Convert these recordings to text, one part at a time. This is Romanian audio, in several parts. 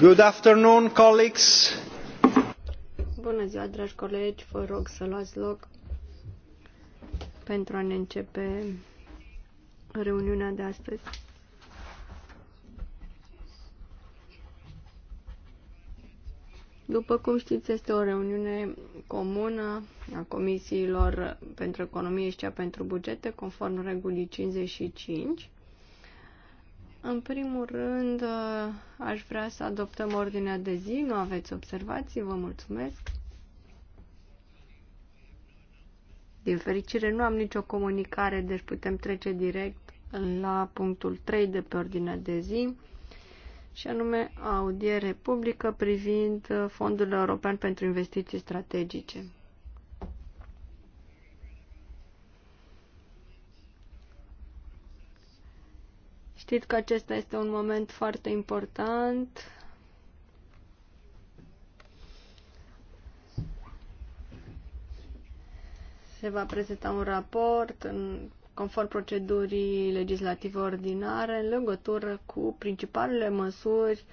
Good afternoon, colleagues. Bună ziua, dragi colegi, vă rog să luați loc pentru a ne începe reuniunea de astăzi. După cum știți, este o reuniune comună a comisiilor pentru economie și cea pentru bugete, conform regulii 55 în primul rând, uh, aș vrea să adoptăm ordinea de zi. Nu aveți observații, vă mulțumesc. Din fericire, nu am nicio comunicare, deci putem trece direct la punctul 3 de pe ordinea de zi, și anume audiere publică privind uh, Fondul European pentru Investiții Strategice. Știți că acesta este un moment foarte important. Se va prezenta un raport în conform procedurii legislative ordinare în legătură cu principalele măsuri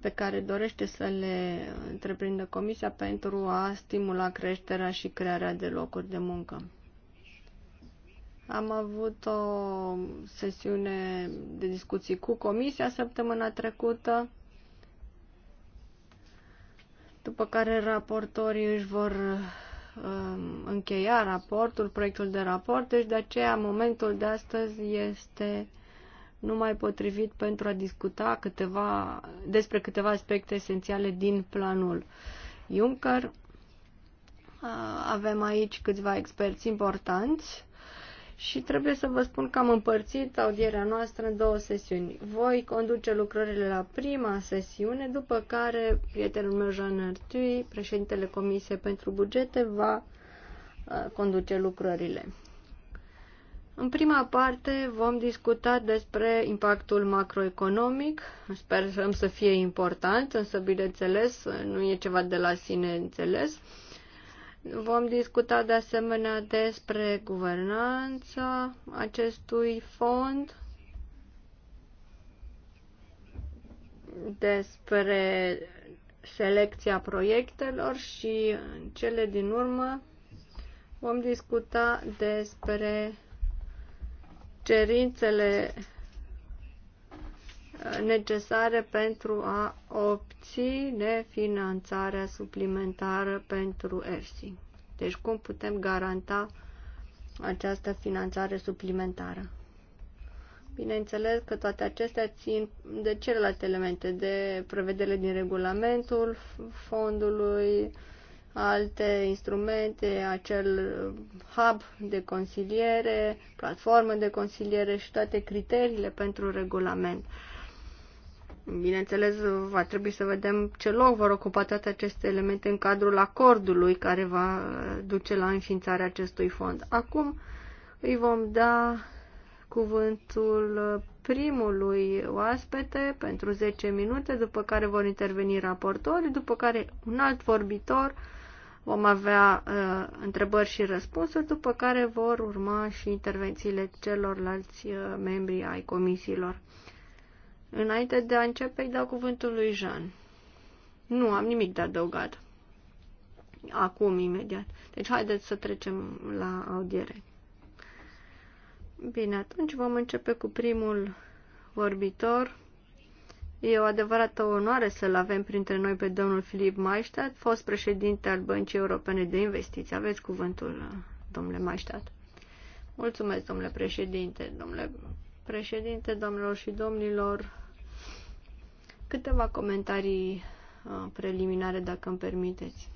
pe care dorește să le întreprindă Comisia pentru a stimula creșterea și crearea de locuri de muncă. Am avut o sesiune de discuții cu comisia săptămâna trecută, după care raportorii își vor um, încheia raportul, proiectul de raport, deci de aceea momentul de astăzi este numai potrivit pentru a discuta câteva, despre câteva aspecte esențiale din planul Juncker. Avem aici câțiva experți importanți și trebuie să vă spun că am împărțit audierea noastră în două sesiuni. Voi conduce lucrările la prima sesiune, după care prietenul meu Jean Artui, președintele Comisiei pentru Bugete, va uh, conduce lucrările. În prima parte vom discuta despre impactul macroeconomic. Sperăm să fie important, însă, bineînțeles, nu e ceva de la sine înțeles. Vom discuta de asemenea despre guvernanța acestui fond, despre selecția proiectelor și în cele din urmă vom discuta despre cerințele necesare pentru a obține finanțarea suplimentară pentru EFSI. Deci cum putem garanta această finanțare suplimentară? Bineînțeles că toate acestea țin de celelalte elemente, de prevedere din regulamentul fondului, alte instrumente, acel hub de consiliere, platformă de consiliere și toate criteriile pentru regulament. Bineînțeles, va trebui să vedem ce loc vor ocupa toate aceste elemente în cadrul acordului care va duce la înființarea acestui fond. Acum îi vom da cuvântul primului oaspete pentru 10 minute, după care vor interveni raportori, după care un alt vorbitor, vom avea uh, întrebări și răspunsuri, după care vor urma și intervențiile celorlalți uh, membri ai comisiilor. Înainte de a începe, îi dau cuvântul lui Jean. Nu am nimic de adăugat. Acum, imediat. Deci, haideți să trecem la audiere. Bine, atunci vom începe cu primul vorbitor. E o adevărată onoare să-l avem printre noi pe domnul Filip Maistat, fost președinte al Băncii Europene de Investiții. Aveți cuvântul, domnule Maistat. Mulțumesc, domnule președinte, domnule președinte, domnilor și domnilor, Câteva comentarii uh, preliminare, dacă îmi permiteți.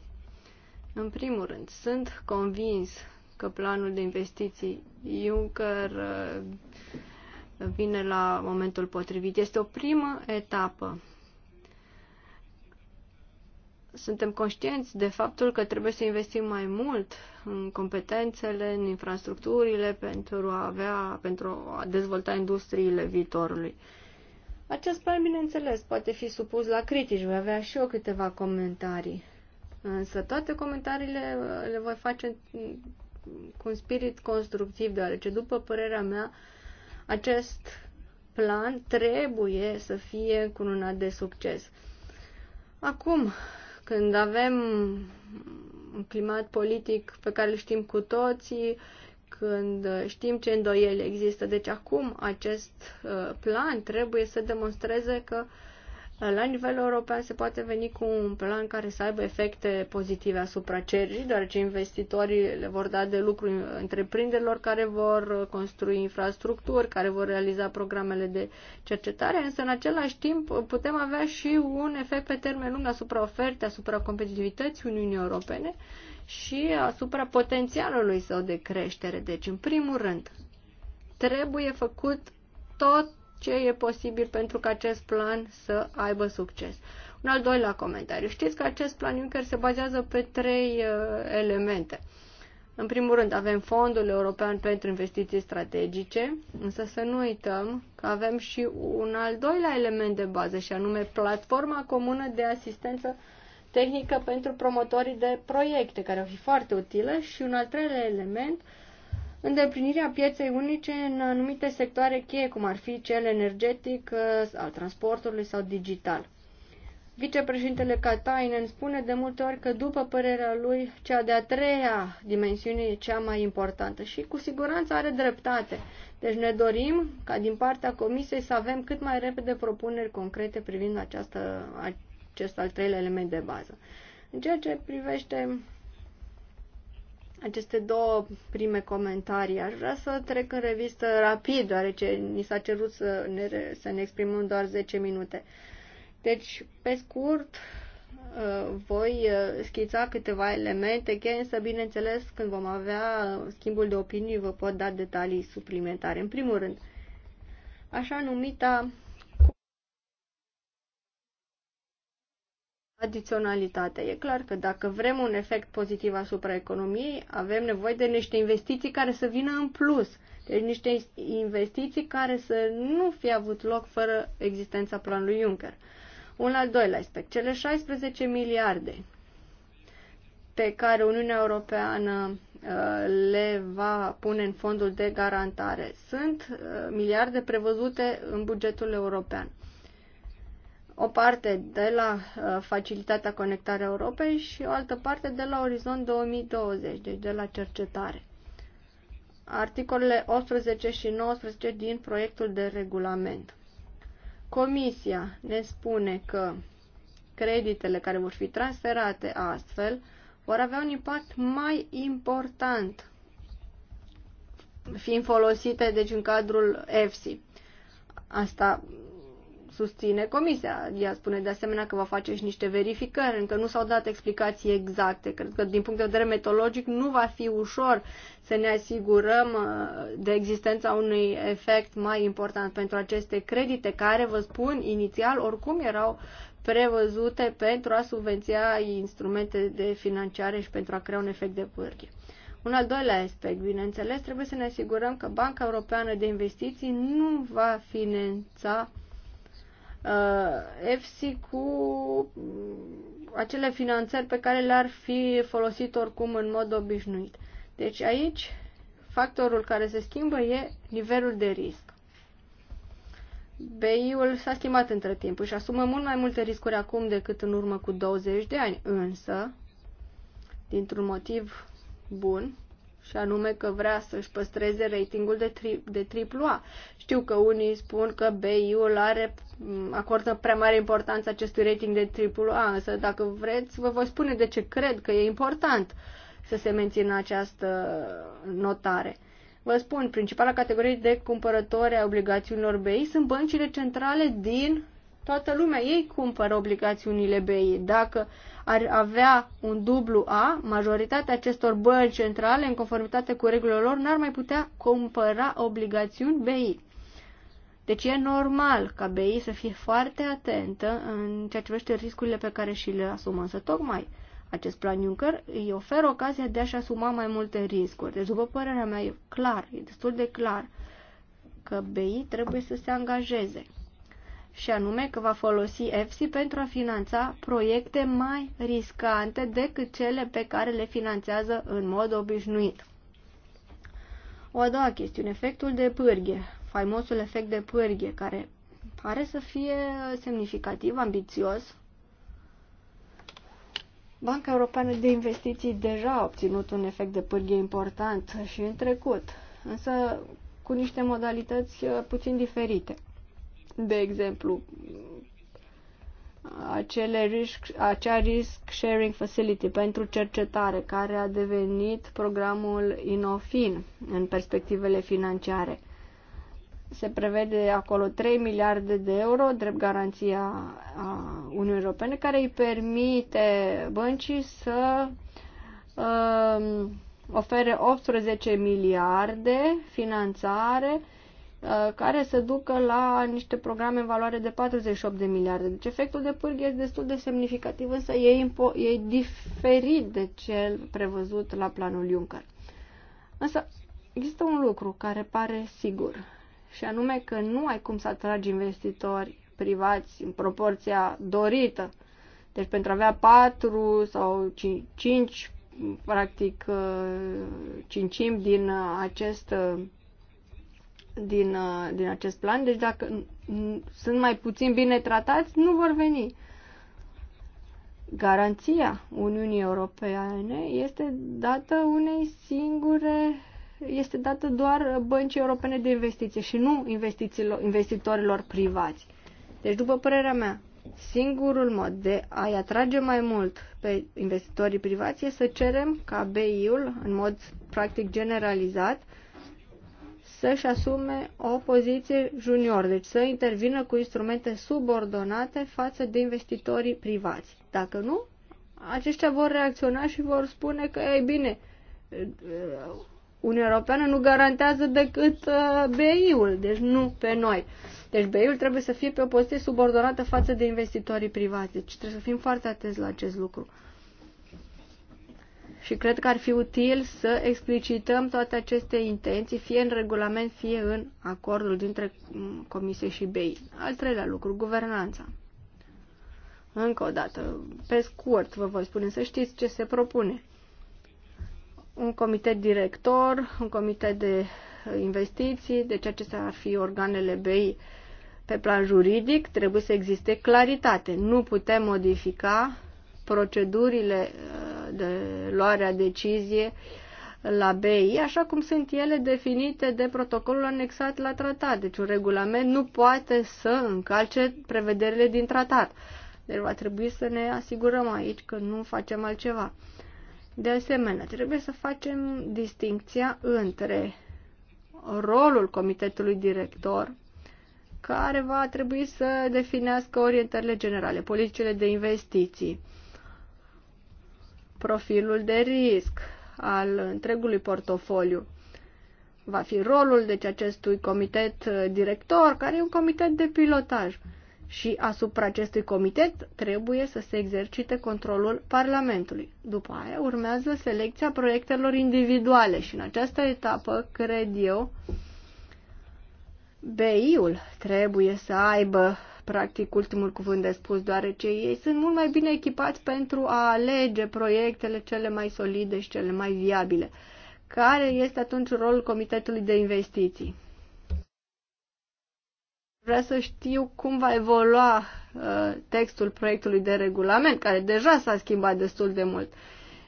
În primul rând, sunt convins că planul de investiții Juncker uh, vine la momentul potrivit. Este o primă etapă. Suntem conștienți de faptul că trebuie să investim mai mult în competențele, în infrastructurile pentru a avea, pentru a dezvolta industriile viitorului. Uh, acest plan, bineînțeles, poate fi supus la critici, voi avea și eu câteva comentarii. Însă toate comentariile uh, le voi face cu un spirit constructiv, deoarece, după părerea mea, acest plan trebuie să fie cununat de succes. Acum, când avem un climat politic pe care îl știm cu toții, când uh, știm ce îndoieli există. Deci acum acest uh, plan trebuie să demonstreze că uh, la nivel european se poate veni cu un plan care să aibă efecte pozitive asupra cererii, deoarece investitorii le vor da de lucru întreprinderilor care vor construi infrastructuri, care vor realiza programele de cercetare, însă în același timp putem avea și un efect pe termen lung asupra ofertei, asupra competitivității Uniunii Europene și asupra potențialului său de creștere. Deci, în primul rând, trebuie făcut tot ce e posibil pentru ca acest plan să aibă succes. Un al doilea comentariu. Știți că acest plan Juncker se bazează pe trei uh, elemente. În primul rând, avem Fondul European pentru Investiții Strategice, însă să nu uităm că avem și un al doilea element de bază, și anume Platforma Comună de Asistență uh, tehnică pentru promotorii de proiecte, care ar fi foarte utilă, și un al treilea element, îndeplinirea pieței unice în anumite sectoare cheie, cum ar fi cel energetic, uh, al transportului sau digital. Vicepreședintele Katainen spune de multe ori că, după părerea lui, cea de-a treia dimensiune e cea mai importantă și cu siguranță are dreptate. Deci ne dorim ca din partea Comisiei să avem cât mai repede propuneri concrete privind această acest al treilea element de bază. În ceea ce privește aceste două prime comentarii, aș vrea să trec în revistă rapid, deoarece ni s-a cerut să ne, să ne exprimăm doar 10 minute. Deci, pe scurt, uh, voi uh, schița câteva elemente chiar însă, bineînțeles, când vom avea uh, schimbul de opinii, vă pot da detalii suplimentare. În primul rând, așa numita adiționalitate. E clar că dacă vrem un efect pozitiv asupra economiei, avem nevoie de niște investiții care să vină în plus. Deci niște investiții care să nu fie avut loc fără existența planului Juncker. Un al doilea aspect, cele 16 miliarde pe care Uniunea Europeană uh, le va pune în fondul de garantare. Sunt uh, miliarde prevăzute în bugetul european o parte de la uh, Facilitatea Conectarea Europei și o altă parte de la Orizont 2020, deci de la cercetare. Articolele 18 și 19 din proiectul de regulament. Comisia ne spune că creditele care vor fi transferate astfel vor avea un impact mai important fiind folosite deci în cadrul EFSI. Asta susține comisia. Ea spune de asemenea că va face și niște verificări, încă nu s-au dat explicații exacte. Cred că din punct de vedere metodologic nu va fi ușor să ne asigurăm uh, de existența unui efect mai important pentru aceste credite care, vă spun, inițial oricum erau prevăzute pentru a subvenția instrumente de finanțare și pentru a crea un efect de pârghie. Un al doilea aspect, bineînțeles, trebuie să ne asigurăm că Banca Europeană de Investiții nu va finanța Uh, FC cu mm, acele finanțări pe care le-ar fi folosit oricum în mod obișnuit. Deci aici factorul care se schimbă e nivelul de risc. BI-ul s-a schimbat între timp, și asumă mult mai multe riscuri acum decât în urmă cu 20 de ani, însă, dintr-un motiv bun, și anume că vrea să-și păstreze ratingul de, tri, de A. Știu că unii spun că BI-ul are, acordă prea mare importanță acestui rating de triplu A, însă dacă vreți, vă voi spune de ce cred că e important să se mențină această notare. Vă spun, principala categorie de cumpărători a obligațiunilor BI sunt băncile centrale din toată lumea. Ei cumpără obligațiunile BI. Dacă ar avea un dublu A, majoritatea acestor bănci centrale, în conformitate cu regulile lor, n-ar mai putea cumpăra obligațiuni BI. Deci e normal ca BI să fie foarte atentă în ceea ce privește riscurile pe care și le asumă. Însă tocmai acest plan Juncker îi oferă ocazia de a-și asuma mai multe riscuri. Deci, după părerea mea, e clar, e destul de clar că BI trebuie să se angajeze și anume că va folosi EFSI pentru a finanța proiecte mai riscante decât cele pe care le finanțează în mod obișnuit. O a doua chestiune, efectul de pârghie, faimosul efect de pârghie, care pare să fie semnificativ, ambițios. Banca Europeană de Investiții deja a obținut un efect de pârghie important și în trecut, însă cu niște modalități puțin diferite de exemplu, acele risk, acea Risk Sharing Facility pentru cercetare, care a devenit programul Inofin în perspectivele financiare. Se prevede acolo 3 miliarde de euro, drept garanția a Uniunii Europene, care îi permite băncii să um, ofere 18 miliarde finanțare uh, Uh, care se ducă la niște programe în valoare de 48 de miliarde. Deci efectul de pârghie este destul de semnificativ, însă e, impo- e diferit de cel prevăzut la planul Juncker. Însă există un lucru care pare sigur, și anume că nu ai cum să atragi investitori privați în proporția dorită. Deci pentru a avea 4 sau 5, 5 practic 5 uh, din uh, acest din, uh, din acest plan, deci dacă sunt mai puțin bine tratați, nu vor veni. Garanția Uniunii Europene este dată unei singure, este dată doar băncii europene de investiție și nu investitorilor privați. Deci, după părerea mea, singurul mod de a-i atrage mai mult pe investitorii privați este să cerem ca BI-ul, în mod practic generalizat, să-și asume o poziție junior, deci să intervină cu instrumente subordonate față de investitorii privați. Dacă nu, aceștia vor reacționa și vor spune că, ei bine, Uniunea Europeană nu garantează decât uh, BI-ul, deci nu pe noi. Deci BI-ul trebuie să fie pe o poziție subordonată față de investitorii privați. Deci trebuie să fim foarte atenți la acest lucru. Și cred că ar fi util să explicităm toate aceste intenții, fie în regulament, fie în acordul dintre mm, Comisie și BEI. Al treilea lucru, guvernanța. Încă o dată, pe scurt vă voi spune să știți ce se propune. Un comitet director, un comitet de investiții, deci ceea ce ar fi organele BEI Pe plan juridic trebuie să existe claritate. Nu putem modifica procedurile uh, de luare a decizie la BI, așa cum sunt ele definite de protocolul anexat la tratat. Deci un regulament nu poate să încalce prevederile din tratat. Deci va trebui să ne asigurăm aici că nu facem altceva. De asemenea, trebuie să facem distinția între rolul comitetului director, care va trebui să definească orientările generale, politicile de investiții, profilul de risc al întregului portofoliu. Va fi rolul deci acestui comitet uh, director, care e un comitet de pilotaj. Și asupra acestui comitet trebuie să se exercite controlul Parlamentului. După aia urmează selecția proiectelor individuale și în această etapă, cred eu, BI-ul trebuie să aibă practic ultimul cuvânt de spus, deoarece ei sunt mult mai bine echipați pentru a alege proiectele cele mai solide și cele mai viabile. Care este atunci rolul Comitetului de Investiții? Vreau să știu cum va evolua uh, textul proiectului de regulament, care deja s-a schimbat destul de mult.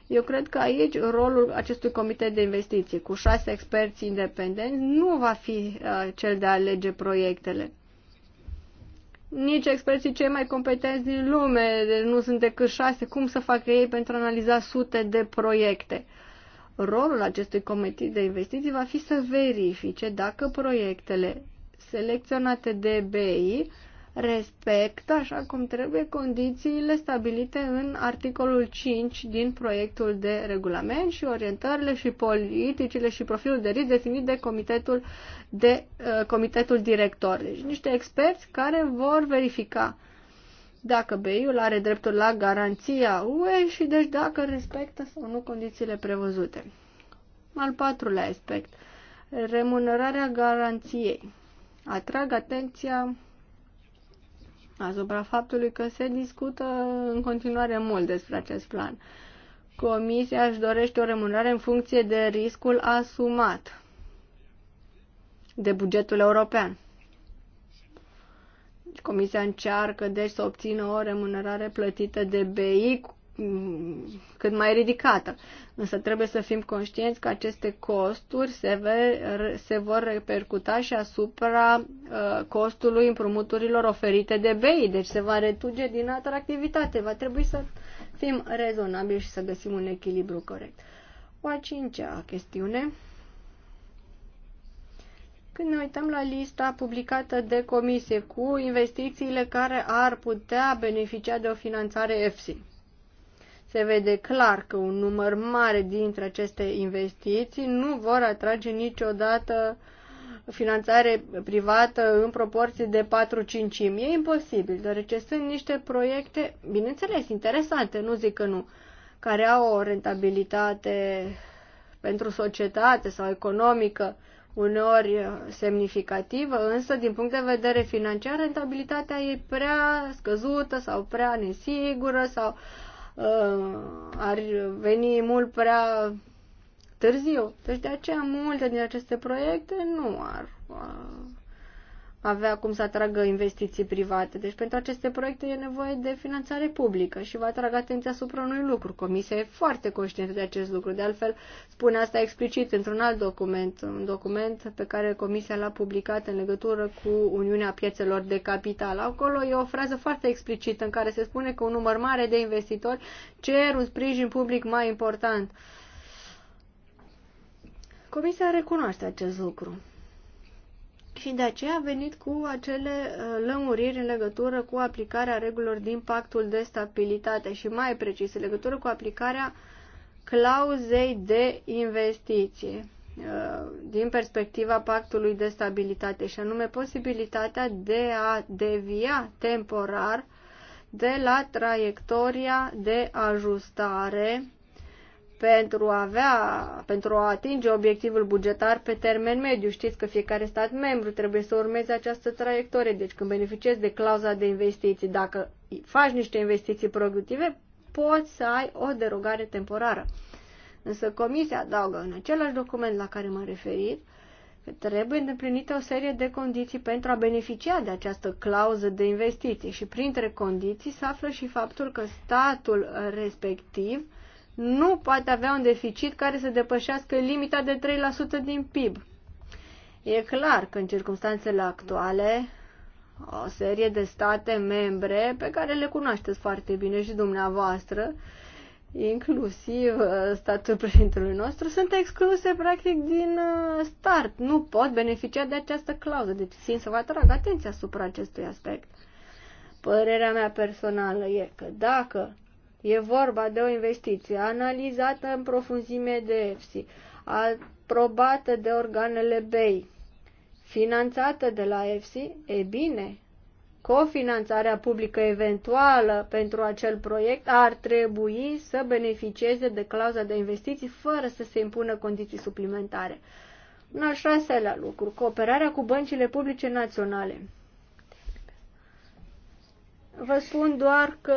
Eu cred că aici rolul acestui comitet de investiții cu șase experți independenți nu va fi uh, cel de a alege proiectele nici experții cei mai competenți din lume nu sunt decât șase. Cum să facă ei pentru a analiza sute de proiecte? Rolul acestui comitet de investiții va fi să verifice dacă proiectele selecționate de BI respectă, așa cum trebuie, condițiile stabilite în articolul 5 din proiectul de regulament și orientările și politicile și profilul de risc definit de comitetul, de, uh, comitetul director. Deci niște experți care vor verifica dacă BI-ul are dreptul la garanția UE și deci dacă respectă sau nu condițiile prevăzute. Al patrulea aspect, remunerarea garanției. Atrag atenția asupra faptului că se discută în continuare mult despre acest plan. Comisia își dorește o remunerare în funcție de riscul asumat de bugetul european. Comisia încearcă deci să obțină o remunerare plătită de BI Mm, cât mai ridicată. Însă trebuie să fim conștienți că aceste costuri se, ve, se vor repercuta și asupra uh, costului împrumuturilor oferite de BEI, deci se va retuge din atractivitate. Va trebui să fim rezonabili și să găsim un echilibru corect. O a cincea chestiune. Când ne uităm la lista publicată de comisie cu investițiile care ar putea beneficia de o finanțare EFSI, se vede clar că un număr mare dintre aceste investiții nu vor atrage niciodată finanțare privată în proporție de 4-5 E imposibil, deoarece sunt niște proiecte, bineînțeles, interesante, nu zic că nu, care au o rentabilitate pentru societate sau economică uneori semnificativă, însă din punct de vedere financiar rentabilitatea e prea scăzută sau prea nesigură sau uh, Uh, ar veni mult prea târziu. Deci de aceea multe din aceste proiecte nu ar uh, avea cum să atragă investiții private. Deci pentru aceste proiecte e nevoie de finanțare publică și va atrag atenția asupra unui lucru. Comisia e foarte conștientă de acest lucru. De altfel, spune asta explicit într-un alt document, un document pe care Comisia l-a publicat în legătură cu Uniunea Piețelor de Capital. Acolo e o frază foarte explicită în care se spune că un număr mare de investitori cer un sprijin public mai important. Comisia recunoaște acest lucru. Și de aceea a venit cu acele uh, lămuriri în legătură cu aplicarea regulilor din pactul de stabilitate și mai precis în legătură cu aplicarea clauzei de investiție uh, din perspectiva pactului de stabilitate și anume posibilitatea de a devia temporar de la traiectoria de ajustare pentru a avea, pentru a atinge obiectivul bugetar pe termen mediu. Știți că fiecare stat membru trebuie să urmeze această traiectorie. Deci când beneficiezi de clauza de investiții, dacă faci niște investiții productive, poți să ai o derogare temporară. Însă Comisia adaugă în același document la care m-am referit că trebuie îndeplinită o serie de condiții pentru a beneficia de această clauză de investiții și printre condiții se află și faptul că statul respectiv nu poate avea un deficit care să depășească limita de 3% din PIB. E clar că în circunstanțele actuale, o serie de state membre pe care le cunoașteți foarte bine și dumneavoastră, inclusiv uh, statul președintelui nostru, sunt excluse practic din uh, start. Nu pot beneficia de această clauză. Deci țin să vă atrag atenția asupra acestui aspect. Părerea mea personală e că dacă E vorba de o investiție analizată în profunzime de EFSI, aprobată de organele BEI, finanțată de la EFSI, e bine, cofinanțarea publică eventuală pentru acel proiect ar trebui să beneficieze de clauza de investiții fără să se impună condiții suplimentare. În al șaselea lucru, cooperarea cu băncile publice naționale. Vă spun doar că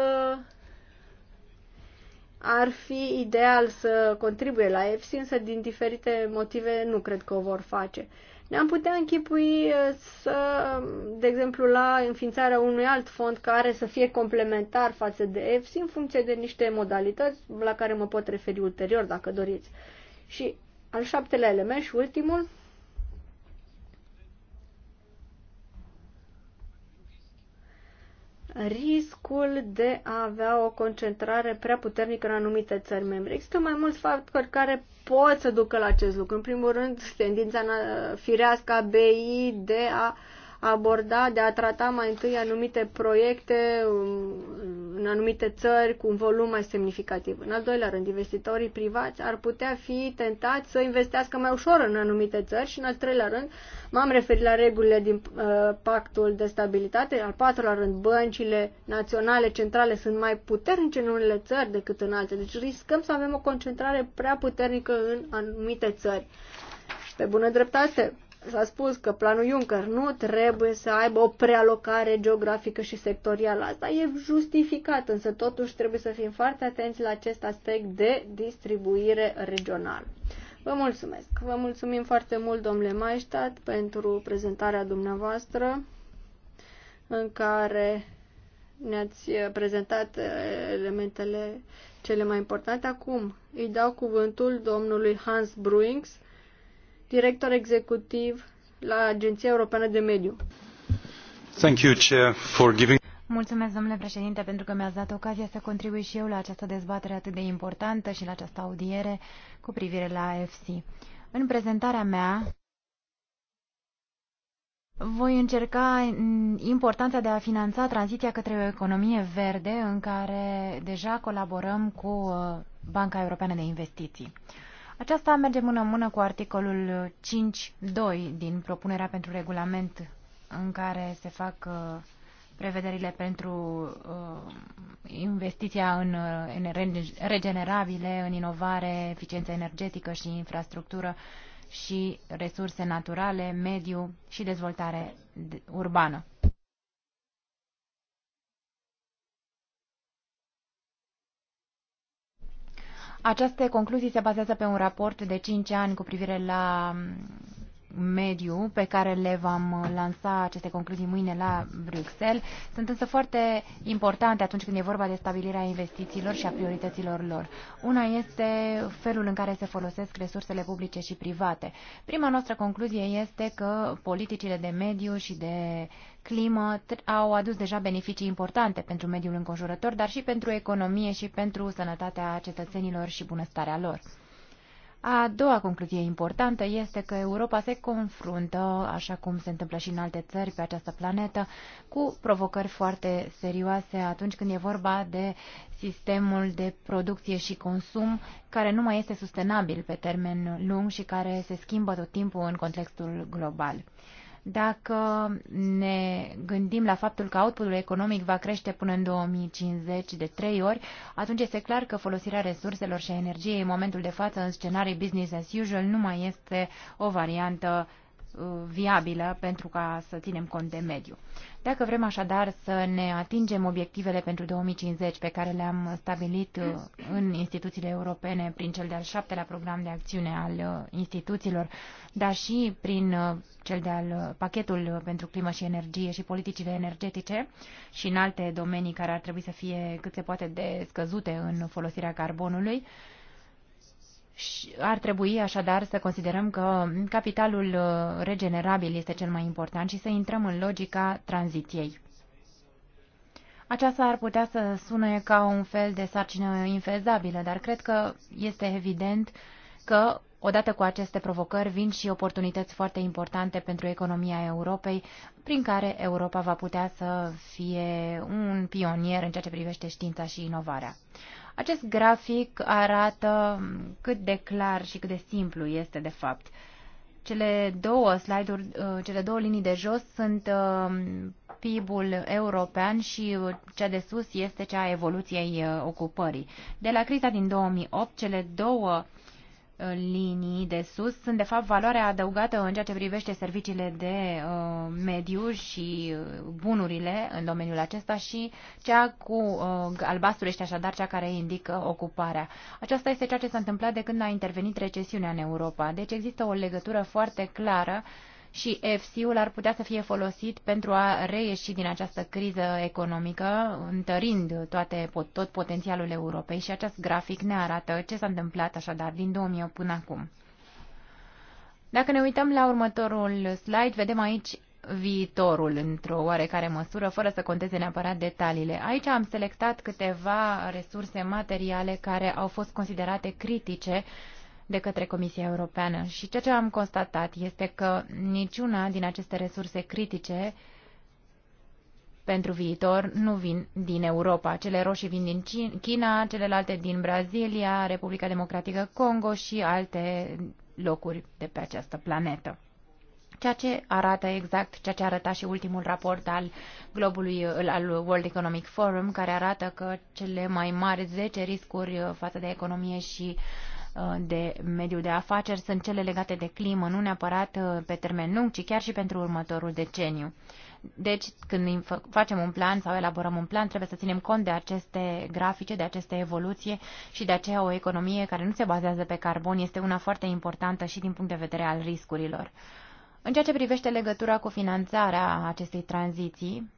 ar fi ideal să contribuie la EFSI, însă din diferite motive nu cred că o vor face. Ne-am putea închipui uh, să, de exemplu, la înființarea unui alt fond care să fie complementar față de EFSI în funcție de niște modalități la care mă pot referi ulterior dacă doriți. Și al șaptelea element și ultimul, riscul de a avea o concentrare prea puternică în anumite țări membre. Există mai mulți factori care pot să ducă la acest lucru. În primul rând, tendința firească a BI de a uh, aborda, de a trata mai întâi anumite proiecte um, în anumite țări cu un volum mai semnificativ. În al doilea rând, investitorii privați ar putea fi tentați să investească mai ușor în anumite țări și în al treilea rând, m-am referit la regulile din uh, pactul de stabilitate, al patrulea rând, băncile naționale, centrale sunt mai puternice în unele țări decât în alte, deci riscăm să avem o concentrare prea puternică în anumite țări. Pe bună dreptate, s-a spus că planul Juncker nu trebuie să aibă o prealocare geografică și sectorială. Asta e justificat, însă totuși trebuie să fim foarte atenți la acest aspect de distribuire regională. Vă mulțumesc. Vă mulțumim foarte mult, domnule Maistat, pentru prezentarea dumneavoastră în care ne-ați prezentat elementele cele mai importante. Acum îi dau cuvântul domnului Hans Bruings, director executiv la Agenția Europeană de Mediu. Thank you, Chair, for giving... Mulțumesc, domnule președinte, pentru că mi-ați dat ocazia să contribui și eu la această dezbatere atât de importantă și la această audiere cu privire la AFC. În prezentarea mea voi încerca mm, importanța de a finanța tranziția către o economie verde în care deja colaborăm cu uh, Banca Europeană de Investiții. Aceasta merge mână-mână cu articolul 5.2 din propunerea pentru regulament în care se fac uh, prevederile pentru uh, investiția în, uh, în regenerabile, în inovare, eficiență energetică și infrastructură și resurse naturale, mediu și dezvoltare urbană. Aceste concluzii se bazează pe un raport de 5 ani cu privire la mediu pe care le vom lansa aceste concluzii mâine la Bruxelles sunt însă foarte importante atunci când e vorba de stabilirea investițiilor și a priorităților lor. Una este felul în care se folosesc resursele publice și private. Prima noastră concluzie este că politicile de mediu și de climă au adus deja beneficii importante pentru mediul înconjurător, dar și pentru economie și pentru sănătatea cetățenilor și bunăstarea lor. A doua concluzie importantă este că Europa se confruntă, așa cum se întâmplă și în alte țări pe această planetă, cu provocări foarte serioase atunci când e vorba de sistemul de producție și consum care nu mai este sustenabil pe termen lung și care se schimbă tot timpul în contextul global. Dacă ne gândim la faptul că outputul economic va crește până în 2050 de trei ori, atunci este clar că folosirea resurselor și a energiei în momentul de față în scenarii business as usual nu mai este o variantă Uh, viabilă pentru ca să ținem cont de mediu. Dacă vrem așadar să ne atingem obiectivele pentru 2050 pe care le-am stabilit uh, în instituțiile europene prin cel de-al șaptelea program de acțiune al uh, instituțiilor, dar și prin cel de-al pachetul pentru climă și energie și politicile energetice și în alte domenii care ar trebui să fie cât se poate de scăzute în folosirea carbonului, și ar trebui așadar să considerăm că capitalul uh, regenerabil este cel mai important și să intrăm în logica tranziției. Aceasta ar putea să sune ca un fel de sarcină infezabilă, dar cred că este evident că Odată cu aceste provocări vin și oportunități foarte importante pentru economia Europei, prin care Europa va putea să fie un pionier în ceea ce privește știința și inovarea. Acest grafic arată cât de clar și cât de simplu este de fapt. Cele două slide-uri, uh, cele două linii de jos sunt uh, PIB-ul european și uh, cea de sus este cea a evoluției ocupării. De la criza din 2008, cele două linii de sus sunt de fapt valoarea adăugată în ceea ce privește serviciile de uh, mediu și uh, bunurile în domeniul acesta și cea cu uh, albastru este așadar cea care indică ocuparea. Aceasta este ceea ce s-a întâmplat de când a intervenit recesiunea în Europa. Deci există o legătură foarte clară uh, și EFSI-ul ar putea să fie folosit pentru a reieși din această criză economică, întărind toate, tot potențialul Europei și acest grafic ne arată ce s-a întâmplat așadar din 2008 până acum. Dacă ne uităm la următorul slide, vedem aici viitorul într-o oarecare măsură, fără să conteze neapărat detaliile. Aici am selectat câteva resurse materiale care au fost considerate critice de către Comisia Europeană. Și ceea ce am constatat este că niciuna din aceste resurse critice pentru viitor nu vin din Europa. Cele roșii vin din China, celelalte din Brazilia, Republica Democratică Congo și alte locuri de pe această planetă. Ceea ce arată exact ceea ce arăta și ultimul raport al globului, al World Economic Forum, care arată că cele mai mari 10 riscuri față de economie și uh, Uh, de mediu de afaceri sunt cele legate de climă, nu neapărat uh, pe termen lung, ci chiar și pentru următorul deceniu. Deci, când facem un plan sau elaborăm un plan, trebuie să ținem cont de aceste grafice, de aceste evoluție și de aceea o economie care nu se bazează pe carbon este una foarte importantă și din punct de vedere al riscurilor. În ceea ce privește legătura cu finanțarea acestei tranziții,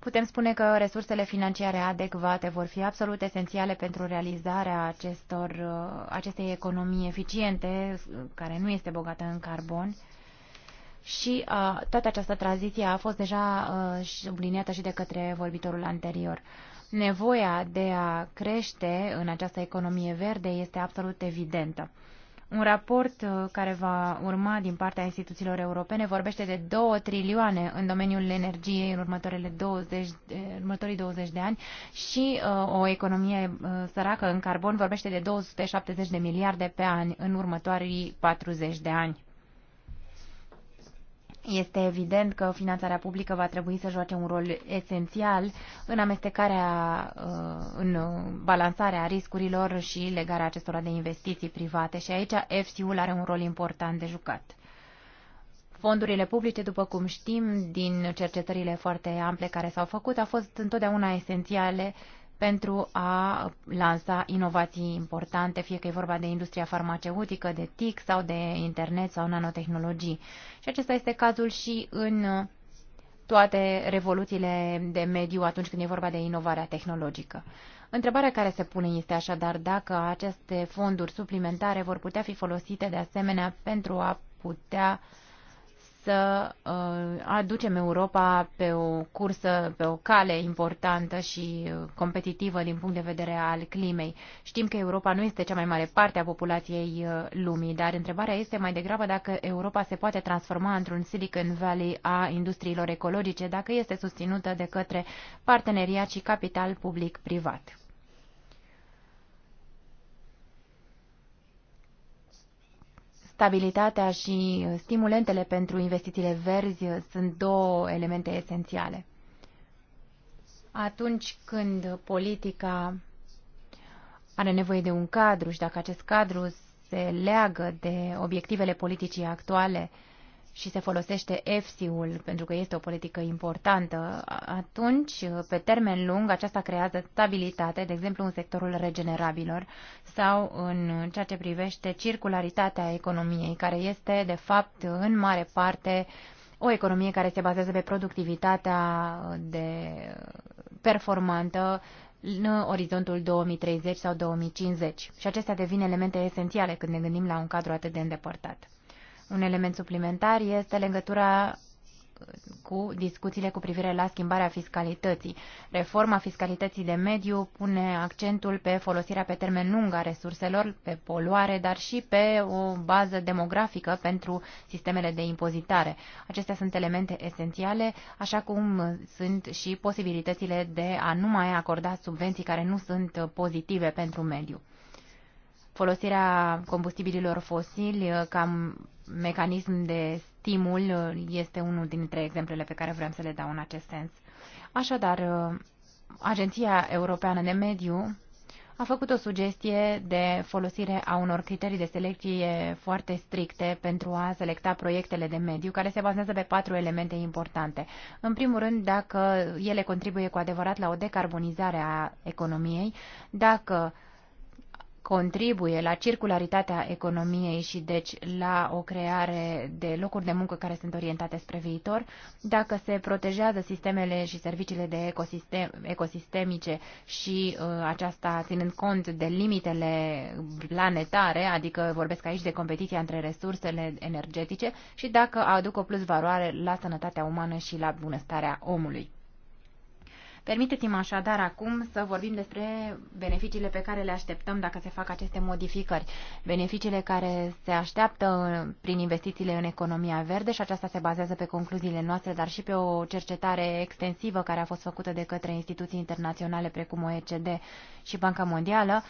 Putem spune că resursele financiare adecvate vor fi absolut esențiale pentru realizarea acestor, uh, acestei economii eficiente, uh, care nu este bogată în carbon. Și uh, toată această tranziție a fost deja uh, subliniată și de către vorbitorul anterior. Nevoia de a crește în această economie verde este absolut evidentă. Un raport uh, care va urma din partea instituțiilor europene vorbește de 2 trilioane în domeniul energiei în următoarele 20, următorii 20 de ani și uh, o economie uh, săracă în carbon vorbește de 270 de miliarde pe an în următorii 40 de ani. Este evident că finanțarea publică va trebui să joace un rol esențial în amestecarea, uh, în balansarea riscurilor și legarea acestora de investiții private și aici FCU-ul are un rol important de jucat. Fondurile publice, după cum știm, din cercetările foarte ample care s-au făcut, au fost întotdeauna esențiale pentru a lansa inovații importante, fie că e vorba de industria farmaceutică, de TIC sau de internet sau nanotehnologii. Și acesta este cazul și în toate revoluțiile de mediu atunci când e vorba de inovarea tehnologică. Întrebarea care se pune este așadar dacă aceste fonduri suplimentare vor putea fi folosite de asemenea pentru a putea uh, să uh, aducem Europa pe o cursă, pe o cale importantă și uh, competitivă din punct de vedere al climei. Știm că Europa nu este cea mai mare parte a populației uh, lumii, dar întrebarea este mai degrabă dacă Europa se poate transforma într-un Silicon Valley a industriilor ecologice, dacă este susținută de către parteneriat și capital public-privat. stabilitatea și stimulentele pentru investițiile verzi sunt două elemente esențiale. Atunci când politica are nevoie de un cadru și dacă acest cadru se leagă de obiectivele politicii actuale, și se folosește EFSI-ul pentru că este o politică importantă, atunci, pe termen lung, aceasta creează stabilitate, de exemplu, în sectorul regenerabilor sau în ceea ce privește circularitatea economiei, care este, de fapt, în mare parte o economie care se bazează pe productivitatea de performantă în orizontul 2030 sau 2050. Și acestea devin elemente esențiale când ne gândim la un cadru atât de îndepărtat. Un element suplimentar este legătura cu discuțiile cu privire la schimbarea fiscalității. Reforma fiscalității de mediu pune accentul pe folosirea pe termen lung a resurselor, pe poluare, dar și pe o bază demografică pentru sistemele de impozitare. Acestea sunt elemente esențiale, așa cum sunt și posibilitățile de a nu mai acorda subvenții care nu sunt pozitive pentru mediu folosirea combustibililor fosili uh, ca mecanism de stimul uh, este unul dintre exemplele pe care vrem să le dau în acest sens. Așadar, uh, Agenția Europeană de Mediu a făcut o sugestie de folosire a unor criterii de selecție foarte stricte pentru a selecta proiectele de mediu, care se bazează pe patru elemente importante. În primul rând, dacă ele contribuie cu adevărat la o decarbonizare a economiei, dacă uh, contribuie la circularitatea economiei și deci la o creare de locuri de muncă care sunt orientate spre viitor, dacă se protejează sistemele și serviciile de ecosistem, ecosistemice și uh, aceasta ținând cont de limitele planetare, adică vorbesc aici de competiția între resursele energetice și dacă aduc o plus valoare la sănătatea umană și la bunăstarea omului. Permiteți-mi așadar acum să vorbim despre beneficiile pe care le așteptăm dacă se fac aceste modificări. Beneficiile care se așteaptă prin investițiile în economia verde și aceasta se bazează pe concluziile noastre, dar și pe o cercetare extensivă care a fost făcută de către instituții internaționale precum OECD și Banca Mondială,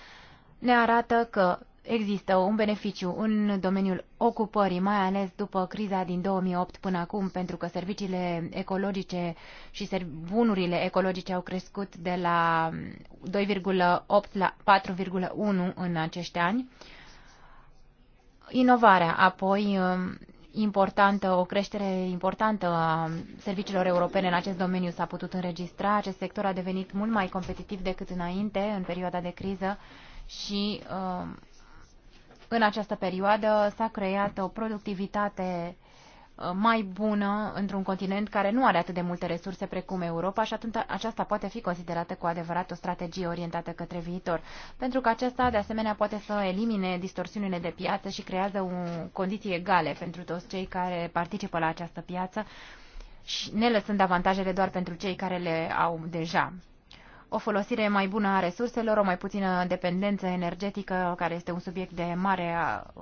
ne arată că există un beneficiu în domeniul ocupării, mai ales după criza din 2008 până acum, pentru că serviciile ecologice și bunurile ecologice au crescut de la 2,8 la 4,1 în acești ani. Inovarea, apoi um, importantă, o creștere importantă a serviciilor europene în acest domeniu s-a putut înregistra. Acest sector a devenit mult mai competitiv decât înainte, în perioada de criză și uh, în această perioadă s-a creat o productivitate uh, mai bună într-un continent care nu are atât de multe resurse precum Europa și atunci aceasta poate fi considerată cu adevărat o strategie orientată către viitor, pentru că aceasta de asemenea poate să elimine distorsiunile de piață și creează un, condiții egale pentru toți cei care participă la această piață, și ne lăsând avantajele doar pentru cei care le au deja o folosire mai bună a resurselor, o mai puțină dependență energetică, care este un subiect de mare,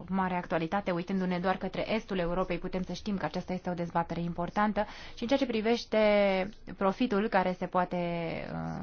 mare actualitate, uitându-ne doar către estul Europei, putem să știm că aceasta este o dezbatere importantă. Și în ceea ce privește profitul care se poate uh,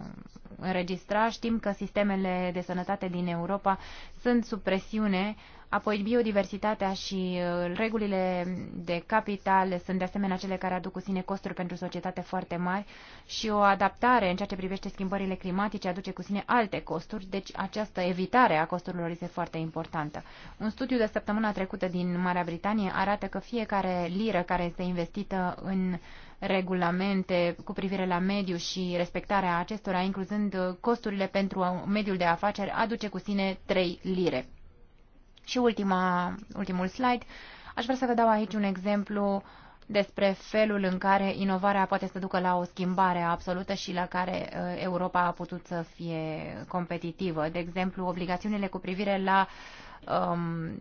înregistra, știm că sistemele de sănătate din Europa sunt sub presiune Apoi biodiversitatea și uh, regulile de capital sunt de asemenea cele care aduc cu sine costuri pentru societate foarte mari și o adaptare în ceea ce privește schimbările climatice aduce cu sine alte costuri, deci această evitare a costurilor este foarte importantă. Un studiu de săptămâna trecută din Marea Britanie arată că fiecare liră care este investită în regulamente cu privire la mediu și respectarea acestora, incluzând uh, costurile pentru uh, mediul de afaceri, aduce cu sine 3 lire. Și ultima, ultimul slide. Aș vrea să vă dau aici un exemplu despre felul în care inovarea poate să ducă la o schimbare absolută și la care uh, Europa a putut să fie competitivă. De exemplu, obligațiunile cu privire la um,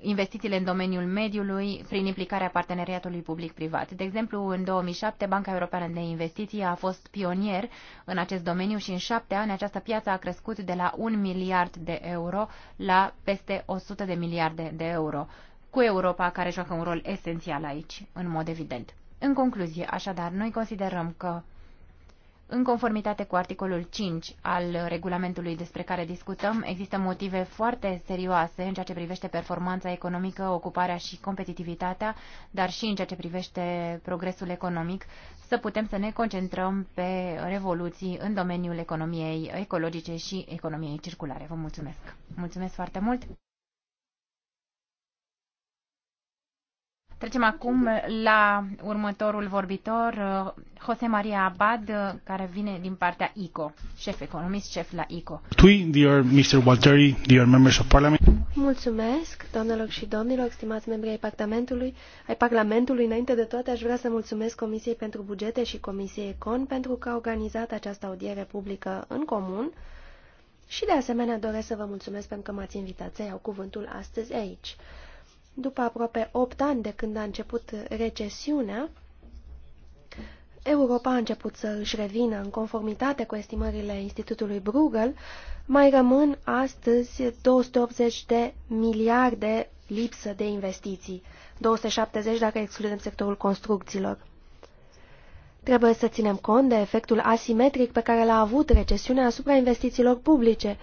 investițiile în domeniul mediului prin implicarea parteneriatului public-privat. De exemplu, în 2007, Banca Europeană de Investiții a fost pionier în acest domeniu și în șapte ani această piață a crescut de la 1 miliard de euro la peste 100 de miliarde de euro, cu Europa care joacă un rol esențial aici, în mod evident. În concluzie, așadar, noi considerăm că în conformitate cu articolul 5 al regulamentului despre care discutăm, există motive foarte serioase în ceea ce privește performanța economică, ocuparea și competitivitatea, dar și în ceea ce privește progresul economic, să putem să ne concentrăm pe revoluții în domeniul economiei ecologice și economiei circulare. Vă mulțumesc! Mulțumesc foarte mult! Trecem acum la următorul vorbitor, uh, José Maria Abad, uh, care vine din partea ICO, șef economist, șef la ICO. Tui, dear Mr. Walteri, dear members of Parliament. Mulțumesc, doamnelor și domnilor, stimați membri ai Parlamentului. Ai Parlamentului, înainte de toate, aș vrea să mulțumesc Comisiei pentru Bugete și Comisiei Econ pentru că a organizat această audiere publică în comun. Și de asemenea doresc să vă mulțumesc pentru că m-ați invitat să iau cuvântul astăzi aici după aproape 8 ani de când a început recesiunea, Europa a început să își revină în conformitate cu estimările Institutului Bruegel, mai rămân astăzi 280 de miliarde lipsă de investiții, 270 dacă excludem sectorul construcțiilor. Trebuie să ținem cont de efectul asimetric pe care l-a avut recesiunea asupra investițiilor publice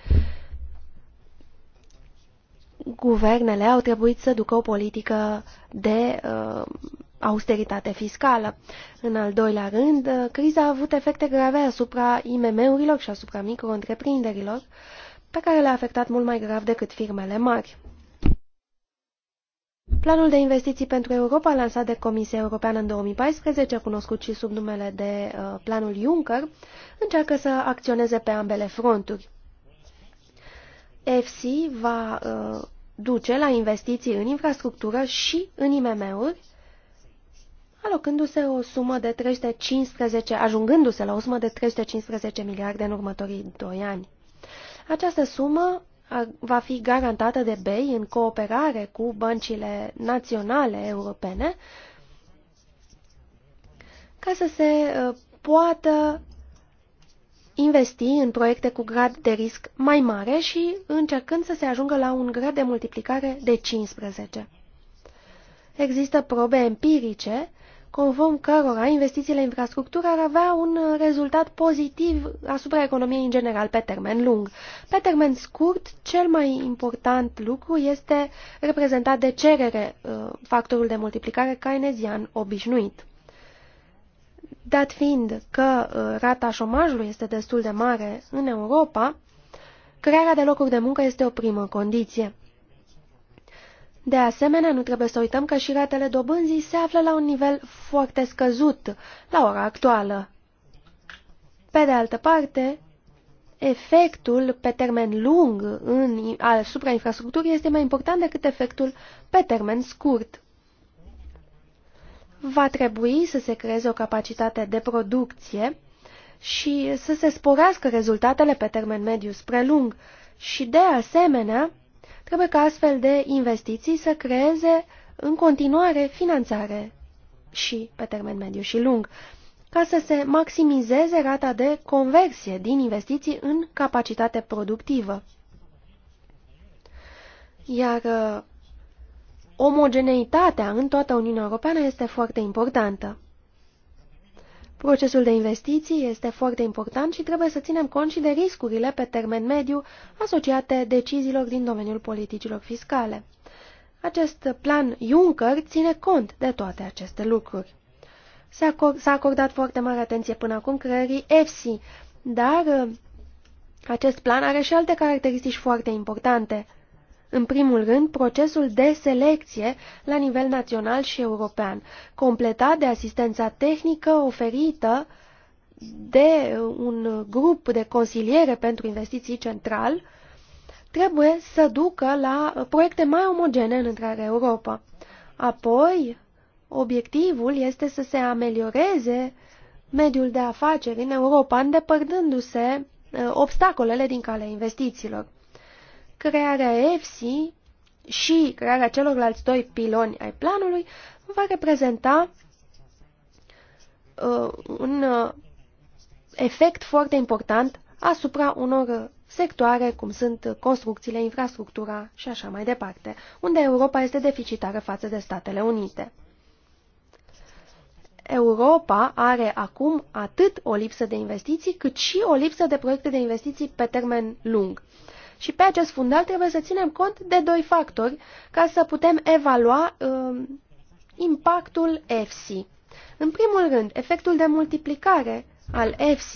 guvernele au trebuit să ducă o politică de uh, austeritate fiscală. În al doilea rând, uh, criza a avut efecte grave asupra IMM-urilor și asupra micro-întreprinderilor, pe care le-a afectat mult mai grav decât firmele mari. Planul de investiții pentru Europa, lansat de Comisia Europeană în 2014, cunoscut și sub numele de uh, Planul Juncker, încearcă să acționeze pe ambele fronturi. EFSI va uh, duce la investiții în infrastructură și în IMM-uri, alocându-se o sumă de 315, ajungându-se la o sumă de 315 miliarde în următorii doi ani. Această sumă va fi garantată de BEI în cooperare cu băncile naționale europene ca să se uh, poată investi în proiecte cu grad de risc mai mare și încercând să se ajungă la un grad de multiplicare de 15. Există probe empirice conform cărora investițiile în infrastructură ar avea un rezultat pozitiv asupra economiei în general pe termen lung. Pe termen scurt, cel mai important lucru este reprezentat de cerere, uh, factorul de multiplicare keynesian obișnuit. Dat fiind că uh, rata șomajului este destul de mare în Europa, crearea de locuri de muncă este o primă condiție. De asemenea, nu trebuie să uităm că și ratele dobânzii se află la un nivel foarte scăzut la ora actuală. Pe de altă parte, efectul pe termen lung în, asupra infrastructurii este mai important decât efectul pe termen scurt va trebui să se creeze o capacitate de producție și să se sporească rezultatele pe termen mediu spre lung și, de asemenea, trebuie ca astfel de investiții să creeze în continuare finanțare și pe termen mediu și lung, ca să se maximizeze rata de conversie din investiții în capacitate productivă. Iar uh, omogeneitatea în toată Uniunea Europeană este foarte importantă. Procesul de investiții este foarte important și trebuie să ținem cont și de riscurile pe termen mediu asociate deciziilor din domeniul politicilor fiscale. Acest plan Juncker ține cont de toate aceste lucruri. S-a acordat foarte mare atenție până acum creării EFSI, dar uh, acest plan are și alte caracteristici foarte importante – în primul rând, procesul de selecție la nivel național și european, completat de asistența tehnică oferită de un grup de consiliere pentru investiții central, trebuie să ducă la proiecte mai omogene în întreaga Europa. Apoi, obiectivul este să se amelioreze mediul de afaceri în Europa, îndepărtându-se eh, obstacolele din calea investițiilor crearea EFSI și crearea celorlalți doi piloni ai planului va reprezenta uh, un uh, efect foarte important asupra unor sectoare cum sunt construcțiile, infrastructura și așa mai departe, unde Europa este deficitară față de Statele Unite. Europa are acum atât o lipsă de investiții, cât și o lipsă de proiecte de investiții pe termen lung. Și pe acest fundal trebuie să ținem cont de doi factori ca să putem evalua uh, impactul FC. În primul rând, efectul de multiplicare al FC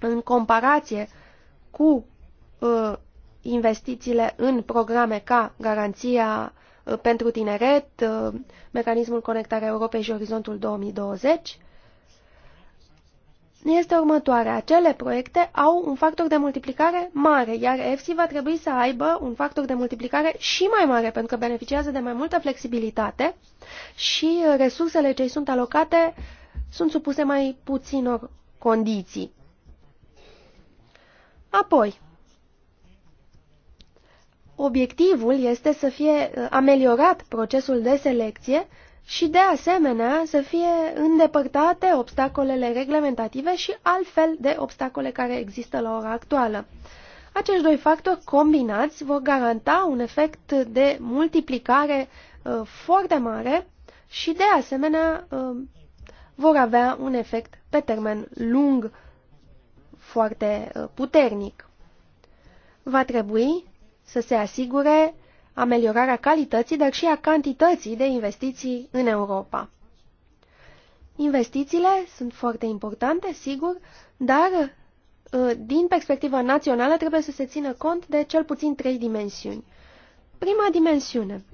în comparație cu uh, investițiile în programe ca Garanția uh, pentru Tineret, uh, Mecanismul Conectarea Europei și Orizontul 2020, este următoarea. Acele proiecte au un factor de multiplicare mare, iar EFSI va trebui să aibă un factor de multiplicare și mai mare, pentru că beneficiază de mai multă flexibilitate și resursele ce sunt alocate sunt supuse mai puținor condiții. Apoi, obiectivul este să fie uh, ameliorat procesul de selecție și de asemenea să fie îndepărtate obstacolele reglementative și altfel de obstacole care există la ora actuală. Acești doi factori combinați vor garanta un efect de multiplicare uh, foarte mare și de asemenea uh, vor avea un efect pe termen lung foarte uh, puternic. Va trebui să se asigure ameliorarea calității, dar și a cantității de investiții în Europa. Investițiile sunt foarte importante, sigur, dar uh, din perspectiva națională trebuie să se țină cont de cel puțin trei dimensiuni. Prima dimensiune.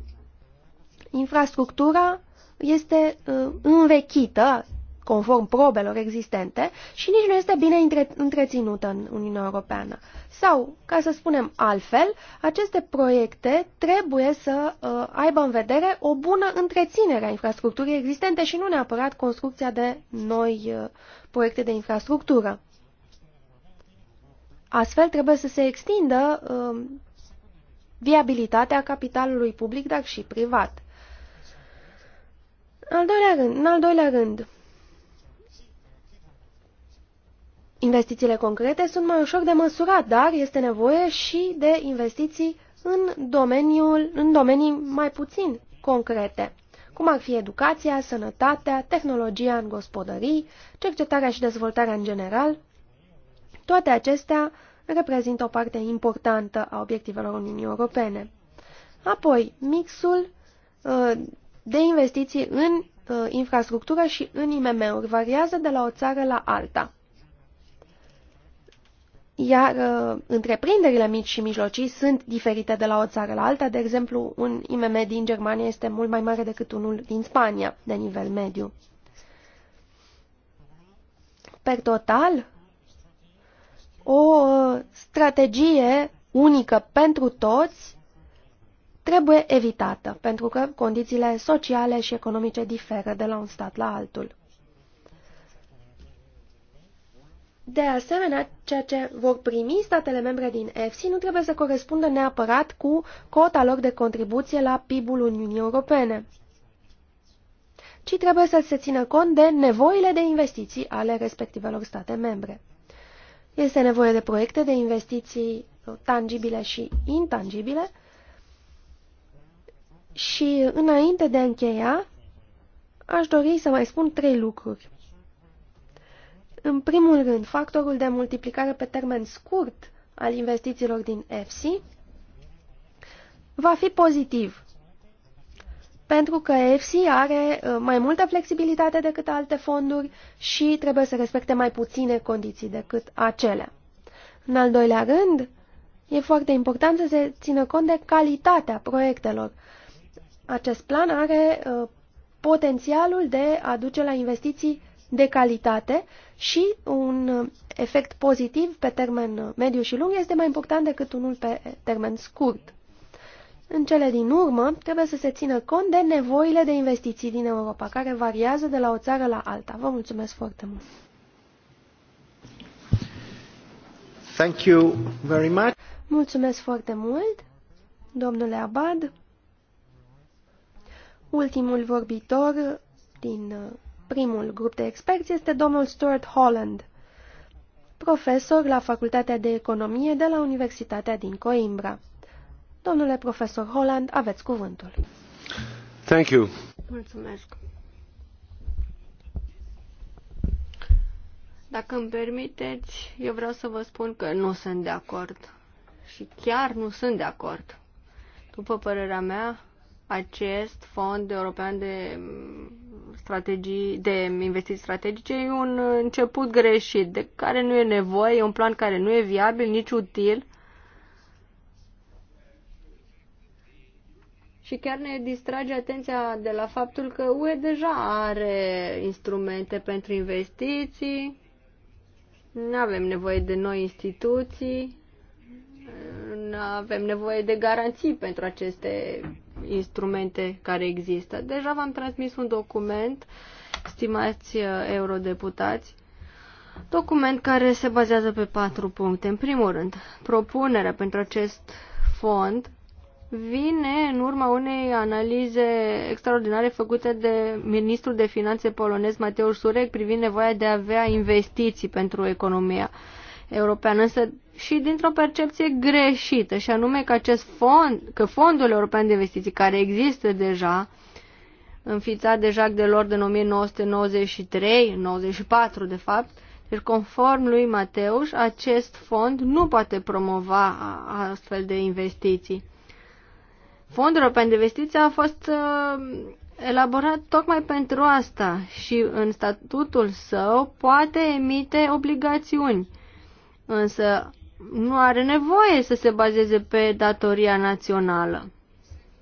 Infrastructura este uh, învechită, conform probelor existente și nici nu este bine între, întreținută în Uniunea Europeană. Sau, ca să spunem altfel, aceste proiecte trebuie să uh, aibă în vedere o bună întreținere a infrastructurii existente și nu neapărat construcția de noi uh, proiecte de infrastructură. Astfel trebuie să se extindă uh, viabilitatea capitalului public, dar și privat. Al doilea rând, în al doilea rând, Investițiile concrete sunt mai ușor de măsurat, dar este nevoie și de investiții în, domeniul, în domenii mai puțin concrete, cum ar fi educația, sănătatea, tehnologia în gospodării, cercetarea și dezvoltarea în general. Toate acestea reprezintă o parte importantă a obiectivelor Uniunii Europene. Apoi, mixul uh, de investiții în uh, infrastructură și în IMM-uri variază de la o țară la alta iar uh, întreprinderile mici și mijlocii sunt diferite de la o țară la alta. De exemplu, un IMM din Germania este mult mai mare decât unul din Spania, de nivel mediu. Per total, o uh, strategie unică pentru toți trebuie evitată, pentru că condițiile sociale și economice diferă de la un stat la altul. De asemenea, ceea ce vor primi statele membre din EFSI nu trebuie să corespundă neapărat cu cota lor de contribuție la PIB-ul Uniunii Europene, ci trebuie să se țină cont de nevoile de investiții ale respectivelor state membre. Este nevoie de proiecte de investiții tangibile și intangibile și, înainte de a încheia, aș dori să mai spun trei lucruri. În primul rând, factorul de multiplicare pe termen scurt al investițiilor din EFSI va fi pozitiv, pentru că EFSI are uh, mai multă flexibilitate decât alte fonduri și trebuie să respecte mai puține condiții decât acelea. În al doilea rând, e foarte important să se țină cont de calitatea proiectelor. Acest plan are uh, potențialul de a duce la investiții de calitate și un efect pozitiv pe termen mediu și lung este mai important decât unul pe termen scurt. În cele din urmă, trebuie să se țină cont de nevoile de investiții din Europa, care variază de la o țară la alta. Vă mulțumesc foarte mult! Thank you very much. Mulțumesc foarte mult, domnule Abad. Ultimul vorbitor din Primul grup de experți este domnul Stuart Holland, profesor la Facultatea de Economie de la Universitatea din Coimbra. Domnule profesor Holland, aveți cuvântul. Thank you. Mulțumesc. Dacă îmi permiteți, eu vreau să vă spun că nu sunt de acord. Și chiar nu sunt de acord. După părerea mea, acest fond european de strategii, de investiții strategice e un început greșit, de care nu e nevoie, e un plan care nu e viabil, nici util. Și chiar ne distrage atenția de la faptul că UE deja are instrumente pentru investiții, nu avem nevoie de noi instituții, nu avem nevoie de garanții pentru aceste instrumente care există. Deja v-am transmis un document, stimați uh, eurodeputați, document care se bazează pe patru puncte. În primul rând, propunerea pentru acest fond vine în urma unei analize extraordinare făcute de ministrul de finanțe polonez Mateusz Surek privind nevoia de a avea investiții pentru economia europeană. Însă și dintr-o percepție greșită, și anume că acest fond, că fondul european de investiții care există deja, înființat de lor de 1993, 94 de fapt, deci conform lui Mateuș, acest fond nu poate promova astfel de investiții. Fondul European de Investiții a fost uh, elaborat tocmai pentru asta și în statutul său poate emite obligațiuni. Însă nu are nevoie să se bazeze pe datoria națională,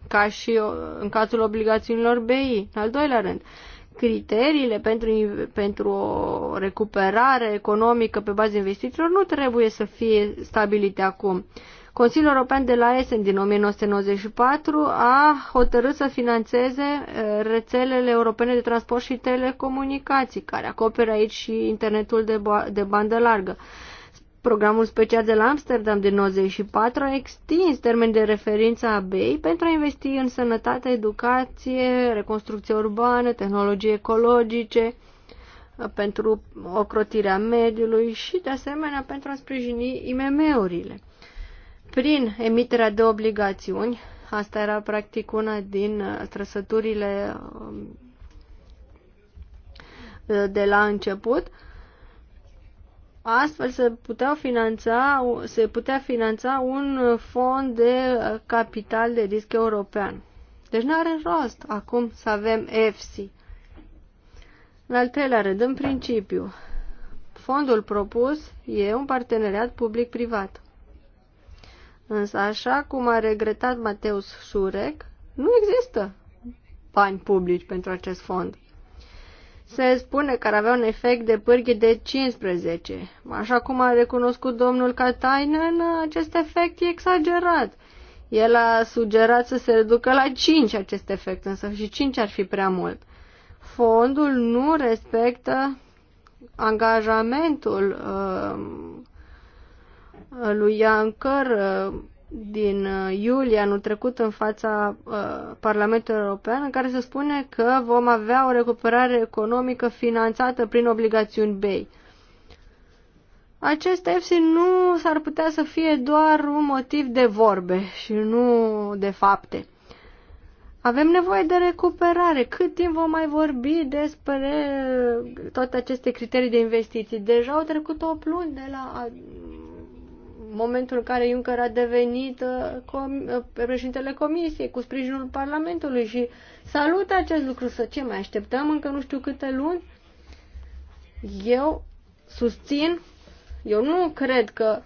ca și uh, în cazul obligațiunilor BI. În al doilea rând, criteriile pentru, pentru o recuperare economică pe bază investițiilor nu trebuie să fie stabilite acum. Consiliul European de la Essen din 1994 a hotărât să financeze uh, rețelele europene de transport și telecomunicații, care acoperă aici și internetul de, ba- de bandă largă. Programul special de la Amsterdam din 94 a extins termen de referință a BEI pentru a investi în sănătate, educație, reconstrucție urbană, tehnologii ecologice, pentru ocrotirea mediului și, de asemenea, pentru a sprijini IMM-urile. Prin emiterea de obligațiuni, asta era practic una din uh, trăsăturile um, de la început, Astfel se, putea finanța, se putea finanța un fond de capital de risc european. Deci nu are rost acum să avem EFSI. În al treilea rând, în principiu, fondul propus e un parteneriat public-privat. Însă, așa cum a regretat Mateus Surec, nu există bani publici pentru acest fond se spune că ar avea un efect de pârghie de 15. Așa cum a recunoscut domnul Katainen, acest efect e exagerat. El a sugerat să se reducă la 5 acest efect, însă și 5 ar fi prea mult. Fondul nu respectă angajamentul uh, lui Iancăr. uh, din uh, iulie anul trecut în fața uh, Parlamentului European în care se spune că vom avea o recuperare economică finanțată prin obligațiuni BEI. Acest EFSI nu s-ar putea să fie doar un motiv de vorbe și nu de fapte. Avem nevoie de recuperare. Cât timp vom mai vorbi despre toate aceste criterii de investiții? Deja au trecut 8 luni de la momentul în care Juncker a devenit uh, uh, președintele Comisiei cu sprijinul Parlamentului și salut acest lucru. Să ce mai așteptăm încă nu știu câte luni? Eu susțin, eu nu cred că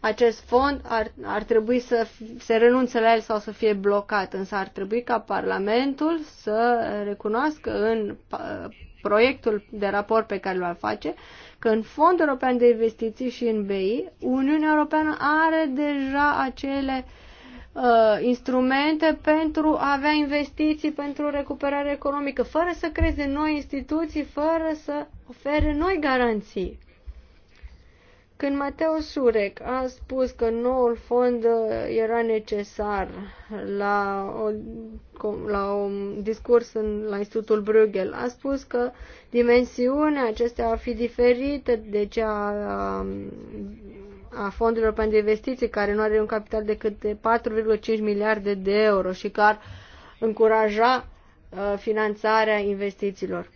acest fond ar, ar trebui să se renunțe la el sau să fie blocat, însă ar trebui ca Parlamentul să recunoască în uh, proiectul de raport pe care l-ar face că în Fondul European de Investiții și în BI, Uniunea Europeană are deja acele uh, instrumente pentru a avea investiții pentru recuperare economică, fără să creeze noi instituții, fără să ofere noi garanții. Când Mateo Surec a spus că noul fond uh, era necesar la, o, la un discurs în, la Institutul Bruegel, a spus că dimensiunea acestea a fi diferită de cea a, um, a fondurilor pentru investiții, care nu are un capital decât de 4,5 miliarde de euro și care încuraja uh, finanțarea investițiilor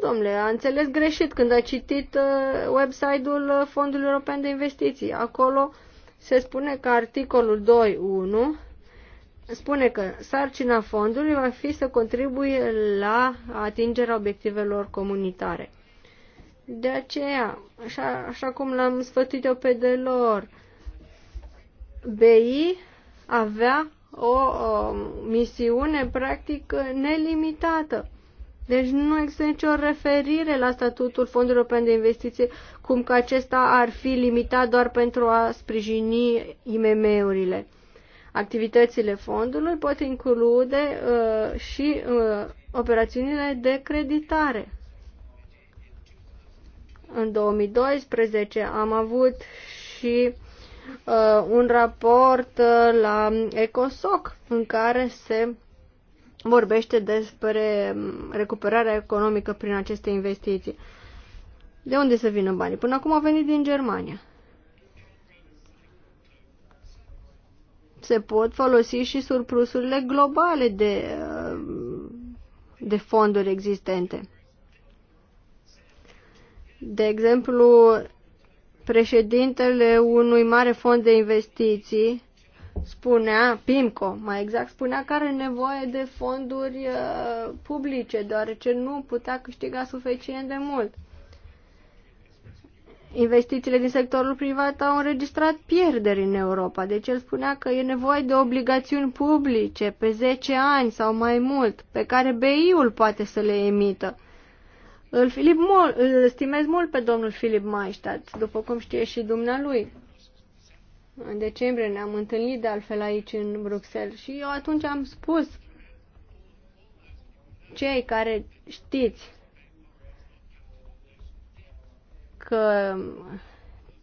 domnule, a înțeles greșit când a citit uh, website-ul uh, Fondului European de Investiții. Acolo se spune că articolul 2.1 spune că sarcina fondului va fi să contribuie la atingerea obiectivelor comunitare. De aceea, așa, așa cum l-am sfătuit eu pe lor, BI avea o, o misiune practic nelimitată. Deci nu există nicio referire la statutul Fondului European de Investiție, cum că acesta ar fi limitat doar pentru a sprijini IMM-urile. Activitățile fondului pot include uh, și uh, operațiunile de creditare. În 2012 am avut și uh, un raport uh, la ECOSOC în care se vorbește despre recuperarea economică prin aceste investiții. De unde să vină banii? Până acum au venit din Germania. Se pot folosi și surplusurile globale de, de fonduri existente. De exemplu, președintele unui mare fond de investiții spunea, PIMCO mai exact, spunea că are nevoie de fonduri uh, publice, deoarece nu putea câștiga suficient de mult. Investițiile din sectorul privat au înregistrat pierderi în Europa, deci el spunea că e nevoie de obligațiuni publice pe 10 ani sau mai mult, pe care BI-ul poate să le emită. Îl, Filip îl stimez mult pe domnul Filip Maistat, după cum știe și dumnealui. În decembrie ne-am întâlnit de altfel aici în Bruxelles și eu atunci am spus cei care știți că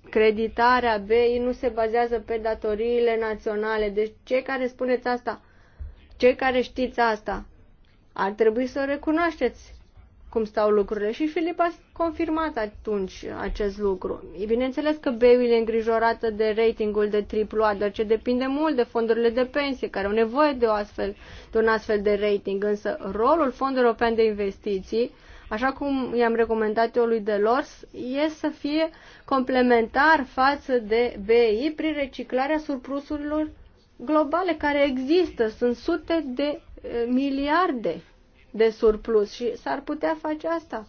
creditarea bei nu se bazează pe datoriile naționale. Deci cei care spuneți asta, cei care știți asta, ar trebui să o recunoașteți cum stau lucrurile și Filip a confirmat atunci acest lucru. E bineînțeles că BEI e îngrijorată de ratingul de AAA, dar ce depinde mult de fondurile de pensie, care au nevoie de, o astfel, de un astfel de rating. Însă rolul Fondului European de Investiții, așa cum i-am recomandat eu lui Delors, e să fie complementar față de BI prin reciclarea surplusurilor globale care există. Sunt sute de eh, miliarde de surplus și s-ar putea face asta.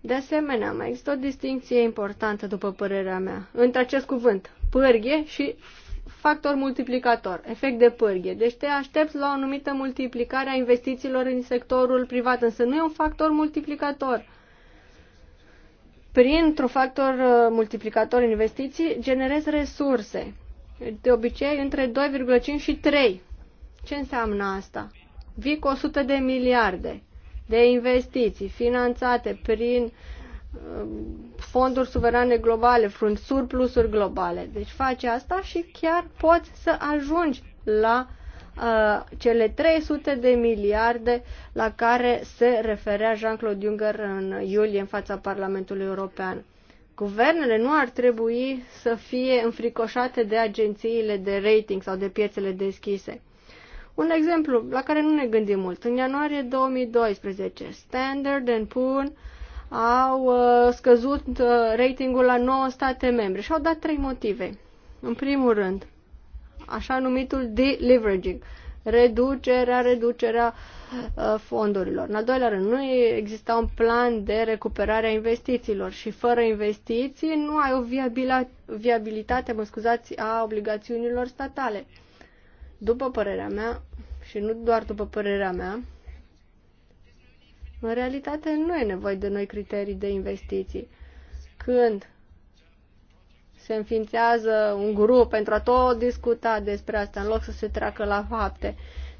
De asemenea, mai există o distinție importantă, după părerea mea, între acest cuvânt, pârghie și factor multiplicator, efect de pârghie. Deci te aștepți la o anumită multiplicare a investițiilor în sectorul privat, însă nu e un factor multiplicator. Printr-un factor uh, multiplicator investiții, generezi resurse. De obicei, între 2,5 și 3. Ce înseamnă asta? vii cu 100 de miliarde de investiții finanțate prin uh, fonduri suverane globale, frânt surplusuri globale. Deci faci asta și chiar poți să ajungi la uh, cele 300 de miliarde la care se referea Jean-Claude Juncker în iulie în fața Parlamentului European. Guvernele nu ar trebui să fie înfricoșate de agențiile de rating sau de piețele deschise. Un exemplu la care nu ne gândim mult. În ianuarie 2012, Standard Poor au uh, scăzut uh, ratingul la 9 state membre și au dat trei motive. În primul rând, așa numitul deleveraging, reducerea, reducerea uh, fondurilor. În al doilea rând, nu exista un plan de recuperare a investițiilor și fără investiții nu ai o viabilitate, mă scuzați, a obligațiunilor statale. După părerea mea, și nu doar după părerea mea, în realitate nu e nevoie de noi criterii de investiții. Când se înființează un grup pentru a tot discuta despre asta, în loc să se treacă la fapte.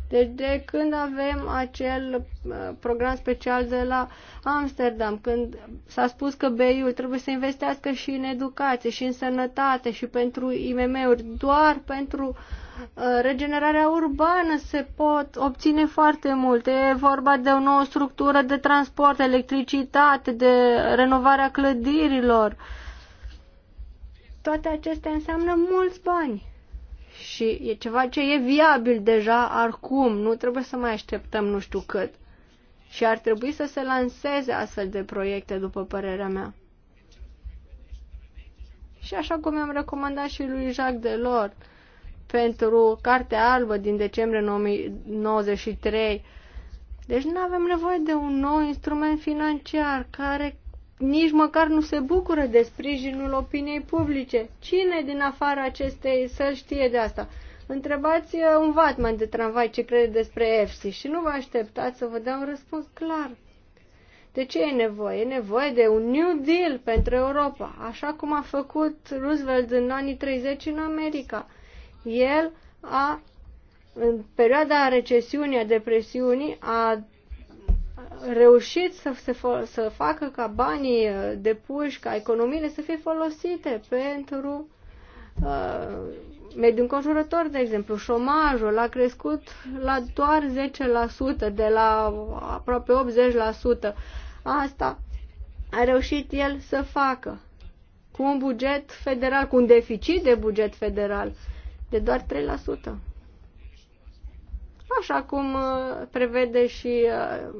Deci de când avem acel uh, program special de la Amsterdam, când s-a spus că BI-ul trebuie să investească și în educație, și în sănătate, și pentru IMM-uri, doar pentru uh, Uh, regenerarea urbană se pot obține foarte multe. E vorba de o nouă structură de transport, electricitate, de renovarea clădirilor. Toate acestea înseamnă mulți bani. Și e ceva ce e viabil deja acum. Nu trebuie să mai așteptăm nu știu cât. Și ar trebui să se lanseze astfel de proiecte, după părerea mea. Și așa cum i-am recomandat și lui Jacques Delors, pentru Cartea Albă din decembrie 1993. Deci nu avem nevoie de un nou instrument financiar care nici măcar nu se bucură de sprijinul opiniei publice. Cine din afara acestei să știe de asta? Întrebați uh, un vatman de tramvai ce crede despre EFSI și nu vă așteptați să vă dea un răspuns clar. De ce e nevoie? E nevoie de un New Deal pentru Europa, așa cum a făcut Roosevelt în anii 30 în America el a, în perioada recesiunii, a depresiunii, a reușit să, se, să facă ca banii uh, depuși, ca economiile să fie folosite pentru uh, mediul înconjurător, de exemplu. Șomajul a crescut la doar 10%, de la aproape 80%. Asta a reușit el să facă cu un buget federal, cu un deficit de buget federal. Uh, de doar 3%. Așa cum uh, prevede și uh,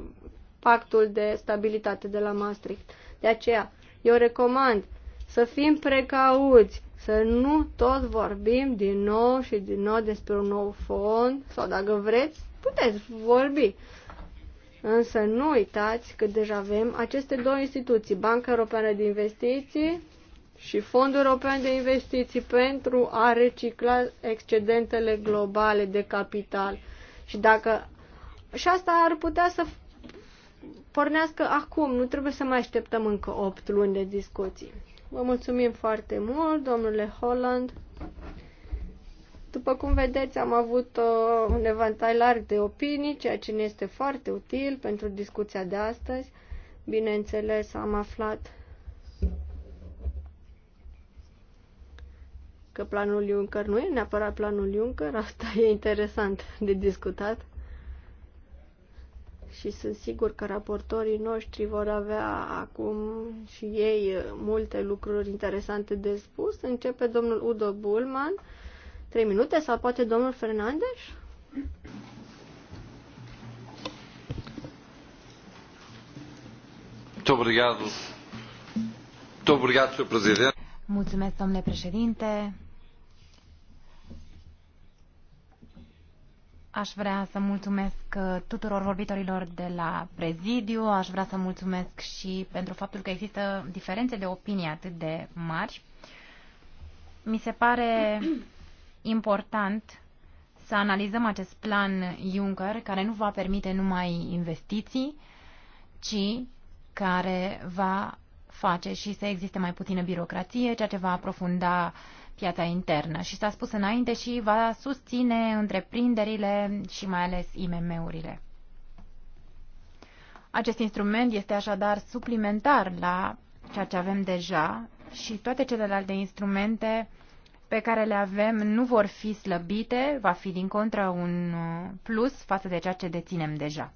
pactul de stabilitate de la Maastricht. De aceea, eu recomand să fim precauți, să nu tot vorbim din nou și din nou despre un nou fond, sau dacă vreți, puteți vorbi. Însă nu uitați că deja avem aceste două instituții, Banca Europeană de Investiții și Fondul European de Investiții pentru a recicla excedentele globale de capital. Și dacă și asta ar putea să pornească acum, nu trebuie să mai așteptăm încă 8 luni de discuții. Vă mulțumim foarte mult, domnule Holland. După cum vedeți, am avut uh, un evantai larg de opinii, ceea ce ne este foarte util pentru discuția de astăzi. Bineînțeles, am aflat că planul Juncker nu e neapărat planul Juncker, asta e interesant de discutat. Și sunt sigur că raportorii noștri vor avea acum și ei multe lucruri interesante de spus. Începe domnul Udo Bulman, trei minute, sau poate domnul Fernandes? Mulțumesc, domnule președinte. Aș vrea să mulțumesc uh, tuturor vorbitorilor de la prezidiu, aș vrea să mulțumesc și pentru faptul că există diferențe de opinie atât de mari. Mi se pare important să analizăm acest plan Juncker, care nu va permite numai investiții, ci care va face și să existe mai puțină birocrație, ceea ce va aprofunda uh, piața internă și s-a spus înainte și va susține întreprinderile și mai ales IMM-urile. Acest instrument este așadar suplimentar la ceea ce avem deja și toate celelalte instrumente pe care le avem nu vor fi slăbite, va fi din contră un plus față de ceea ce deținem deja.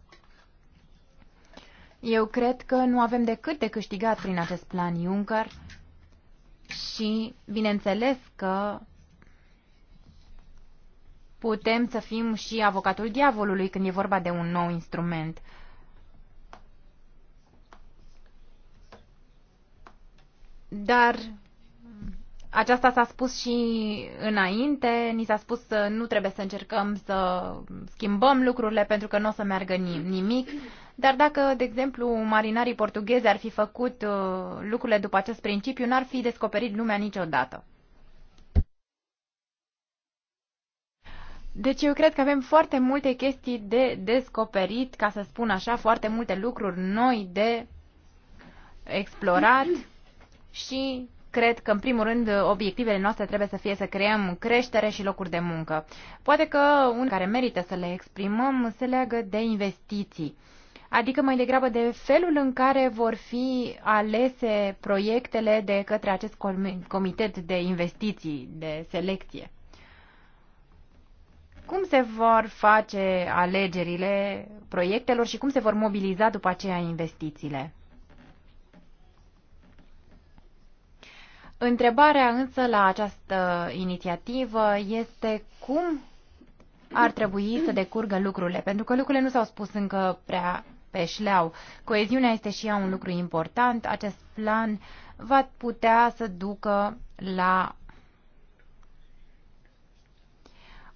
Eu cred că nu avem decât de câștigat prin acest plan Juncker și bineînțeles că putem să fim și avocatul diavolului când e vorba de un nou instrument. Dar aceasta s-a spus și înainte, ni s-a spus să nu trebuie să încercăm să schimbăm lucrurile pentru că nu o să meargă nimic. Dar dacă, de exemplu, marinarii portughezi ar fi făcut uh, lucrurile după acest principiu, n-ar fi descoperit lumea niciodată. Deci eu cred că avem foarte multe chestii de descoperit, ca să spun așa, foarte multe lucruri noi de explorat și cred că, în primul rând, obiectivele noastre trebuie să fie să creăm creștere și locuri de muncă. Poate că un care merită să le exprimăm se leagă de investiții adică mai degrabă de felul în care vor fi alese proiectele de către acest comitet de investiții, de selecție. Cum se vor face alegerile proiectelor și cum se vor mobiliza după aceea investițiile? Întrebarea însă la această inițiativă este cum ar trebui să decurgă lucrurile, pentru că lucrurile nu s-au spus încă prea pe șleau. Coeziunea este și ea un lucru important. Acest plan va putea să ducă la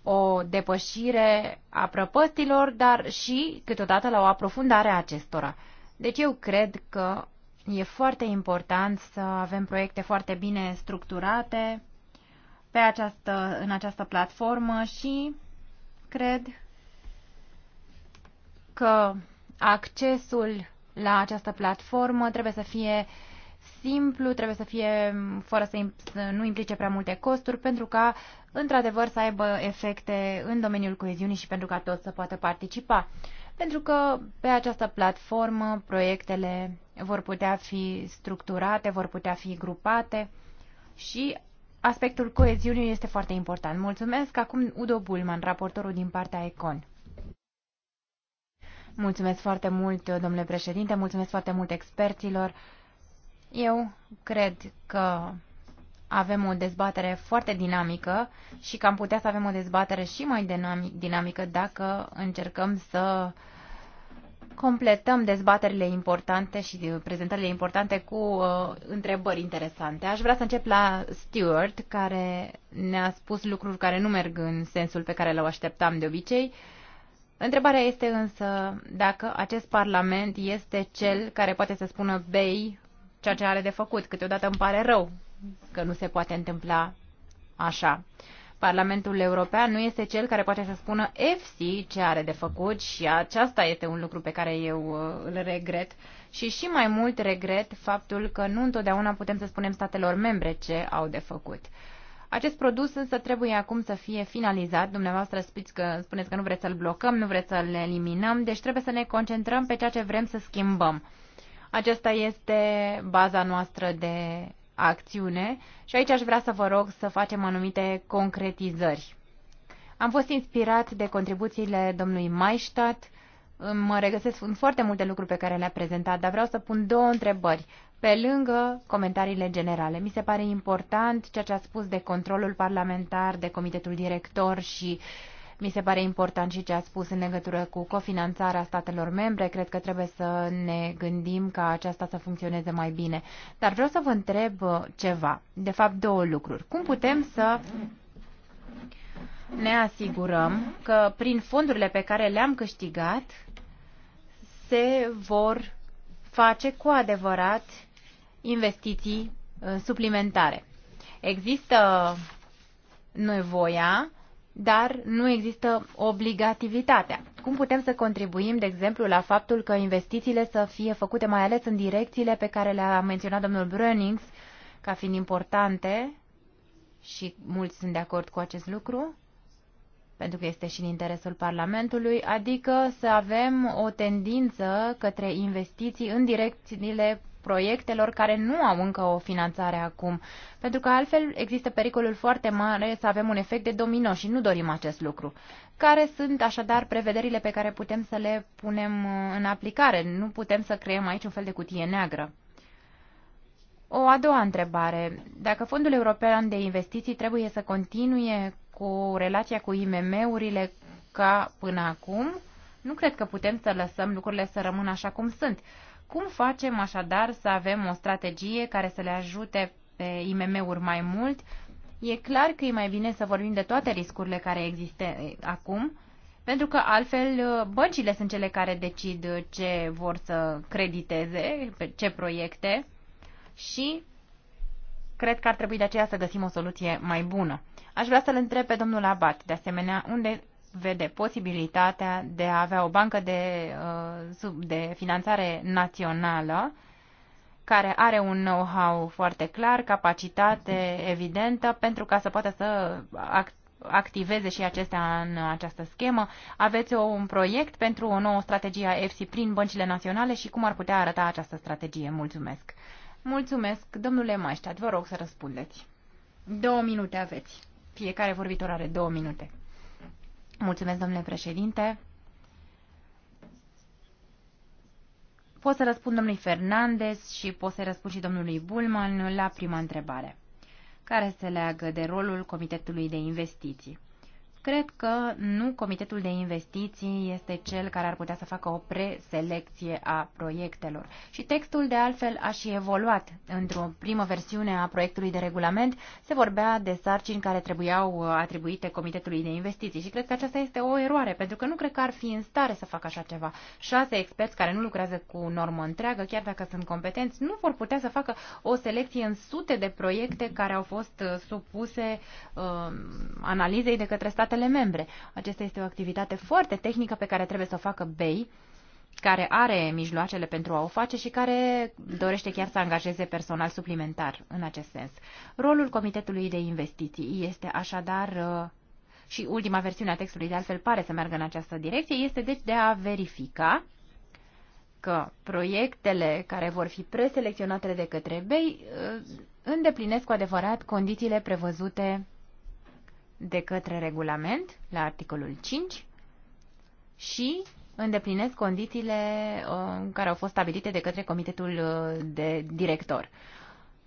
o depășire a prăpăstilor, dar și câteodată la o aprofundare a acestora. Deci eu cred că e foarte important să avem proiecte foarte bine structurate pe această, în această platformă și cred că accesul la această platformă trebuie să fie simplu, trebuie să fie fără să, să nu implice prea multe costuri pentru ca într-adevăr să aibă efecte în domeniul coeziunii și pentru ca toți să poată participa. Pentru că pe această platformă proiectele vor putea fi structurate, vor putea fi grupate și aspectul coeziunii este foarte important. Mulțumesc. Acum Udo Bulman, raportorul din partea Econ. Mulțumesc foarte mult, domnule președinte, mulțumesc foarte mult experților. Eu cred că avem o dezbatere foarte dinamică și că am putea să avem o dezbatere și mai dinamică dacă încercăm să completăm dezbaterile importante și prezentările importante cu uh, întrebări interesante. Aș vrea să încep la Stewart, care ne-a spus lucruri care nu merg în sensul pe care l-o așteptam de obicei. Uh, Întrebarea este însă dacă acest Parlament este cel care poate să spună bei ceea ce are de făcut. Câteodată îmi pare rău că nu se poate întâmpla așa. Parlamentul European nu este cel care poate să spună FC ce are de făcut și aceasta este un lucru pe care eu uh, îl regret și și mai mult regret faptul că nu întotdeauna putem să spunem statelor membre ce au de făcut. Acest produs însă trebuie acum să fie finalizat. Dumneavoastră spuneți că, spuneți că nu vreți să-l blocăm, nu vreți să-l eliminăm, deci trebuie să ne concentrăm pe ceea ce vrem să schimbăm. Aceasta este baza noastră de acțiune și aici aș vrea să vă rog să facem anumite concretizări. Am fost inspirat de contribuțiile domnului Maistat, mă regăsesc în foarte multe lucruri pe care le-a prezentat, dar vreau să pun două întrebări pe lângă comentariile generale. Mi se pare important ceea ce a spus de controlul parlamentar, de comitetul director și mi se pare important și ce a spus în legătură cu cofinanțarea statelor membre. Cred că trebuie să ne gândim ca aceasta să funcționeze mai bine. Dar vreau să vă întreb ceva, de fapt două lucruri. Cum putem să ne asigurăm că prin fondurile pe care le-am câștigat se vor face cu adevărat investiții uh, suplimentare. Există nevoia, dar nu există obligativitatea. Cum putem să contribuim, de exemplu, la faptul că investițiile să fie făcute mai ales în direcțiile pe care le-a menționat domnul Brönings ca fiind importante și mulți sunt de acord cu acest lucru, pentru că este și în interesul Parlamentului, adică să avem o tendință către investiții în direcțiile proiectelor care nu au încă o finanțare acum, pentru că altfel există pericolul foarte mare să avem un efect de domino și nu dorim acest lucru. Care sunt așadar prevederile pe care putem să le punem uh, în aplicare? Nu putem să creăm aici un fel de cutie neagră. O a doua întrebare. Dacă Fondul European de Investiții trebuie să continue cu relația cu IMM-urile ca până acum, nu cred că putem să lăsăm lucrurile să rămână așa cum sunt. Cum facem așadar să avem o strategie care să le ajute pe IMM-uri mai mult? E clar că e mai bine să vorbim de toate riscurile care există acum, pentru că altfel uh, băncile sunt cele care decid uh, ce vor să crediteze, ce proiecte și cred că ar trebui de aceea să găsim o soluție mai bună. Aș vrea să-l întreb pe domnul Abat, de asemenea, unde vede posibilitatea de a avea o bancă de, uh, de finanțare națională care are un know-how foarte clar, capacitate evidentă pentru ca să poată să activeze și acestea în această schemă. Aveți un proiect pentru o nouă strategie a EFSI prin băncile naționale și cum ar putea arăta această strategie? Mulțumesc! Mulțumesc, domnule Maștat, vă rog să răspundeți. Două minute aveți. Fiecare vorbitor are două minute. Mulțumesc, domnule președinte. Pot să răspund domnului Fernandez și pot să răspund și domnului Bulman la prima întrebare, care se leagă de rolul Comitetului de Investiții. Cred că nu Comitetul de Investiții este cel care ar putea să facă o preselecție a proiectelor. Și textul, de altfel, a și evoluat. Într-o primă versiune a proiectului de regulament se vorbea de sarcini care trebuiau uh, atribuite Comitetului de Investiții și cred că aceasta este o eroare, pentru că nu cred că ar fi în stare să facă așa ceva. Șase experți care nu lucrează cu normă întreagă, chiar dacă sunt competenți, nu vor putea să facă o selecție în sute de proiecte care au fost uh, supuse uh, analizei de către statele statele membre. Aceasta este o activitate foarte tehnică pe care trebuie să o facă BEI, care are mijloacele pentru a o face și care dorește chiar să angajeze personal suplimentar în acest sens. Rolul Comitetului de Investiții este așadar uh, și ultima versiune a textului de altfel pare să meargă în această direcție, este deci de a verifica că proiectele care vor fi preselecționate de către BEI uh, îndeplinesc cu adevărat condițiile prevăzute de către regulament la articolul 5 și îndeplinesc condițiile uh, care au fost stabilite de către comitetul uh, de director.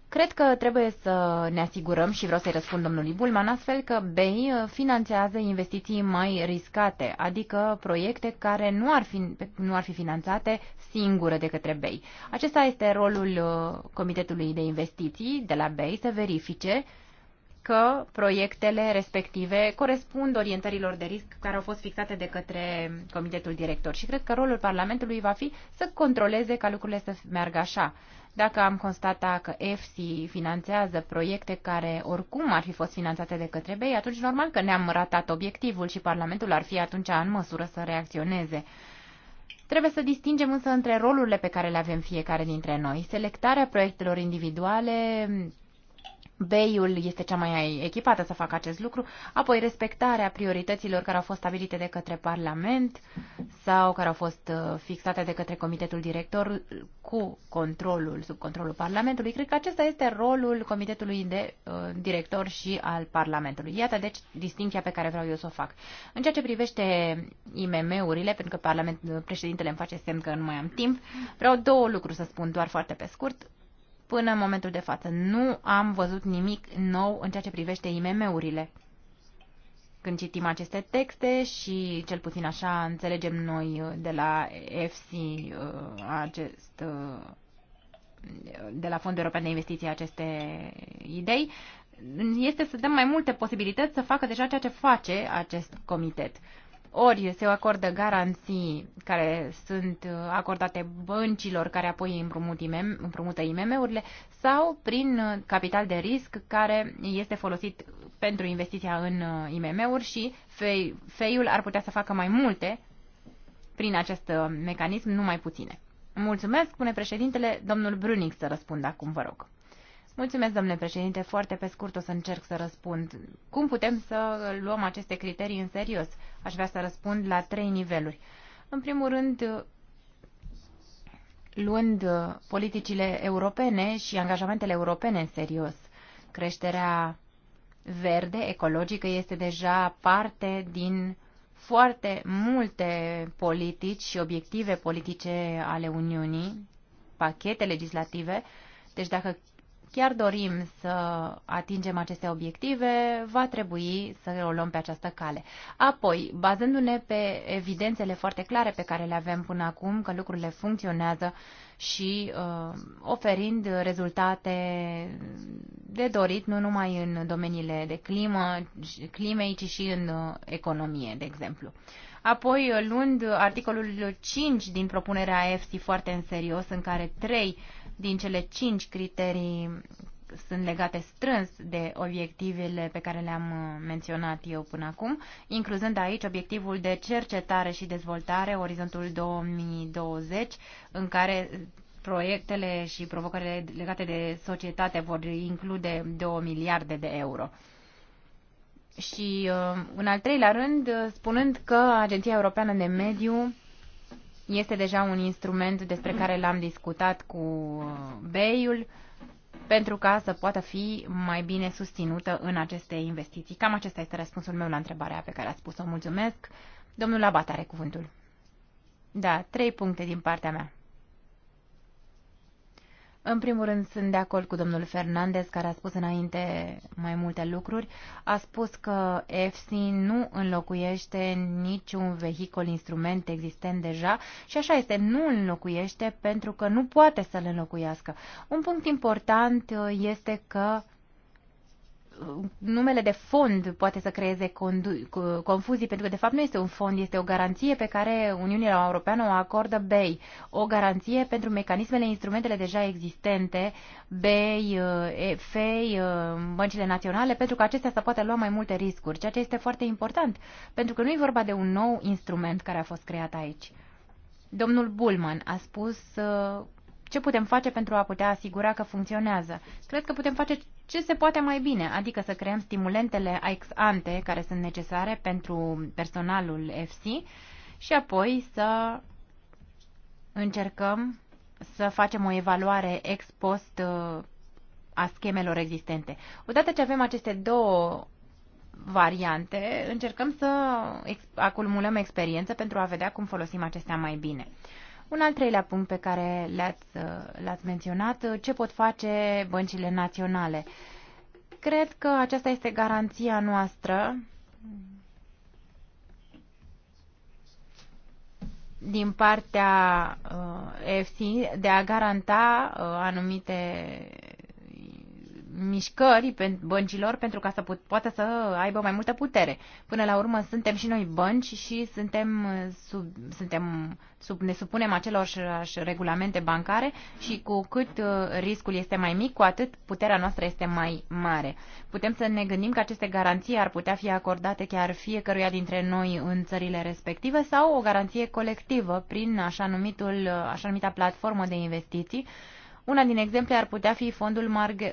Cred că trebuie să ne asigurăm, și vreau să-i răspund domnului Bulman, astfel că BEI uh, finanțează investiții mai riscate, adică proiecte care nu ar fi, nu ar fi finanțate singură de către BEI. Acesta este rolul Comitetului de Investiții de la BEI să verifice uh, că proiectele respective corespund orientărilor de risc care au fost fixate de către Comitetul Director. Și cred că rolul Parlamentului va fi să controleze ca lucrurile să meargă așa. Dacă am constatat că EFSI finanțează proiecte care oricum ar fi fost finanțate de către BEI, atunci normal că ne-am ratat obiectivul și Parlamentul ar fi atunci în măsură să reacționeze. Trebuie să distingem însă între rolurile pe care le avem fiecare dintre noi. Selectarea proiectelor individuale, Beiul este cea mai echipată să facă acest lucru, apoi respectarea priorităților care au fost stabilite de către Parlament sau care au fost uh, fixate de către Comitetul Director cu controlul, sub controlul Parlamentului. Cred că acesta este rolul Comitetului de uh, Director și al Parlamentului. Iată, deci, distinția pe care vreau eu să o fac. În ceea ce privește IMM-urile, pentru că Parlamentul uh, președintele îmi face semn că nu mai am timp, vreau două lucruri să spun doar foarte pe scurt. Până în momentul de față nu am văzut nimic nou în ceea ce privește IMM-urile. Când citim aceste texte și cel puțin așa înțelegem noi uh, de la FC uh, acest uh, de la Fondul European de Investiții aceste idei, este să dăm mai multe posibilități să facă deja ceea ce face acest comitet ori se acordă garanții care sunt uh, acordate băncilor care apoi împrumut IMM, împrumută IMM-urile sau prin uh, capital de risc care este folosit pentru investiția în uh, IMM-uri și FEI-ul ar putea să facă mai multe prin acest mecanism, nu mai puține. Mulțumesc, spune președintele, domnul Brunic să răspundă acum, vă rog. Mulțumesc, domnule președinte. Foarte pe scurt o să încerc să răspund. Cum putem să luăm aceste criterii în serios? Aș vrea să răspund la trei niveluri. În primul rând, luând politicile europene și angajamentele europene în serios. Creșterea verde, ecologică, este deja parte din foarte multe politici și obiective politice ale Uniunii, pachete legislative. Deci dacă chiar dorim să atingem aceste obiective, va trebui să o luăm pe această cale. Apoi, bazându-ne pe evidențele foarte clare pe care le avem până acum, că lucrurile funcționează și uh, oferind rezultate de dorit, nu numai în domeniile de climă, climei, ci și în uh, economie, de exemplu. Apoi, luând articolul 5 din propunerea EFSI foarte în serios, în care trei uh, din cele cinci criterii sunt legate strâns de obiectivele pe care le-am uh, menționat eu până acum, incluzând aici obiectivul de cercetare și dezvoltare, orizontul 2020, în care proiectele și provocările legate de societate vor include 2 miliarde de euro. Și uh, în al treilea rând, uh, spunând că Agenția Europeană de Mediu este deja un instrument despre care l-am discutat cu Beiul pentru ca să poată fi mai bine susținută în aceste investiții. Cam acesta este răspunsul meu la întrebarea pe care ați spus-o. Mulțumesc. Domnul Abat are cuvântul. Da, trei puncte din partea mea. În primul rând, sunt de acord cu domnul Fernandez, care a spus înainte mai multe lucruri. A spus că EFSI nu înlocuiește niciun vehicul instrument existent deja și așa este, nu înlocuiește pentru că nu poate să-l înlocuiască. Un punct important este că numele de fond poate să creeze confuzii, pentru că de fapt nu este un fond, este o garanție pe care Uniunea Europeană o acordă BEI. O garanție pentru mecanismele, instrumentele deja existente, BEI, uh, FEI, uh, băncile naționale, pentru că acestea să poată lua mai multe riscuri, ceea ce este foarte important, pentru că nu e vorba de un nou instrument care a fost creat aici. Domnul Bulman a spus uh, ce putem face pentru a putea asigura că funcționează. Cred că putem face ce se poate mai bine, adică să creăm stimulentele ex ante care sunt necesare pentru personalul FC și apoi să încercăm să facem o evaluare ex post uh, a schemelor existente. Odată ce avem aceste două variante, încercăm să acumulăm experiență pentru a vedea cum folosim acestea mai bine. Un al treilea punct pe care l-ați, uh, l-ați menționat, uh, ce pot face băncile naționale? Cred că aceasta este garanția noastră din partea EFSI uh, de a garanta anumite mișcări pe băncilor pentru ca să put, poată să aibă mai multă putere. Până la urmă suntem și noi bănci și suntem uh, sub, suntem sub, ne supunem acelorași regulamente bancare și cu cât uh, riscul este mai mic, cu atât puterea noastră este mai mare. Putem să ne gândim că aceste garanții ar putea fi acordate chiar fiecăruia dintre noi în țările respective sau o garanție colectivă prin așa, numitul, așa numita platformă de investiții. Una din exemple ar putea fi fondul Marge,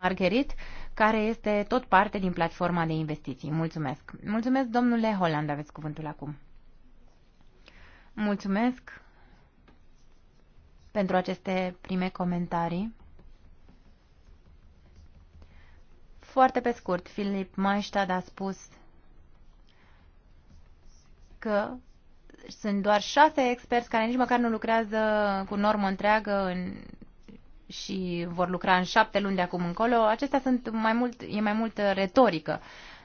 Margherit, care este tot parte din platforma de investiții. Mulțumesc. Mulțumesc, domnule Holland, aveți cuvântul acum. Mulțumesc pentru aceste prime comentarii. Foarte pe scurt, Filip Maistad a spus că sunt doar șase experți care nici măcar nu lucrează cu normă întreagă în și vor lucra în șapte luni de acum încolo, acestea sunt mai mult, e mai mult uh, retorică.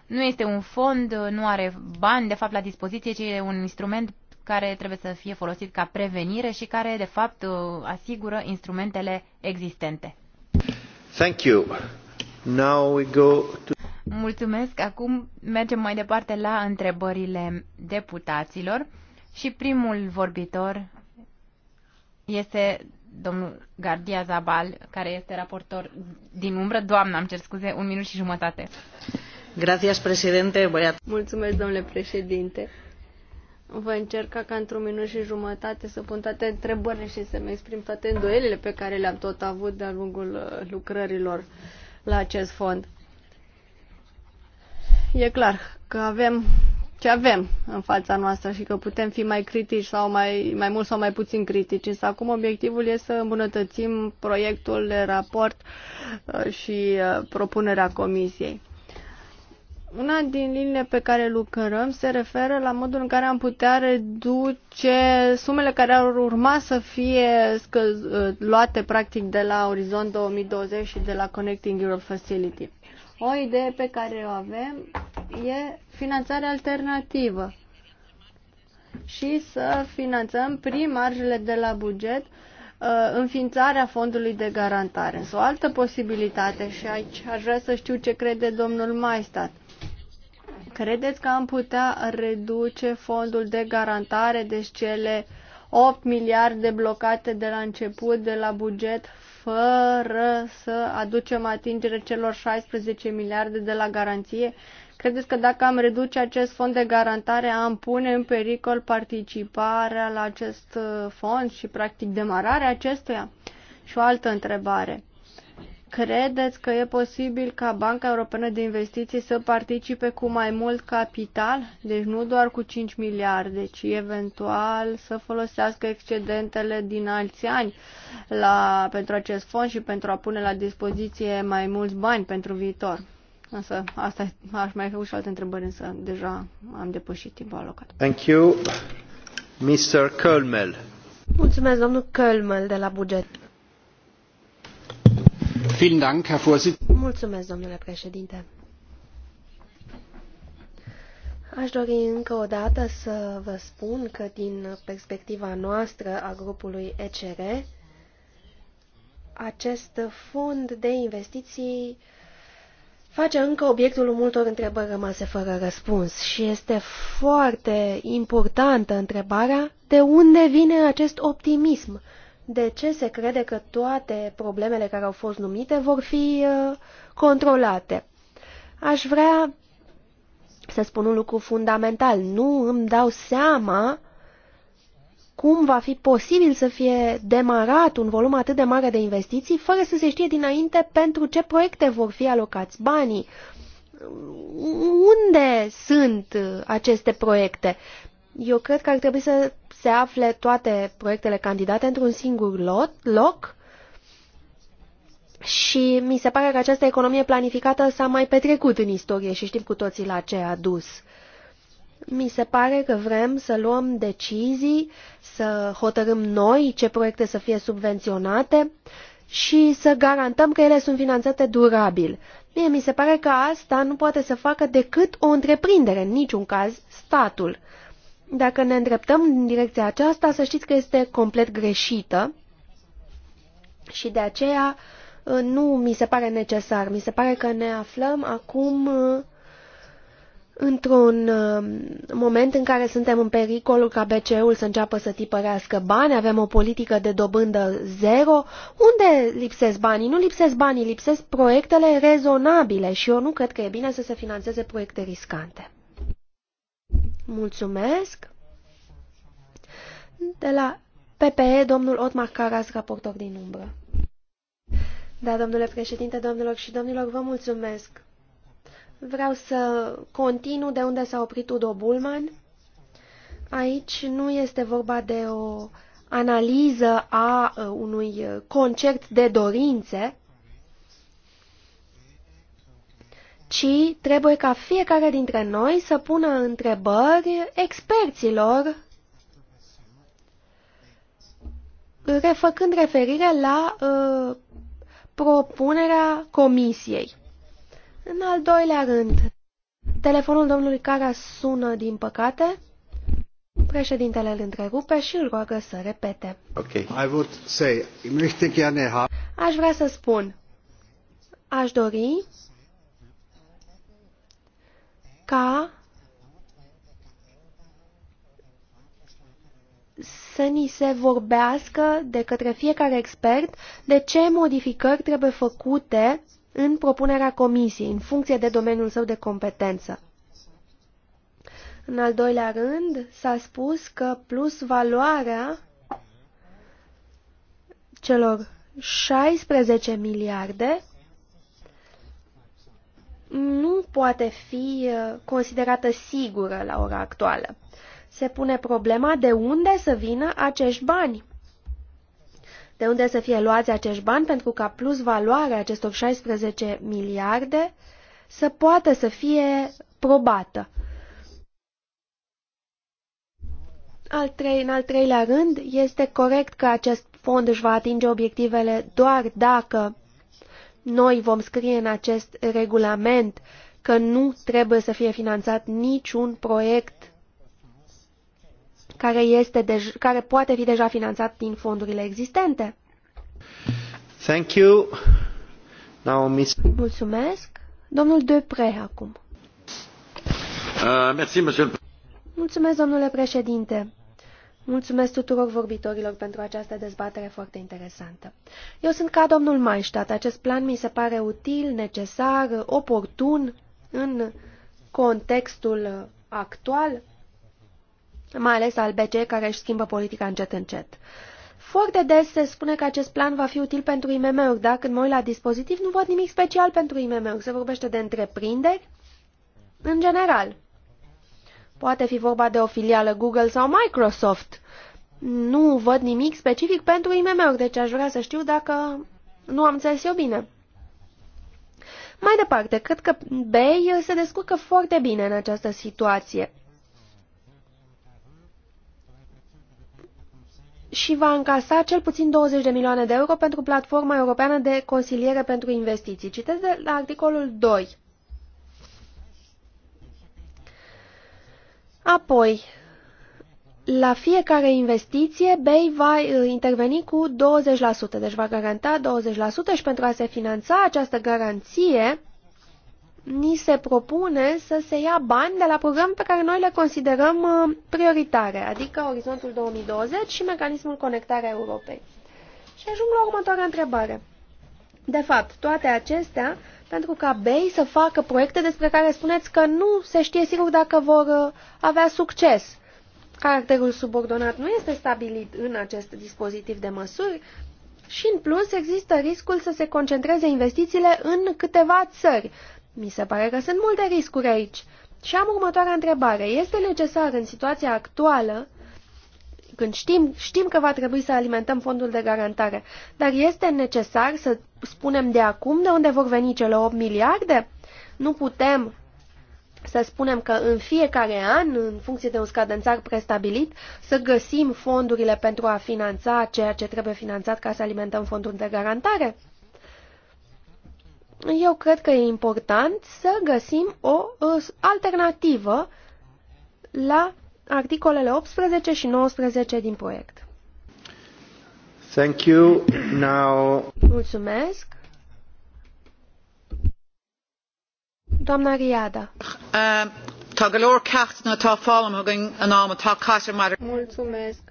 Nu este un fond, uh, nu are bani de fapt la dispoziție, ci e un instrument care trebuie să fie folosit ca prevenire și care de fapt uh, asigură instrumentele existente. Thank you. Now we go to... Mulțumesc. Acum mergem mai departe la întrebările deputaților și primul vorbitor este domnul Gardia Zabal, care este raportor din umbră. Doamna, am cer scuze, un minut și jumătate. Gracias, președinte. Băiat. Mulțumesc, domnule președinte. Voi încerca ca într-un minut și jumătate să pun toate întrebările și să-mi exprim toate îndoielile pe care le-am tot avut de-a lungul uh, lucrărilor la acest fond. E clar că avem ce avem în fața noastră și că putem fi mai critici sau mai, mai mult sau mai puțin critici. Însă acum obiectivul este să îmbunătățim proiectul de raport uh, și uh, propunerea comisiei. Una din liniile pe care lucrăm se referă la modul în care am putea reduce sumele care ar urma să fie uh, luate practic de la Orizont 2020 și de la Connecting Europe Facility. O idee pe care o avem e finanțarea alternativă și să finanțăm prin marjele de la buget uh, înființarea fondului de garantare. Însă o altă posibilitate și aici aș vrea să știu ce crede domnul Maistat. Credeți că am putea reduce fondul de garantare, deci cele 8 miliarde blocate de la început de la buget fără să aducem atingere celor 16 miliarde de la garanție? Credeți că dacă am reduce acest fond de garantare, am pune în pericol participarea la acest uh, fond și, practic, demararea acestuia? Și o altă întrebare. Credeți că e posibil ca Banca Europeană de Investiții să participe cu mai mult capital, deci nu doar cu 5 miliarde, ci eventual să folosească excedentele din alți ani la, pentru acest fond și pentru a pune la dispoziție mai mulți bani pentru viitor? Însă asta aș mai avea și alte întrebări, însă deja am depășit timpul alocat. Thank you, Mr. Kölmel. Mulțumesc, domnul Kölmel de la buget. Mulțumesc, domnule președinte. Aș dori încă o dată să vă spun că din perspectiva noastră a grupului ECR, acest fond de investiții uh, face încă obiectul multor întrebări rămase fără răspuns și este foarte importantă întrebarea de unde vine acest optimism. De ce se crede că toate problemele care au fost numite vor fi uh, controlate? Aș vrea să spun un lucru fundamental. Nu îmi dau seama uh, cum va fi posibil să fie demarat un volum atât de mare de investiții fără să se știe dinainte pentru ce proiecte vor fi alocați banii. Unde sunt aceste proiecte? Eu cred că ar trebui să se afle toate proiectele candidate într-un singur lot, loc și mi se pare că această economie planificată s-a mai petrecut în istorie și știm cu toții la ce a dus. Mi se pare că vrem să luăm decizii, să hotărâm noi ce proiecte să fie subvenționate și să garantăm că ele sunt finanțate durabil. Mie mi se pare că asta nu poate să facă decât o întreprindere, în niciun caz statul. Dacă ne îndreptăm în direcția aceasta, să știți că este complet greșită și de aceea uh, nu mi se pare necesar. Mi se pare că ne aflăm acum uh, într-un um, moment în care suntem în pericolul ca BCE-ul să înceapă să tipărească bani, avem o politică de dobândă zero, unde lipsesc banii? Nu lipsesc banii, lipsesc proiectele rezonabile și eu nu cred că e bine să se financeze proiecte riscante. Mulțumesc. De la PPE, domnul Otmar Caras, raportor din umbră. Da, domnule președinte, domnilor și domnilor, vă mulțumesc Vreau să continu de unde s-a oprit Udo Bulman. Aici nu este vorba de o analiză a uh, unui concert de dorințe, ci trebuie ca fiecare dintre noi să pună întrebări experților refăcând referire la uh, propunerea comisiei. În al doilea rând, telefonul domnului Cara sună, din păcate. Președintele îl întrerupe și îl roagă să repete. Okay. I would say, möchte gerne ha Aș vrea să spun, aș dori ca să ni se vorbească de către fiecare expert de ce modificări trebuie făcute în propunerea comisiei, în funcție de domeniul său de competență. În al doilea rând, s-a spus că plus valoarea celor 16 miliarde nu poate fi uh, considerată sigură la ora actuală. Se pune problema de unde să vină acești bani de unde să fie luați acești bani pentru ca plus valoarea acestor 16 miliarde să poată să fie probată. Al trei, în al treilea rând, este corect că acest fond își va atinge obiectivele doar dacă noi vom scrie în acest regulament că nu trebuie să fie finanțat niciun proiect care, este dej- care poate fi deja finanțat din fondurile existente. Thank you. Now, miss... Mulțumesc. Domnul Depre acum. Uh, merci, monsieur... Mulțumesc, domnule președinte. Mulțumesc tuturor vorbitorilor pentru această dezbatere foarte interesantă. Eu sunt ca domnul Maistat. Acest plan mi se pare util, necesar, oportun în contextul actual mai ales al BCE care își schimbă politica încet încet. Foarte des se spune că acest plan va fi util pentru IMM-uri, dar când mă uit la dispozitiv nu văd nimic special pentru IMM-uri. Se vorbește de întreprinderi în general. Poate fi vorba de o filială Google sau Microsoft. Nu văd nimic specific pentru IMM-uri, deci aș vrea să știu dacă nu am înțeles eu bine. Mai departe, cred că Bay se descurcă foarte bine în această situație. și va încasa cel puțin 20 de milioane de euro pentru Platforma Europeană de Consiliere pentru Investiții. Citez de la articolul 2. Apoi, la fiecare investiție, BEI va uh, interveni cu 20%, deci va garanta 20% și pentru a se finanța această garanție, ni se propune să se ia bani de la programe pe care noi le considerăm uh, prioritare, adică Orizontul 2020 și Mecanismul Conectarea Europei. Și ajung la următoarea întrebare. De fapt, toate acestea pentru ca BEI să facă proiecte despre care spuneți că nu se știe sigur dacă vor uh, avea succes. Caracterul subordonat nu este stabilit în acest dispozitiv de măsuri și, în plus, există riscul să se concentreze investițiile în câteva țări, mi se pare că sunt multe riscuri aici. Și am următoarea întrebare. Este necesar în situația actuală, când știm, știm că va trebui să alimentăm fondul de garantare, dar este necesar să spunem de acum de unde vor veni cele 8 miliarde? Nu putem să spunem că în fiecare an, în funcție de un scadențar prestabilit, să găsim fondurile pentru a finanța ceea ce trebuie finanțat ca să alimentăm fondul de garantare? eu cred că e important să găsim o alternativă la articolele 18 și 19 din proiect. Thank you. Now... Mulțumesc. Doamna Riada. Eh, Mulțumesc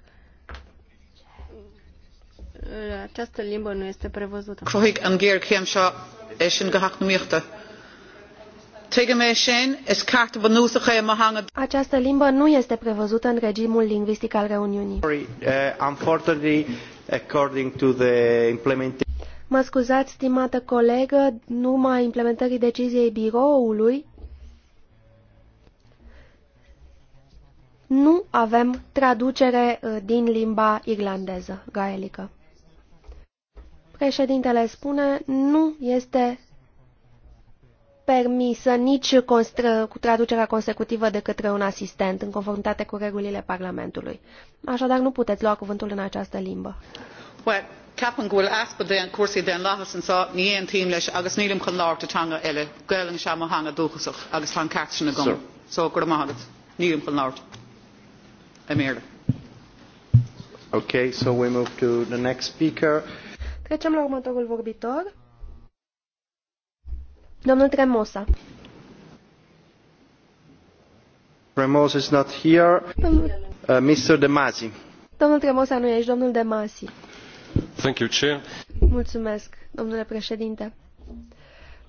această limbă nu este prevăzută. Croig an géir céim is in sin go haachnaíochta. Această limbă nu este prevăzută în regimul lingvistic al Reuniunii. Uh, mă scuzați, stimată colegă, numai implementării deciziei biroului nu avem traducere uh, din limba irlandeză gaelică. Președintele spune, nu este permisă nici cu traducerea consecutivă de către un asistent, în conformitate cu regulile Parlamentului. Așadar, nu puteți lua cuvântul în această limbă. Well. Capan ghfuil aspa dé an cuasaí den láthas an seo ní aon tíim leis agus nílim chun lár atanga eile gailann se mo hanga dúchasach agus tá cetain na gom. Só gur amgat nílim chun láir a Okay, so we move to the next speaker. Trecem la următorul vorbitor. Domnul Tremosa. Tremosa is not here. Domnul... Uh, Mr. Demasi. Domnul Tremosa nu e aici, domnul Demasi. Thank you, Chair. Mulțumesc, domnule președinte.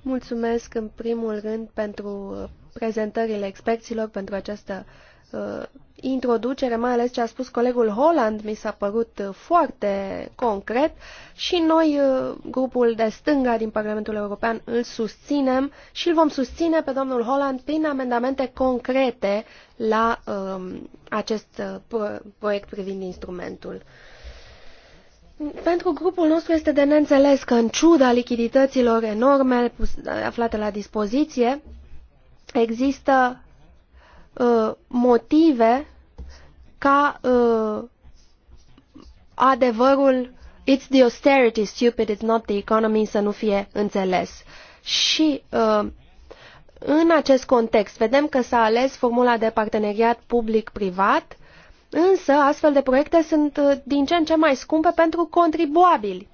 Mulțumesc în primul rând pentru prezentările experților, pentru această uh, uh, introducere, mai ales ce a spus colegul Holland, mi s-a părut uh, foarte concret și noi, uh, grupul de stânga din Parlamentul European, îl susținem și îl vom susține pe domnul Holland prin amendamente concrete la um, acest uh, pro proiect privind instrumentul. Pentru grupul nostru este de neînțeles că, în ciuda lichidităților enorme aflate la dispoziție, există Uh, motive ca uh, adevărul It's the austerity, stupid, it's not the economy să nu fie înțeles. Și uh, în acest context vedem că s-a ales formula de parteneriat public-privat, însă astfel de proiecte sunt uh, din ce în ce mai scumpe pentru contribuabili.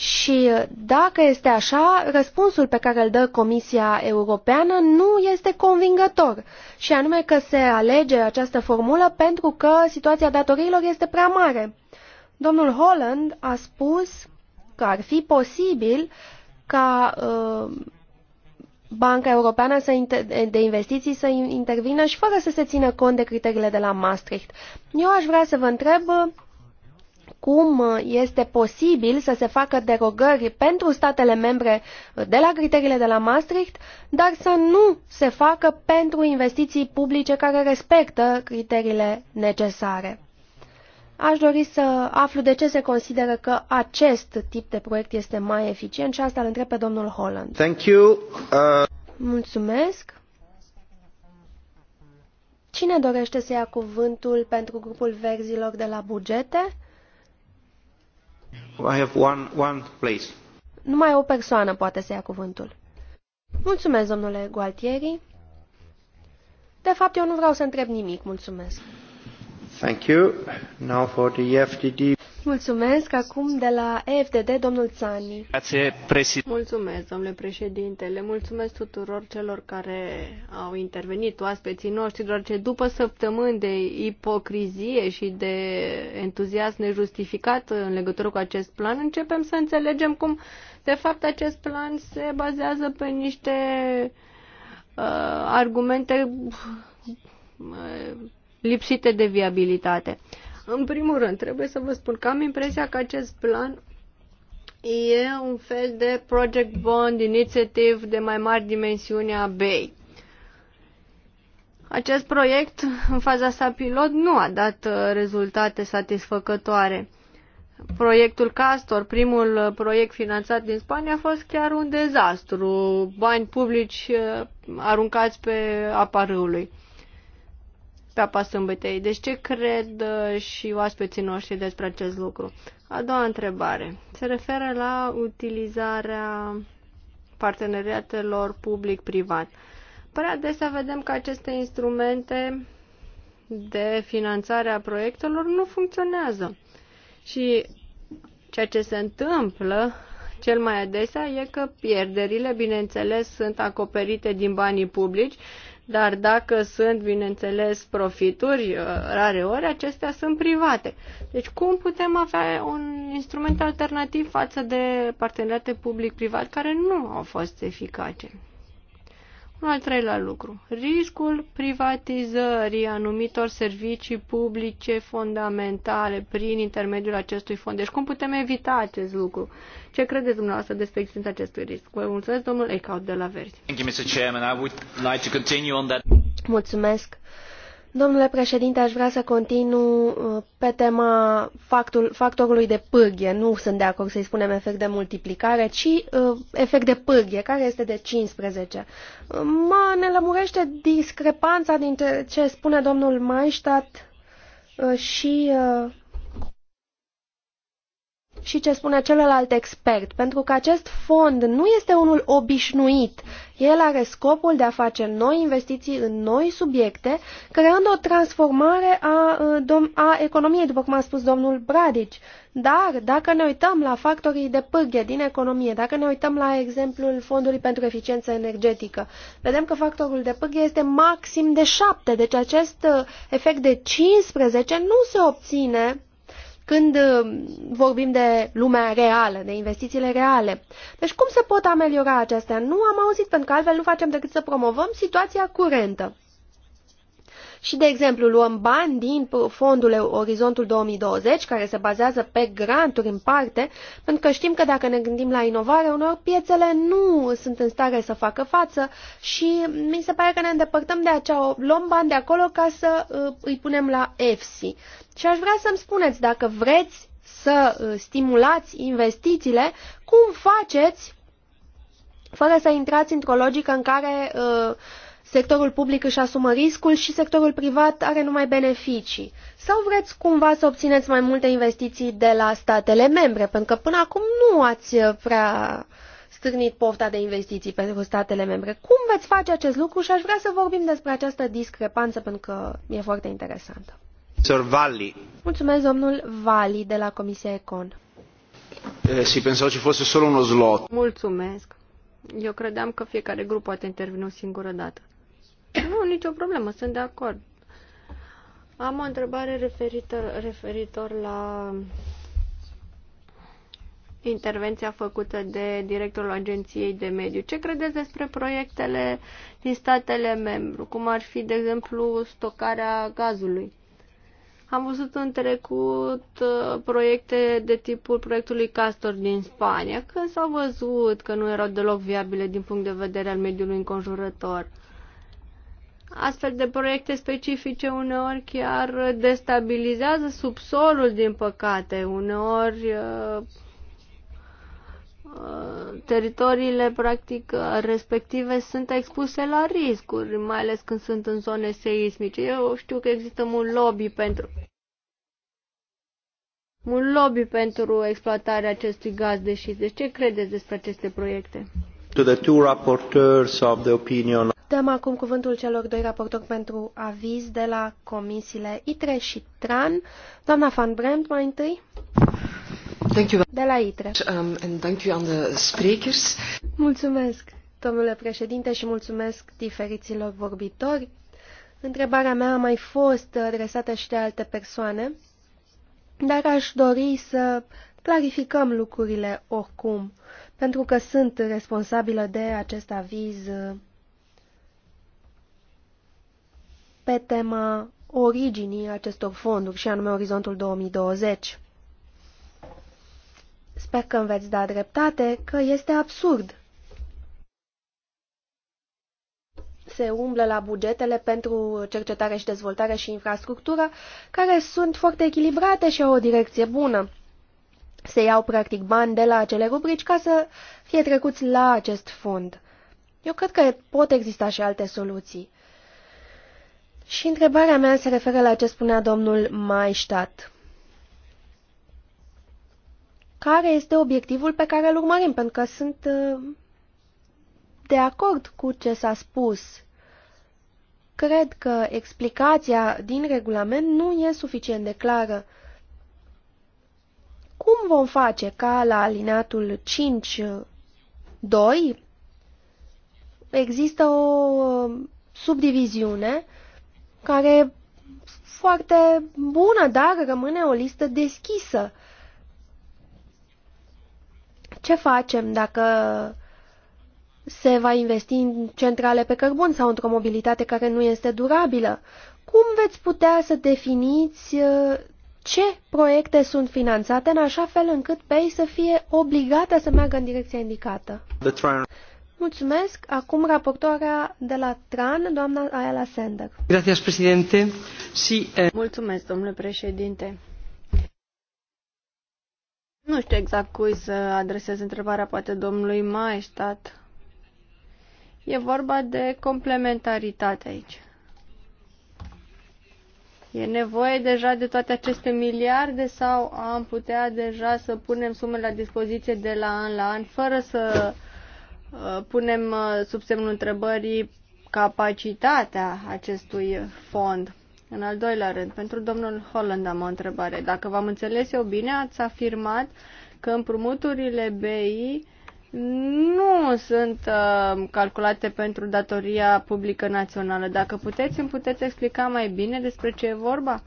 Și uh, dacă este așa, răspunsul pe care îl dă Comisia Europeană nu este convingător, și anume că se alege această formulă pentru că situația datoriilor este prea mare. Domnul Holland a spus că ar fi posibil ca uh, Banca Europeană să de Investiții să intervină și fără să se țină cont de criteriile de la Maastricht. Eu aș vrea să vă întreb uh, cum uh, este posibil să se facă derogări pentru statele membre uh, de la criteriile de la Maastricht, dar să nu se facă pentru investiții publice care respectă criteriile necesare. Aș dori să aflu de ce se consideră că acest tip de proiect este mai eficient și asta îl întreb pe domnul Holland. Thank you. Uh... Mulțumesc. Cine dorește să ia cuvântul pentru grupul verzilor de la bugete? I have one, one place. Numai o persoană poate să ia cuvântul. Mulțumesc, domnule Gualtieri. De fapt, eu nu vreau să întreb nimic. Mulțumesc. Thank you. Now for the FTD. Mulțumesc. Acum de la EFDD, domnul Țani. Mulțumesc, domnule președinte. Le mulțumesc tuturor celor care au intervenit, oaspeții noștri, doar ce după săptămâni de ipocrizie și de entuziasm nejustificat în legătură cu acest plan, începem să înțelegem cum, de fapt, acest plan se bazează pe niște uh, argumente uh, lipsite de viabilitate. Uh, în primul rând, trebuie să vă spun că am impresia că acest plan e un fel de project bond inițiativ de mai mari dimensiuni a BEI. Acest proiect, în faza sa pilot, nu a dat uh, rezultate satisfăcătoare. Proiectul Castor, primul uh, proiect finanțat din Spania, a fost chiar un dezastru. Bani publici uh, aruncați pe apa râului pe apa sâmbetei. Deci ce cred uh, și oaspeții noștri despre acest lucru? A doua întrebare se referă la utilizarea parteneriatelor public-privat. Prea păi adesea vedem că aceste instrumente de finanțare a proiectelor nu funcționează. Și ceea ce se întâmplă cel mai adesea e că pierderile, bineînțeles, sunt acoperite din banii publici dar dacă sunt, bineînțeles, profituri, uh, rare ori, acestea sunt private. Deci cum putem avea un instrument alternativ față de parteneriate public-privat care nu au fost eficace? Un al treilea lucru, riscul privatizării anumitor servicii publice fundamentale prin intermediul acestui fond. Deci cum putem evita acest lucru? Ce credeți dumneavoastră despre existența acestui risc? Vă mulțumesc, domnul Ecaut de la Verzi. Mulțumesc. Domnule președinte, aș vrea să continu uh, pe tema factul, factorului de pârghie. Nu sunt de acord să-i spunem efect de multiplicare, ci uh, efect de pârghie, care este de 15. Mă ne lămurește discrepanța dintre ce spune domnul Maistat uh, și uh, și ce spune celălalt expert, pentru că acest fond nu este unul obișnuit. El are scopul de a face noi investiții în noi subiecte, creând o transformare a, uh, a economiei, după cum a spus domnul Bradici. Dar dacă ne uităm la factorii de pârghe din economie, dacă ne uităm la exemplul Fondului pentru Eficiență Energetică, vedem că factorul de pârghe este maxim de 7, deci acest uh, efect de 15 nu se obține când uh, vorbim de lumea reală, de investițiile reale. Deci cum se pot ameliora acestea? Nu am auzit, pentru că altfel nu facem decât să promovăm situația curentă și, de exemplu, luăm bani din fondul Orizontul 2020, care se bazează pe granturi în parte, pentru că știm că dacă ne gândim la inovare, unor piețele nu sunt în stare să facă față și mi se pare că ne îndepărtăm de acea, luăm bani de acolo ca să uh, îi punem la EFSI. Și aș vrea să-mi spuneți dacă vreți să uh, stimulați investițiile, cum faceți fără să intrați într-o logică în care uh, Sectorul public își asumă riscul și sectorul privat are numai beneficii. Sau vreți cumva să obțineți mai multe investiții de la statele membre? Pentru că până acum nu ați prea stârnit pofta de investiții pentru statele membre. Cum veți face acest lucru și aș vrea să vorbim despre această discrepanță pentru că e foarte interesantă. Sir Valli. Mulțumesc, domnul Vali de la Comisia Econ. Și eh, si pensavo ci solo uno slot. Mulțumesc. Eu credeam că fiecare grup poate interveni o singură dată. Nu, nicio problemă, sunt de acord. Am o întrebare referită referitor la intervenția făcută de directorul Agenției de Mediu. Ce credeți despre proiectele din statele membru, cum ar fi, de exemplu, stocarea gazului? Am văzut în trecut uh, proiecte de tipul proiectului Castor din Spania, când s-au văzut că nu erau deloc viabile din punct de vedere al mediului înconjurător. Astfel de proiecte specifice uneori chiar destabilizează subsolul, din păcate. Uneori uh, uh, teritoriile practic respective sunt expuse la riscuri, mai ales când sunt în zone seismice. Eu știu că există un lobby pentru un lobby pentru exploatarea acestui gaz de șist. Deci ce credeți despre aceste proiecte? To the two of the opinion Dăm acum cuvântul celor doi raportori pentru aviz de la comisiile ITRE și TRAN. Doamna Van Bremt, mai întâi. Thank you. De la ITRE. Um, and thank you on the uh, speakers. Mulțumesc, domnule președinte, și mulțumesc diferiților vorbitori. Întrebarea mea a mai fost adresată și de alte persoane, dar aș dori să clarificăm lucrurile oricum, pentru că sunt responsabilă de acest aviz uh, pe tema originii acestor fonduri, și anume Orizontul 2020. Sper că îmi veți da dreptate că este absurd. Se umblă la bugetele pentru cercetare și dezvoltare și infrastructură, care sunt foarte echilibrate și au o direcție bună. Se iau practic bani de la acele rubrici ca să fie trecuți la acest fond. Eu cred că pot exista și alte soluții. Și întrebarea mea se referă la ce spunea domnul Maistat. Care este obiectivul pe care îl urmărim? Pentru că sunt uh, de acord cu ce s-a spus. Cred că explicația din regulament nu e suficient de clară. Cum vom face ca la alineatul 5.2 există o uh, subdiviziune care e foarte bună, dar rămâne o listă deschisă. Ce facem dacă se va investi în centrale pe cărbun sau într-o mobilitate care nu este durabilă? Cum veți putea să definiți uh, ce proiecte sunt finanțate în așa fel încât ei să fie obligate să meargă în direcția indicată? Mulțumesc. Acum raportoarea de la TRAN, doamna Ayala Sender. Gracias, Sí, eh... Mulțumesc, domnule președinte. Nu știu exact cui să adresez întrebarea, poate domnului Maestat. E vorba de complementaritate aici. E nevoie deja de toate aceste miliarde sau am putea deja să punem sume la dispoziție de la an la an fără să Uh, punem uh, sub semnul întrebării capacitatea acestui fond. În al doilea rând, pentru domnul Holland am o întrebare. Dacă v-am înțeles eu bine, ați afirmat că împrumuturile BI nu sunt uh, calculate pentru datoria publică națională. Dacă puteți, îmi puteți explica mai bine despre ce e vorba?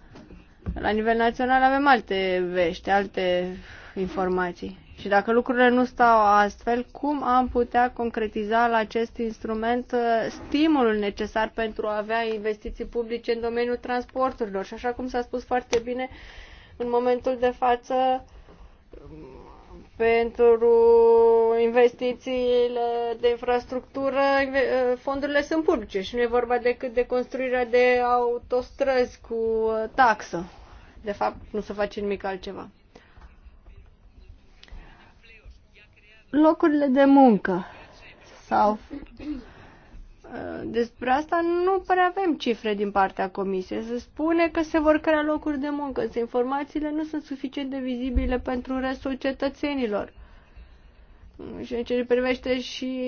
La nivel național avem alte vești, alte informații. Și dacă lucrurile nu stau astfel, cum am putea concretiza la acest instrument uh, stimulul necesar pentru a avea investiții publice în domeniul transporturilor? Și așa cum s-a spus foarte bine, în momentul de față, pentru investițiile de infrastructură, uh, fondurile sunt publice și nu e vorba decât de construirea de autostrăzi cu uh, taxă. De fapt, nu se face nimic altceva. locurile de muncă. Sau ă, despre asta nu prea avem cifre din partea comisiei. Se spune că se vor crea locuri de muncă, însă informațiile nu sunt suficient de vizibile pentru restul cetățenilor. Și în ce privește și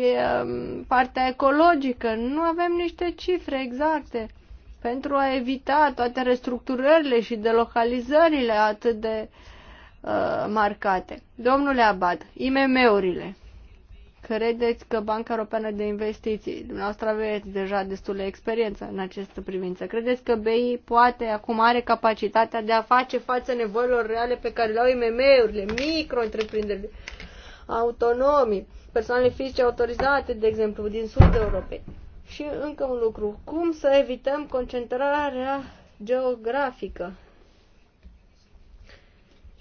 ă, partea ecologică, nu avem niște cifre exacte pentru a evita toate restructurările și delocalizările atât de uh, uh, marcate. Domnule Abad, IMM-urile. Credeți că Banca Europeană de Investiții, dumneavoastră aveți deja destulă de experiență în această privință, credeți că BI poate, acum are capacitatea de a face față nevoilor reale pe care le au IMM-urile, micro autonomii, persoanele fizice autorizate, de exemplu, din sudul Europei? Și încă un lucru, cum să evităm concentrarea geografică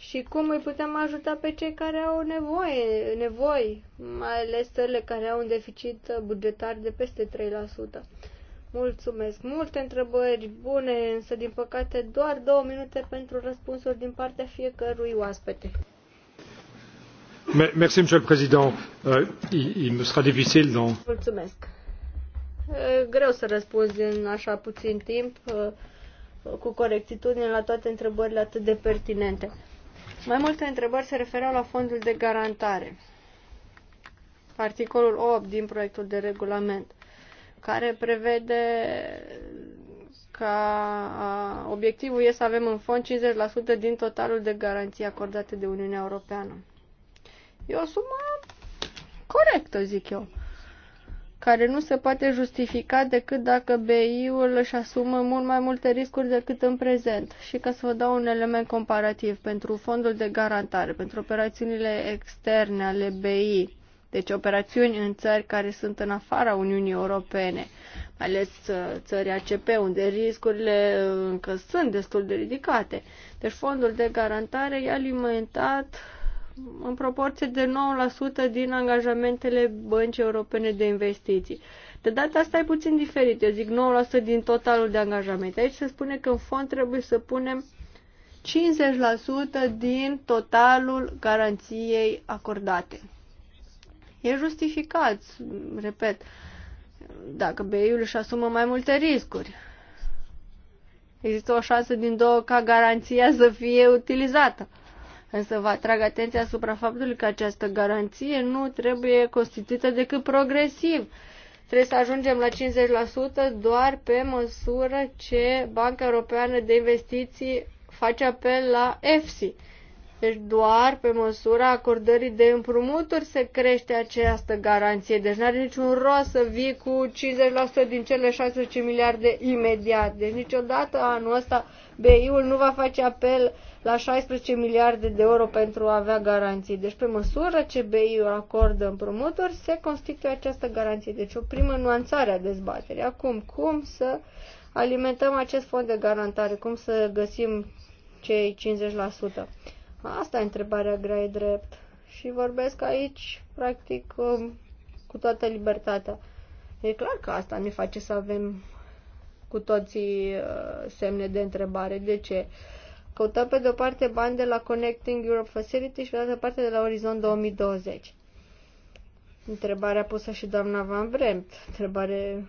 și cum îi putem ajuta pe cei care au nevoie, nevoi, mai ales țările care au un deficit bugetar de peste 3%. Mulțumesc! Multe întrebări bune, însă din păcate doar două minute pentru răspunsuri din partea fiecărui oaspete. Merci, Monsieur le Président. Euh, il me sera difficile dans... Mulțumesc. Euh, greu să răspunzi în așa puțin timp uh, cu corectitudine la toate întrebările atât de pertinente. Mai multe întrebări se refereau la fondul de garantare. Articolul 8 din proiectul de regulament, care prevede ca obiectivul este să avem în fond 50% din totalul de garanții acordate de Uniunea Europeană. E o sumă corectă, zic eu care nu se poate justifica decât dacă BI-ul își asumă mult mai multe riscuri decât în prezent. Și ca să vă dau un element comparativ, pentru fondul de garantare, pentru operațiunile externe ale BI, deci operațiuni în țări care sunt în afara Uniunii Europene, mai ales uh, țări ACP, unde riscurile uh, încă sunt destul de ridicate. Deci fondul de garantare e alimentat în proporție de 9% din angajamentele băncii europene de investiții. De data asta e puțin diferit, eu zic 9% din totalul de angajamente. Aici se spune că în fond trebuie să punem 50% din totalul garanției acordate. E justificat, repet, dacă BEI-ul își asumă mai multe riscuri. Există o șansă din două ca garanția să fie utilizată. Însă vă atrag atenția asupra faptului că această garanție nu trebuie constituită decât progresiv. Trebuie să ajungem la 50% doar pe măsură ce Banca Europeană de Investiții face apel la EFSI. Deci doar pe măsura acordării de împrumuturi se crește această garanție. Deci nu are niciun rost să vii cu 50% din cele 16 miliarde imediat. Deci niciodată anul ăsta BI-ul nu va face apel la 16 miliarde de euro pentru a avea garanții. Deci pe măsură ce BI-ul acordă împrumuturi se constituie această garanție. Deci o primă nuanțare a dezbaterii. Acum, cum să alimentăm acest fond de garantare? Cum să găsim cei 50%? Asta e întrebarea grea e drept. Și vorbesc aici, practic, um, cu toată libertatea. E clar că asta ne face să avem cu toții uh, semne de întrebare. De ce? Căutăm pe de-o parte bani de la Connecting Europe Facility și pe de altă parte de la Horizon 2020. Întrebarea pusă și doamna Van Vremt, întrebare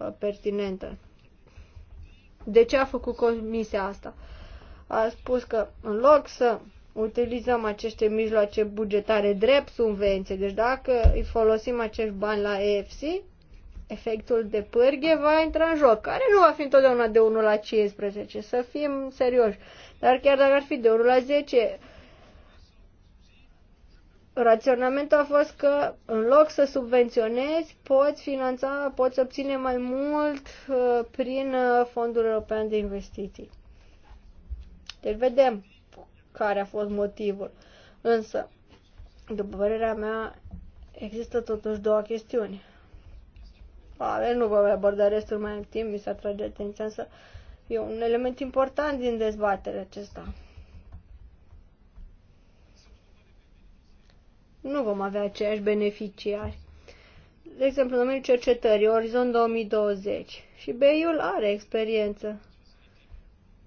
uh, pertinentă. De ce a făcut comisia asta? Uh, a spus că în loc să utilizăm aceste mijloace bugetare drept subvenție, deci dacă îi folosim acești bani la EFC, efectul de pârghie va intra în joc, care nu va fi întotdeauna de 1 la 15, să fim serioși. Dar chiar dacă ar fi de 1 la 10, raționamentul a fost că în loc să subvenționezi, poți finanța, poți obține mai mult uh, prin uh, Fondul European de Investiții. Deci vedem care a fost motivul. Însă, după părerea mea, există totuși două chestiuni. Poate nu vă aborda restul mai în timp, mi se atrage atenția, însă e un element important din dezbaterea acesta. Nu vom avea aceiași beneficiari. De exemplu, în domeniul cercetării, Orizont 2020. Și BEI-ul are experiență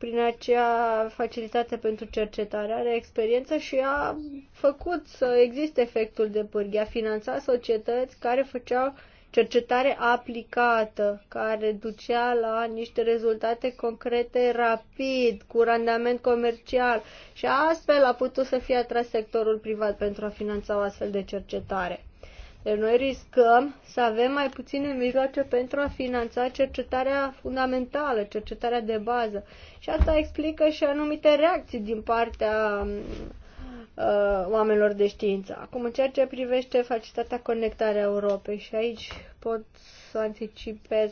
prin acea facilitate pentru cercetare, are experiență și a făcut să existe efectul de pârghie, a finanțat societăți care făceau cercetare aplicată, care ducea la niște rezultate concrete rapid, cu randament comercial și astfel a putut să fie atras sectorul privat pentru a finanța o astfel de cercetare. Deci noi riscăm să avem mai puține mijloace pentru a finanța cercetarea fundamentală, cercetarea de bază. Și asta explică și anumite reacții din partea mm, uh, oamenilor de știință. Acum, în ceea ce privește facilitatea conectarea Europei, și aici pot să anticipez,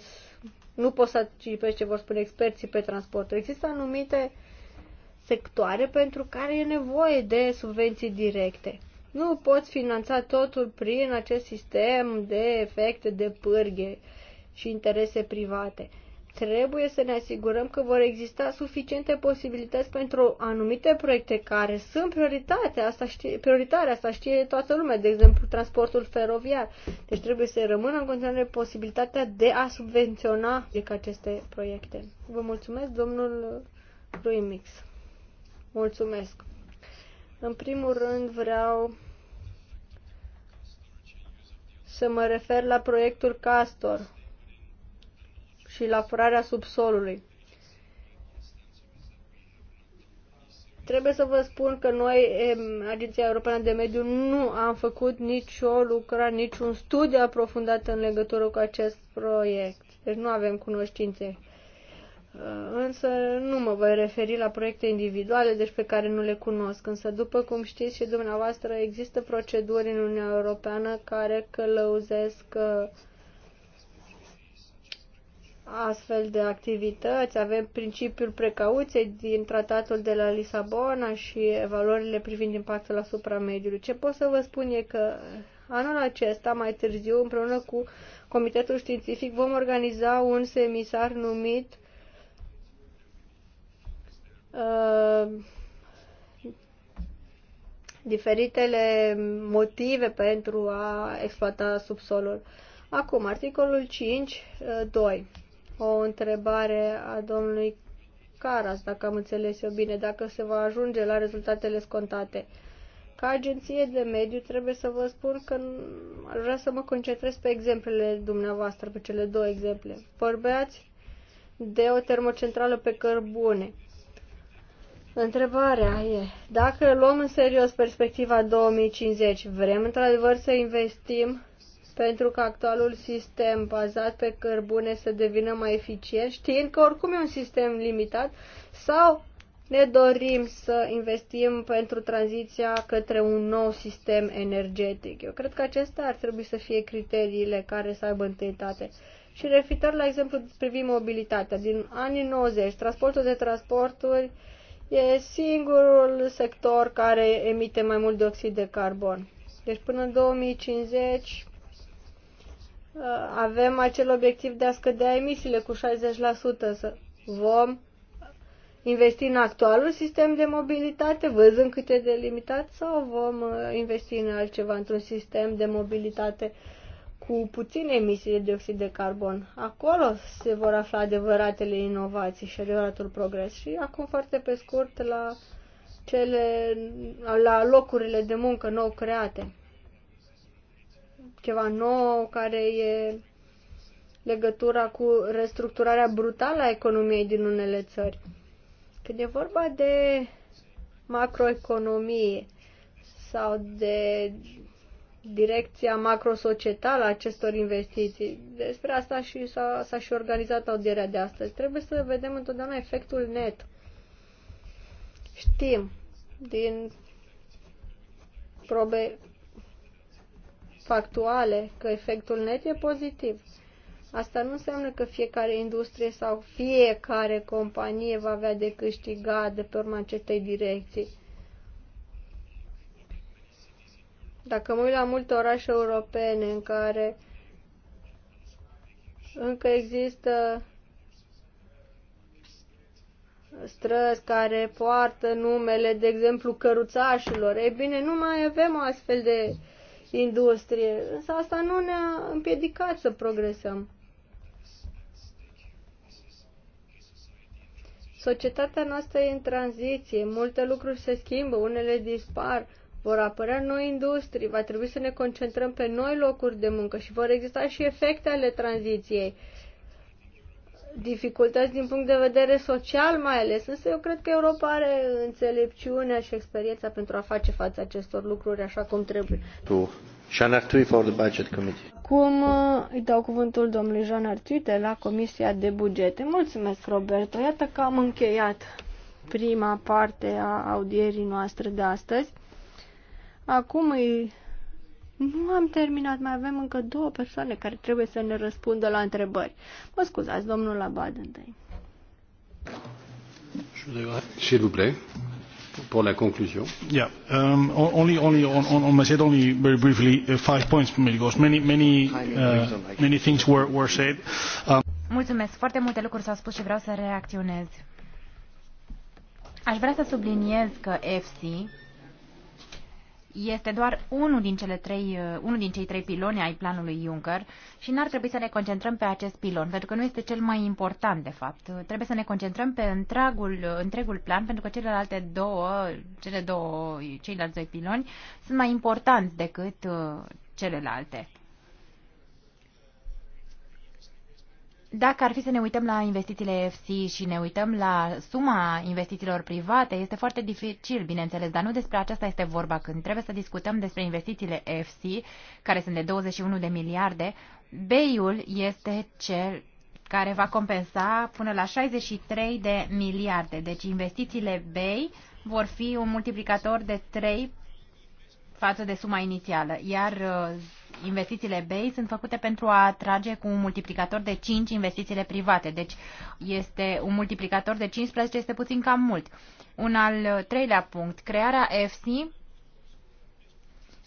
nu pot să anticipez ce vor spune experții pe transport. Există anumite sectoare pentru care e nevoie de subvenții directe. Nu poți finanța totul prin acest sistem de efecte de pârghe și interese private. Trebuie să ne asigurăm că vor exista suficiente posibilități pentru anumite proiecte care sunt prioritate, asta știe, prioritare, asta știe toată lumea, de exemplu transportul feroviar. Deci trebuie să rămână în continuare posibilitatea de a subvenționa aceste proiecte. Vă mulțumesc, domnul Ruimix. Mulțumesc. În primul rând vreau să mă refer la proiectul Castor și la furarea subsolului. Trebuie să vă spun că noi, Agenția Europeană de Mediu, nu am făcut nicio lucrare, niciun studiu aprofundat în legătură cu acest proiect. Deci nu avem cunoștințe Uh, însă nu mă voi referi la proiecte individuale, deci pe care nu le cunosc. Însă, după cum știți și dumneavoastră, există proceduri în Uniunea Europeană care călăuzesc uh, astfel de activități. Avem principiul precauției din tratatul de la Lisabona și valorile privind impactul asupra mediului. Ce pot să vă spun e că anul acesta, mai târziu, împreună cu Comitetul Științific, vom organiza un semisar numit Uh, diferitele motive pentru a exploata subsolul. Acum, articolul 5, 2. Uh, o întrebare a domnului Caras, dacă am înțeles eu bine, dacă se va ajunge la rezultatele scontate. Ca agenție de mediu trebuie să vă spun că aș vrea să mă concentrez pe exemplele dumneavoastră, pe cele două exemple. Vorbeați de o termocentrală pe cărbune. Întrebarea e, dacă luăm în serios perspectiva 2050, vrem într-adevăr să investim pentru că actualul sistem bazat pe cărbune să devină mai eficient, știind că oricum e un sistem limitat, sau ne dorim să investim pentru tranziția către un nou sistem energetic. Eu cred că acestea ar trebui să fie criteriile care să aibă întâietate. Și referitor la exemplu privind mobilitatea, din anii 90, transportul de transporturi uh, E singurul sector care emite mai mult dioxid de carbon. Deci până în 2050 uh, avem acel obiectiv de a scădea emisiile cu 60%. Să vom investi în actualul sistem de mobilitate, văzând cât e de limitat, sau vom uh, investi în altceva, într-un sistem de mobilitate uh, cu puține emisii de dioxid de carbon. Acolo se vor afla adevăratele inovații și adevăratul progres. Și acum foarte pe scurt la cele, la locurile de muncă nou create. Ceva nou care e legătura cu restructurarea brutală a economiei din unele țări. Când e vorba de macroeconomie sau de direcția macrosocetală a acestor investiții. Despre asta și s-a, s-a și organizat audierea de astăzi. Trebuie să vedem întotdeauna efectul net. Știm din probe factuale că efectul net e pozitiv. Asta nu înseamnă că fiecare industrie sau fiecare companie va avea de câștigat de pe urma acestei direcții. Dacă mă uit la multe orașe europene în care încă există străzi care poartă numele, de exemplu, căruțașilor. Ei bine, nu mai avem o astfel de industrie, însă asta nu ne-a împiedicat să progresăm. Societatea noastră e în tranziție, multe lucruri se schimbă, unele dispar, vor apărea noi industrii, va trebui să ne concentrăm pe noi locuri de muncă și vor exista și efecte ale tranziției. Dificultăți din punct de vedere social mai ales, însă eu cred că Europa are înțelepciunea și experiența pentru a face față acestor lucruri așa cum trebuie. Tu. Jean Artui for the Budget Committee. Acum uh, îi dau cuvântul domnului Jean Artui de la Comisia de Bugete. Mulțumesc, Roberto. Iată că am încheiat prima parte a audierii noastre de astăzi. Acum îi... Nu am terminat, mai avem încă două persoane care trebuie să ne răspundă la întrebări. Mă scuzați, domnul Abad întâi. Și vous plaît, pour la conclusion. Yeah, um, only, only on, on, on my side, only very briefly, uh, five points, because many, many, uh, many things were, were said. Um, Mulțumesc. Foarte multe lucruri s-au spus și vreau să reacționez. Aș vrea să subliniez că EFSI este doar unul din, cele trei, uh, unul din cei trei piloni ai planului Juncker și n-ar trebui să ne concentrăm pe acest pilon, pentru că nu este cel mai important, de fapt. Uh, trebuie să ne concentrăm pe întregul, uh, întregul plan, pentru că celelalte două, cele două, ceilalți doi piloni sunt mai importanți decât celelalte. Dacă ar fi să ne uităm la investițiile FC și ne uităm la suma investițiilor private, este foarte dificil, bineînțeles, dar nu despre aceasta este vorba când trebuie să discutăm despre investițiile FC, care sunt de 21 de miliarde. BEI-ul este cel care va compensa până la 63 de miliarde. Deci investițiile BEI vor fi un multiplicator de 3 față de suma inițială, iar uh, investițiile BEI sunt făcute pentru a atrage cu un multiplicator de 5 investițiile private. Deci este un multiplicator de 15, este puțin cam mult. Un al treilea punct, crearea EFSI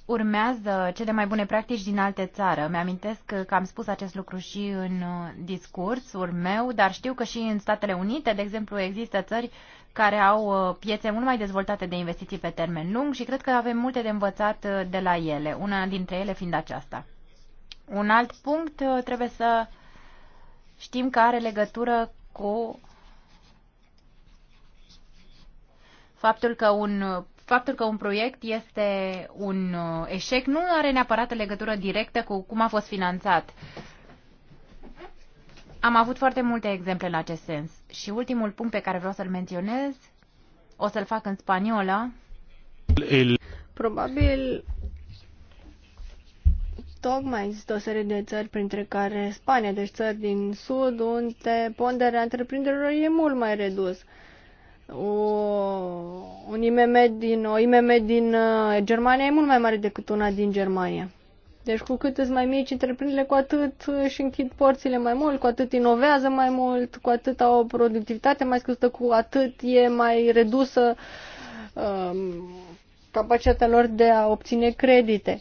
urmează cele mai bune practici din alte țară. Mi-amintesc că am spus acest lucru și în uh, discursul meu, dar știu că și în Statele Unite, de exemplu, există țări care au uh, piețe mult mai dezvoltate de investiții pe termen lung și cred că avem multe de învățat uh, de la ele, una dintre ele fiind aceasta. Un alt punct uh, trebuie să știm că are legătură cu faptul că un faptul că un proiect este un eșec nu are neapărat legătură directă cu cum a fost finanțat. Am avut foarte multe exemple în acest sens. Și ultimul punct pe care vreau să-l menționez, o să-l fac în spaniolă. El... Probabil tocmai există o serie de țări, printre care Spania, deci țări din sud, unde ponderea întreprinderilor e mult mai redus. O, un IMM din, o IMM din uh, Germania e mult mai mare decât una din Germania. Deci cu cât sunt mai mici întreprinderile, cu atât își închid porțile mai mult, cu atât inovează mai mult, cu atât au o productivitate mai scăzută, cu atât e mai redusă um, capacitatea lor de a obține credite.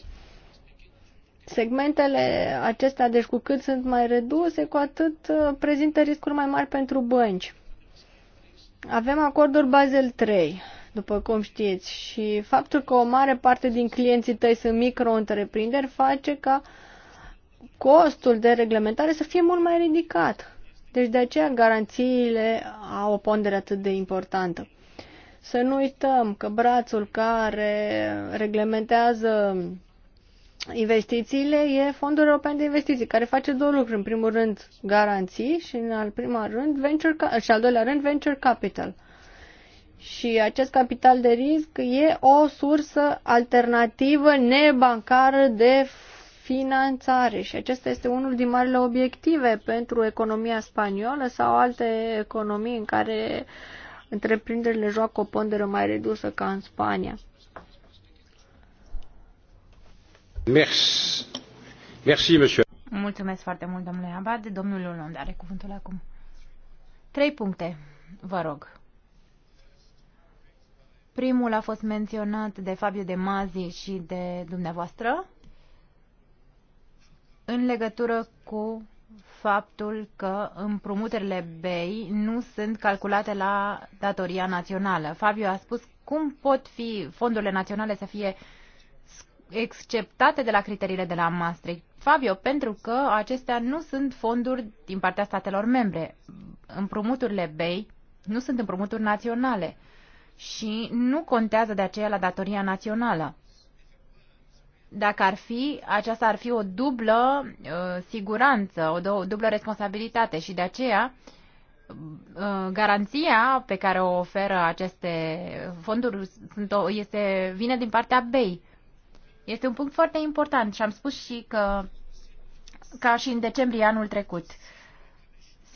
Segmentele acestea, deci cu cât sunt mai reduse, cu atât uh, prezintă riscuri mai mari pentru bănci. Avem acordul Basel 3 după cum știți. Și faptul că o mare parte din clienții tăi sunt micro-întreprinderi face ca costul de reglementare să fie mult mai ridicat. Deci de aceea garanțiile au o pondere atât de importantă. Să nu uităm că brațul care reglementează investițiile e Fondul European de Investiții, care face două lucruri. În primul rând, garanții și în al, rând, venture, și al doilea rând, venture capital – și acest capital de risc e o sursă alternativă nebancară de finanțare și acesta este unul din marile obiective pentru economia spaniolă sau alte economii în care întreprinderile joacă o ponderă mai redusă ca în Spania. Merci. Merci, monsieur. Mulțumesc foarte mult, domnule Abad. Domnul Lulon are cuvântul acum. Trei puncte, vă rog. Primul a fost menționat de Fabio De Mazi și de dumneavoastră în legătură cu faptul că împrumuturile BEI nu sunt calculate la datoria națională. Fabio a spus cum pot fi fondurile naționale să fie exceptate de la criteriile de la Maastricht. Fabio, pentru că acestea nu sunt fonduri din partea statelor membre. Împrumuturile BEI nu sunt împrumuturi naționale și nu contează de aceea la datoria națională. Dacă ar fi, aceasta ar fi o dublă uh, siguranță, o dublă responsabilitate și de aceea uh, garanția pe care o oferă aceste fonduri sunt o, este, vine din partea BEI. Este un punct foarte important și am spus și că ca și în decembrie anul trecut. Uh,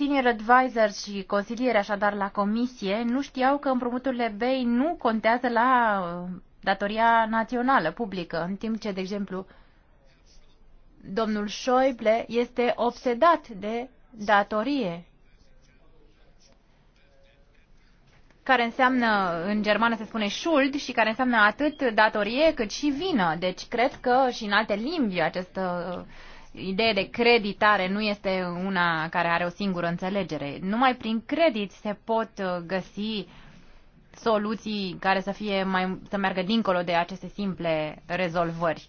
Senior advisors și consilieri așadar la comisie nu știau că împrumuturile BEI nu contează la uh, datoria națională, publică, în timp ce, de exemplu, domnul Schäuble este obsedat de datorie, care înseamnă, în germană se spune schuld, și care înseamnă atât datorie cât și vină. Deci cred că și în alte limbi această uh, Ideea de creditare nu este una care are o singură înțelegere. Numai prin credit se pot uh, găsi soluții care să, fie mai, să meargă dincolo de aceste simple rezolvări.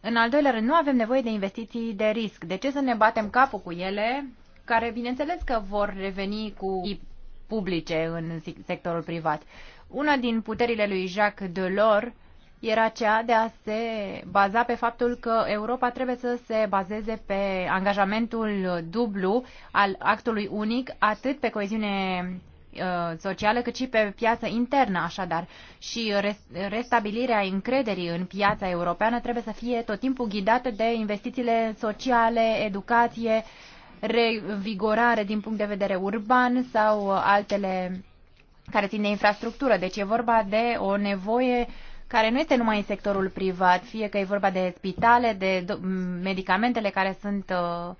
În al doilea rând, nu avem nevoie de investiții de risc. De ce să ne batem capul cu ele, care bineînțeles că vor reveni cu publice în sectorul privat? Una din puterile lui Jacques Delors era cea de a se baza pe faptul că Europa trebuie să se bazeze pe angajamentul dublu al actului unic, atât pe coeziune uh, socială, cât și pe piața internă, așadar. Și restabilirea încrederii în piața europeană trebuie să fie tot timpul ghidată de investițiile sociale, educație, revigorare din punct de vedere urban sau altele care țin de infrastructură. Deci e vorba de o nevoie uh, care nu este numai în sectorul privat, fie că e vorba de spitale, de medicamentele care sunt uh,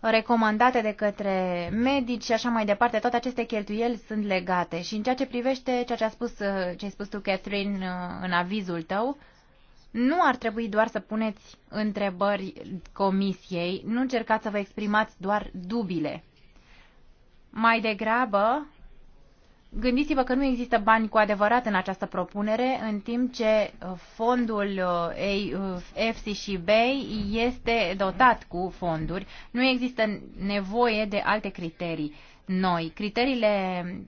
recomandate de către medici și așa mai departe, toate aceste cheltuieli sunt legate. Și în ceea ce privește ceea ce, a spus, uh, ce ai spus tu, Catherine, uh, în avizul tău, nu ar trebui doar să puneți întrebări comisiei, nu încercați să vă exprimați doar dubile. Mai degrabă, Gândiți-vă că nu există bani cu adevărat în această propunere, în timp ce uh, fondul EFSI uh, uh, și BEI este dotat cu fonduri. Nu există nevoie de alte criterii noi. Criteriile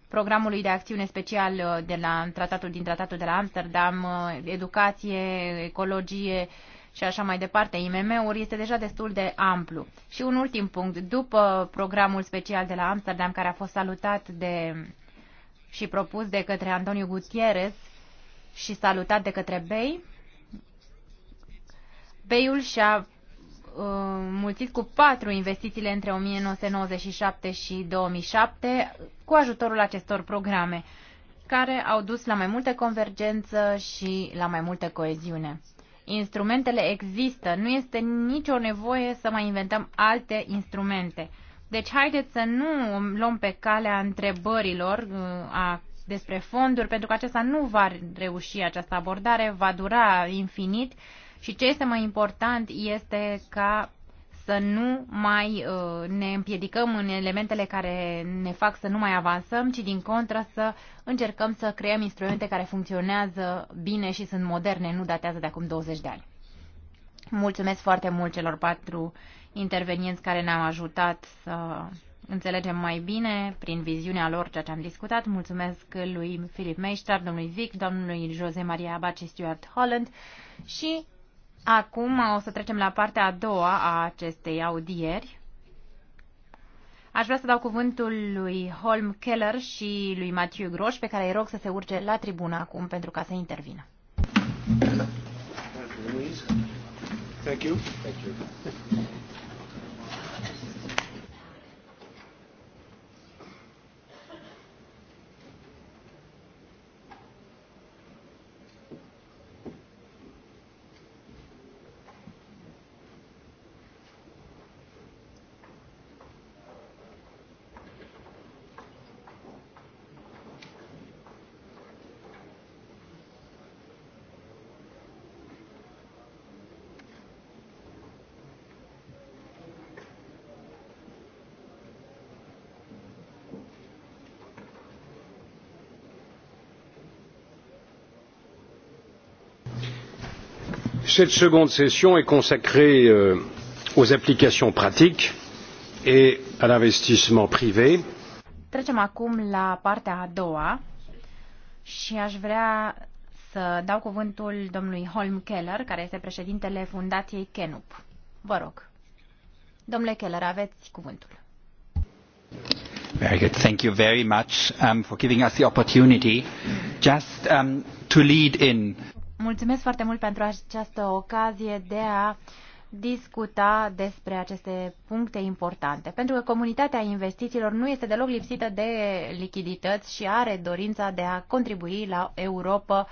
programului de acțiune special de la tratatul, din tratatul de la Amsterdam, educație, ecologie, și așa mai departe, IMM-uri, este deja destul de amplu. Și un ultim punct, după programul special de la Amsterdam, care a fost salutat de și propus de către Antonio Gutierrez și salutat de către Bay. Bayul și-a uh, mulțit cu patru investițiile între 1997 și 2007 cu ajutorul acestor programe, care au dus la mai multă convergență și la mai multă coeziune. Instrumentele există, nu este nicio nevoie să mai inventăm alte instrumente. Deci haideți să nu luăm pe calea întrebărilor uh, a, despre fonduri, pentru că acesta nu va reuși această abordare, va dura infinit și ce este mai important este ca să nu mai uh, ne împiedicăm în elementele care ne fac să nu mai avansăm, ci din contră să încercăm să creăm instrumente care funcționează bine și sunt moderne, nu datează de acum 20 de ani. Mulțumesc foarte mult celor patru intervenienți care ne-au ajutat să înțelegem mai bine, prin viziunea lor, ceea ce am discutat. Mulțumesc lui Filip Meister, domnului Vic, domnului Jose Maria Abaci și Stuart Holland. Și acum o să trecem la partea a doua a acestei audieri. Aș vrea să dau cuvântul lui Holm Keller și lui Mathieu Groș, pe care îi rog să se urce la tribună acum pentru ca să intervină. Thank you. Thank you. cette seconde session est consacrée euh, aux applications pratiques et à l'investissement privé. Trecem acum la partea a doua și aș vrea să dau cuvântul domnului Holm Keller, care este președintele Fundației Kenup. Vă rog. Domnule Keller, aveți cuvântul. Very good. Thank you very much um, for giving us the opportunity just um, to lead in Mulțumesc foarte mult pentru această ocazie de a discuta despre aceste puncte importante, pentru că comunitatea investițiilor nu este deloc lipsită de lichidități și are dorința de a contribui la Europa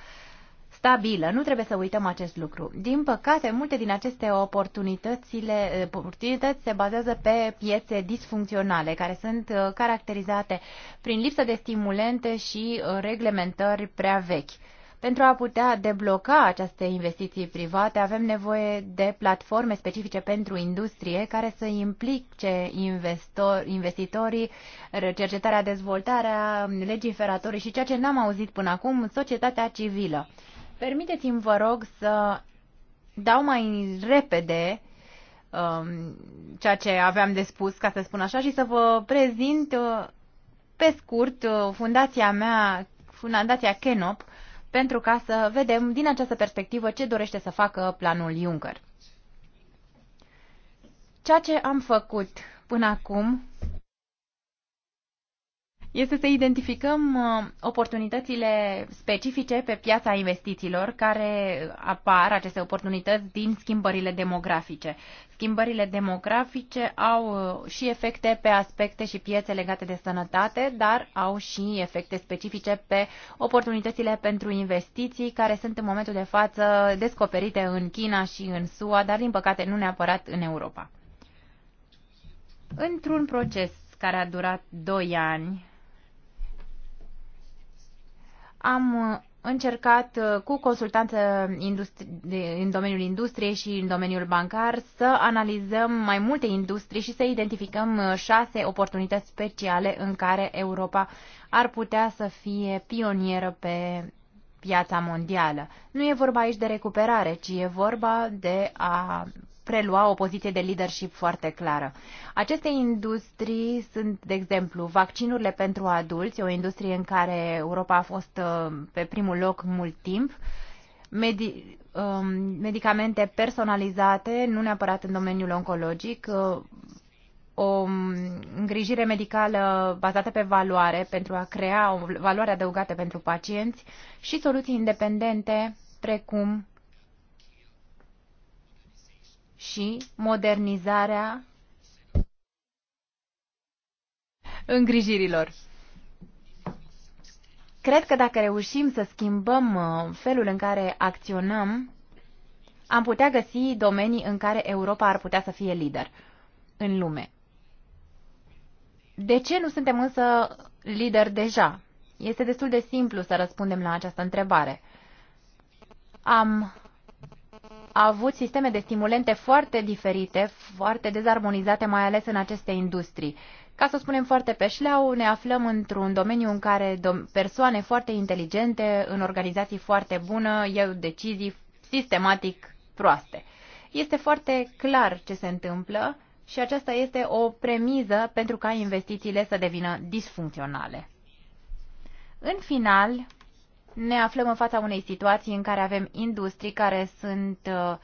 stabilă. Nu trebuie să uităm acest lucru. Din păcate, multe din aceste oportunitățile, oportunități se bazează pe piețe disfuncționale, care sunt uh, caracterizate prin lipsă de stimulente și uh, reglementări prea vechi. Pentru a putea debloca aceste investiții private, avem nevoie de platforme specifice pentru industrie care să implice investor, investitorii, cercetarea, dezvoltarea, legiferatorii și ceea ce n-am auzit până acum, societatea civilă. Permiteți-mi, vă rog, să dau mai repede um, ceea ce aveam de spus, ca să spun așa, și să vă prezint uh, pe scurt uh, fundația mea, fundația Kenop, pentru ca să vedem din această perspectivă ce dorește să facă planul Juncker. Ceea ce am făcut până acum este să identificăm uh, oportunitățile specifice pe piața investițiilor care apar, aceste oportunități, din schimbările demografice. Schimbările demografice au uh, și efecte pe aspecte și piețe legate de sănătate, dar au și efecte specifice pe oportunitățile pentru investiții care sunt în momentul de față descoperite în China și în SUA, dar din păcate nu neapărat în Europa. Într-un proces care a durat 2 ani, am uh, încercat uh, cu consultanță în domeniul industriei și în domeniul bancar să analizăm mai multe industrii și să identificăm uh, șase oportunități speciale în care Europa ar putea să fie pionieră pe piața mondială. Nu e vorba aici de recuperare, ci e vorba de a prelua o poziție de leadership foarte clară. Aceste industrii sunt, de exemplu, vaccinurile pentru adulți, o industrie în care Europa a fost uh, pe primul loc mult timp, medi- um, medicamente personalizate, nu neapărat în domeniul oncologic, uh, o um, îngrijire medicală bazată pe valoare pentru a crea o valoare adăugată pentru pacienți și soluții independente precum și modernizarea îngrijirilor. Cred că dacă reușim să schimbăm uh, felul în care acționăm, am putea găsi domenii în care Europa ar putea să fie lider în lume. De ce nu suntem însă lideri deja? Este destul de simplu să răspundem la această întrebare. Am a avut sisteme de stimulente foarte diferite, foarte dezarmonizate, mai ales în aceste industrii. Ca să spunem foarte pe șleau, ne aflăm într-un domeniu în care persoane foarte inteligente, în organizații foarte bună, iau decizii sistematic proaste. Este foarte clar ce se întâmplă și aceasta este o premiză pentru ca investițiile să devină disfuncționale. În final, ne aflăm în fața unei situații în care avem industrii care sunt uh,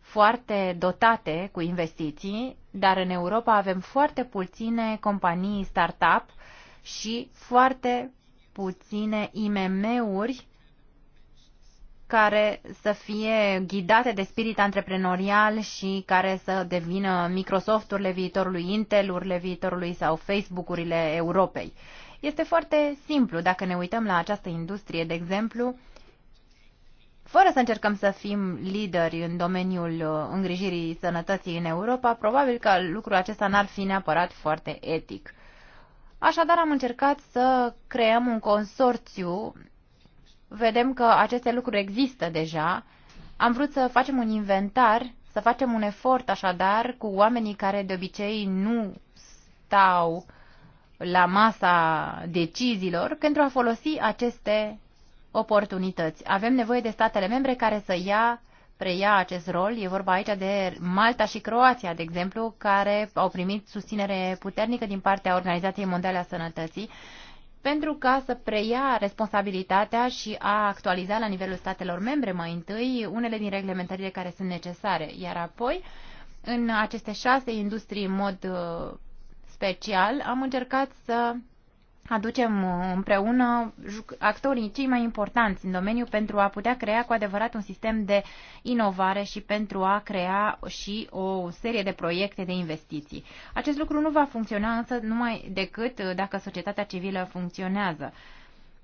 foarte dotate cu investiții, dar în Europa avem foarte puține companii startup și foarte puține IMM-uri care să fie ghidate de spirit antreprenorial și care să devină Microsoft-urile viitorului, Intel-urile viitorului sau Facebook-urile Europei. Este foarte simplu. Dacă ne uităm la această industrie, de exemplu, fără să încercăm să fim lideri în domeniul uh, îngrijirii sănătății în Europa, probabil că lucrul acesta n-ar fi neapărat foarte etic. Așadar, am încercat să creăm un consorțiu. Vedem că aceste lucruri există deja. Am vrut să facem un inventar, să facem un efort, așadar, cu oamenii care de obicei nu stau uh, la masa deciziilor pentru a folosi aceste oportunități. Avem nevoie de statele membre care să ia, preia acest rol. E vorba aici de Malta și Croația, de exemplu, care au primit susținere puternică din partea Organizației Mondiale a Sănătății pentru ca să preia responsabilitatea și a actualiza la nivelul statelor membre mai întâi unele din reglementările care sunt necesare, iar apoi în aceste șase industrii în mod uh, special, am încercat să aducem împreună actorii cei mai importanți în domeniu pentru a putea crea cu adevărat un sistem de inovare și pentru a crea și o serie de proiecte de investiții. Acest lucru nu va funcționa însă numai decât uh, dacă societatea civilă funcționează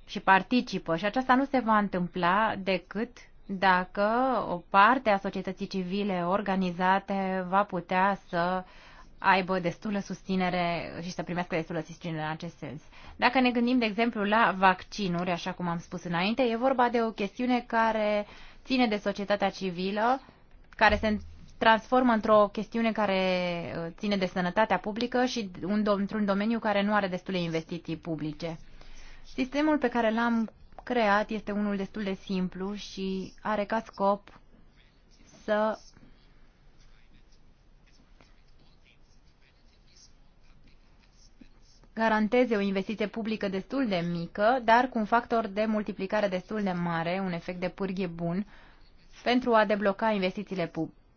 și participă și aceasta nu se va întâmpla decât dacă o parte a societății civile organizate va putea să uh, aibă destulă susținere și să primească destulă susținere în acest sens. Dacă ne gândim, de exemplu, la vaccinuri, așa cum am spus înainte, e vorba de o chestiune care ține de societatea civilă, care se transformă într-o chestiune care uh, ține de sănătatea publică și într-un domeniu care nu are destule investiții publice. Sistemul pe care l-am creat este unul destul de simplu și are ca scop să garanteze o investiție publică destul de mică, dar cu un factor de multiplicare destul de mare, un efect de pârghie bun, pentru a debloca investițiile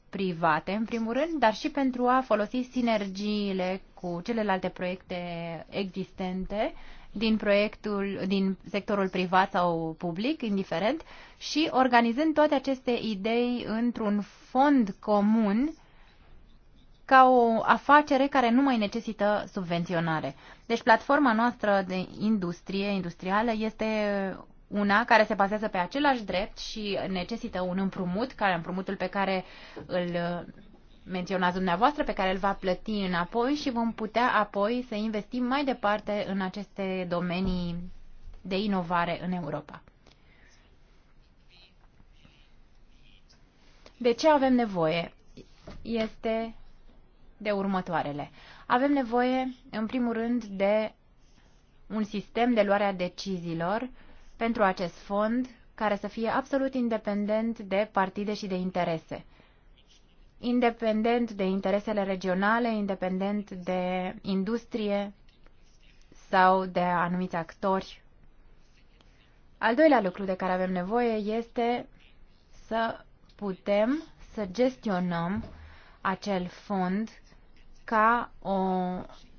private, în primul rând, dar și pentru a folosi sinergiile cu celelalte proiecte existente din proiectul, din sectorul privat sau public, indiferent, și organizând toate aceste idei într-un fond comun ca o afacere care nu mai necesită subvenționare. Deci platforma noastră de industrie industrială este una care se bazează pe același drept și necesită un împrumut, care împrumutul pe care îl uh, menționați dumneavoastră, pe care îl va plăti înapoi și vom putea apoi să investim mai departe în aceste domenii de inovare în Europa. De ce avem nevoie? Este de următoarele. Avem nevoie, în primul rând, de un sistem de luare a deciziilor pentru acest fond care să fie absolut independent de partide și de interese. Independent de interesele regionale, independent de industrie sau de anumiți actori. Al doilea lucru de care avem nevoie este să putem să gestionăm acel fond ca o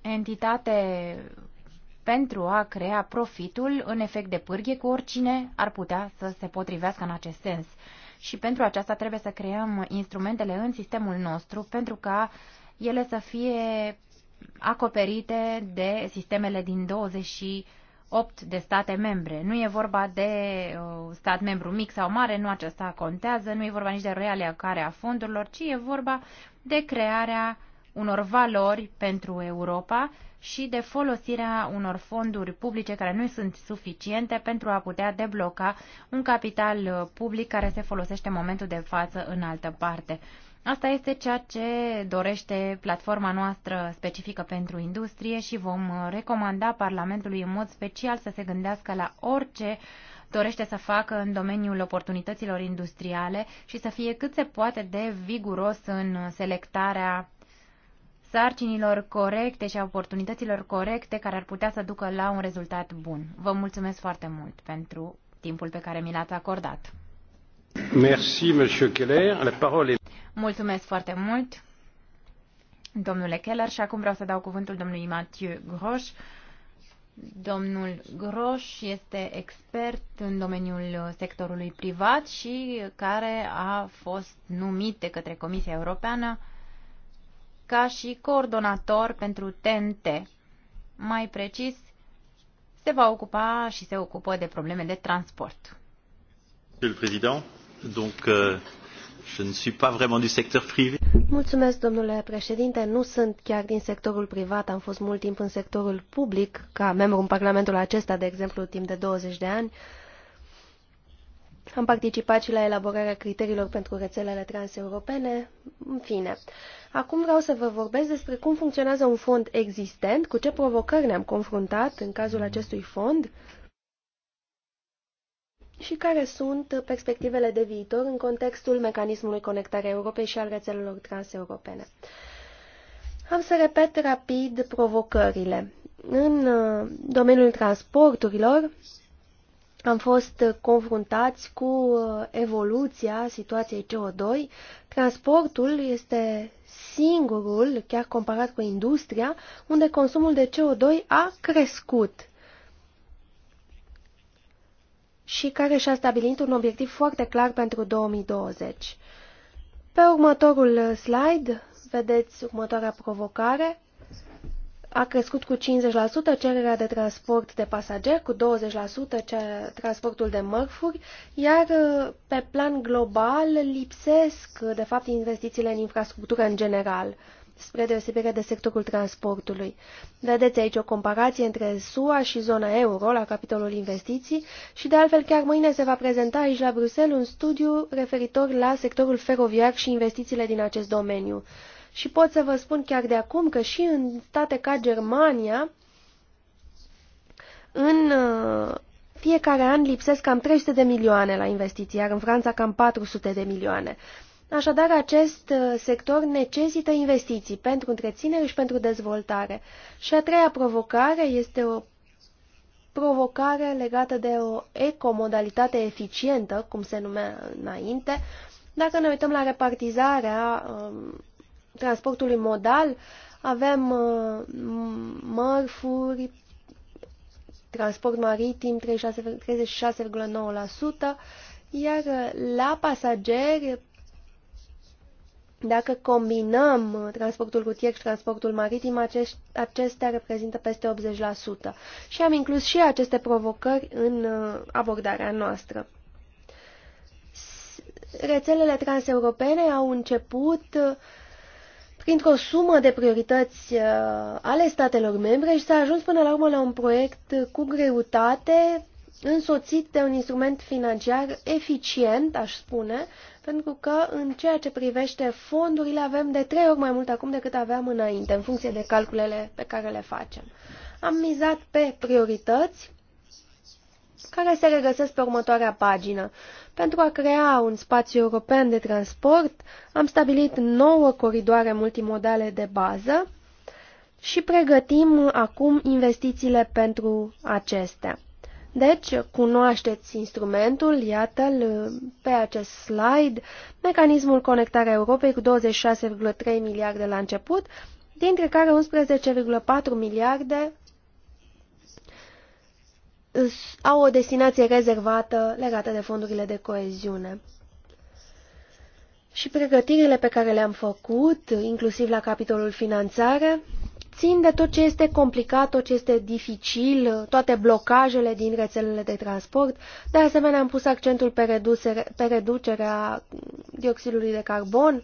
entitate pentru a crea profitul în efect de pârghie cu oricine ar putea să se potrivească în acest sens. Și pentru aceasta trebuie să creăm instrumentele în sistemul nostru pentru ca ele să fie acoperite de sistemele din 28 de state membre. Nu e vorba de uh, stat membru mic sau mare, nu acesta contează, nu e vorba nici de care a fondurilor, ci e vorba de crearea unor valori pentru Europa și de folosirea unor fonduri publice care nu sunt suficiente pentru a putea debloca un capital public care se folosește în momentul de față în altă parte. Asta este ceea ce dorește platforma noastră specifică pentru industrie și vom recomanda Parlamentului în mod special să se gândească la orice dorește să facă în domeniul oportunităților industriale și să fie cât se poate de viguros în selectarea sarcinilor corecte și a oportunităților corecte care ar putea să ducă la un rezultat bun. Vă mulțumesc foarte mult pentru timpul pe care mi l-ați acordat. Merci, Monsieur Keller. La parole est... Mulțumesc foarte mult, domnule Keller, și acum vreau să dau cuvântul domnului Mathieu Groș. Domnul Groș este expert în domeniul sectorului privat și care a fost numit de către Comisia Europeană ca și coordonator pentru TNT. Mai precis, se va ocupa și se ocupă de probleme de transport. Monsieur le Président, donc euh, je ne suis pas vraiment du secteur privé. Mulțumesc, domnule președinte. Nu sunt chiar din sectorul privat, am fost mult timp în sectorul public, ca membru în Parlamentul acesta, de exemplu, timp de 20 de ani. Uh, am participat și la elaborarea criteriilor pentru rețelele transeuropene. În fine, acum vreau să vă vorbesc despre cum funcționează un fond existent, cu ce provocări ne-am confruntat în cazul acestui fond și care sunt perspectivele de viitor în contextul mecanismului conectare Europei și al rețelelor transeuropene. Am să repet rapid provocările. În uh, domeniul transporturilor, am fost confruntați cu uh, evoluția situației CO2. Transportul este singurul, chiar comparat cu industria, unde consumul de CO2 a crescut și care și-a stabilit un obiectiv foarte clar pentru 2020. Pe următorul slide vedeți următoarea provocare a crescut cu 50% cererea de transport de pasageri, cu 20% transportul de mărfuri, iar uh, pe plan global lipsesc, uh, de fapt, investițiile în infrastructură în general, spre deosebire de sectorul transportului. Vedeți aici o comparație între SUA și zona euro la capitolul investiții și, de altfel, chiar mâine se va prezenta aici la Bruxelles un studiu referitor la sectorul feroviar și investițiile din acest domeniu. Și pot să vă spun chiar de acum că și în state ca Germania, în uh, fiecare an lipsesc cam 300 de milioane la investiții, iar în Franța cam 400 de milioane. Așadar, acest uh, sector necesită investiții pentru întreținere și pentru dezvoltare. Și a treia provocare este o provocare legată de o ecomodalitate eficientă, cum se numea înainte. Dacă ne uităm la repartizarea um, transportului modal, avem uh, mărfuri, transport maritim 36,9%, iar uh, la pasageri, dacă combinăm uh, transportul rutier și transportul maritim, acestea reprezintă peste 80%. Și am inclus și aceste provocări în abordarea noastră. Rețelele transeuropene au început uh, printr-o sumă de priorități uh, ale statelor membre și s-a ajuns până la urmă la un proiect cu greutate, însoțit de un instrument financiar eficient, aș spune, pentru că în ceea ce privește fondurile avem de trei ori mai mult acum decât aveam înainte, în funcție de calculele pe care le facem. Am mizat pe priorități care se regăsesc pe următoarea pagină. Pentru a crea un spațiu european de transport, am stabilit nouă coridoare multimodale de bază și pregătim acum investițiile pentru acestea. Deci, cunoașteți instrumentul, iată-l pe acest slide, mecanismul Conectarea Europei cu 26,3 miliarde la început, dintre care 11,4 miliarde au o destinație rezervată legată de fondurile de coeziune. Și pregătirile pe care le-am făcut, inclusiv la capitolul finanțare, țin de tot ce este complicat, tot ce este dificil, toate blocajele din rețelele de transport. De asemenea, am pus accentul pe, redusere, pe reducerea dioxidului de carbon.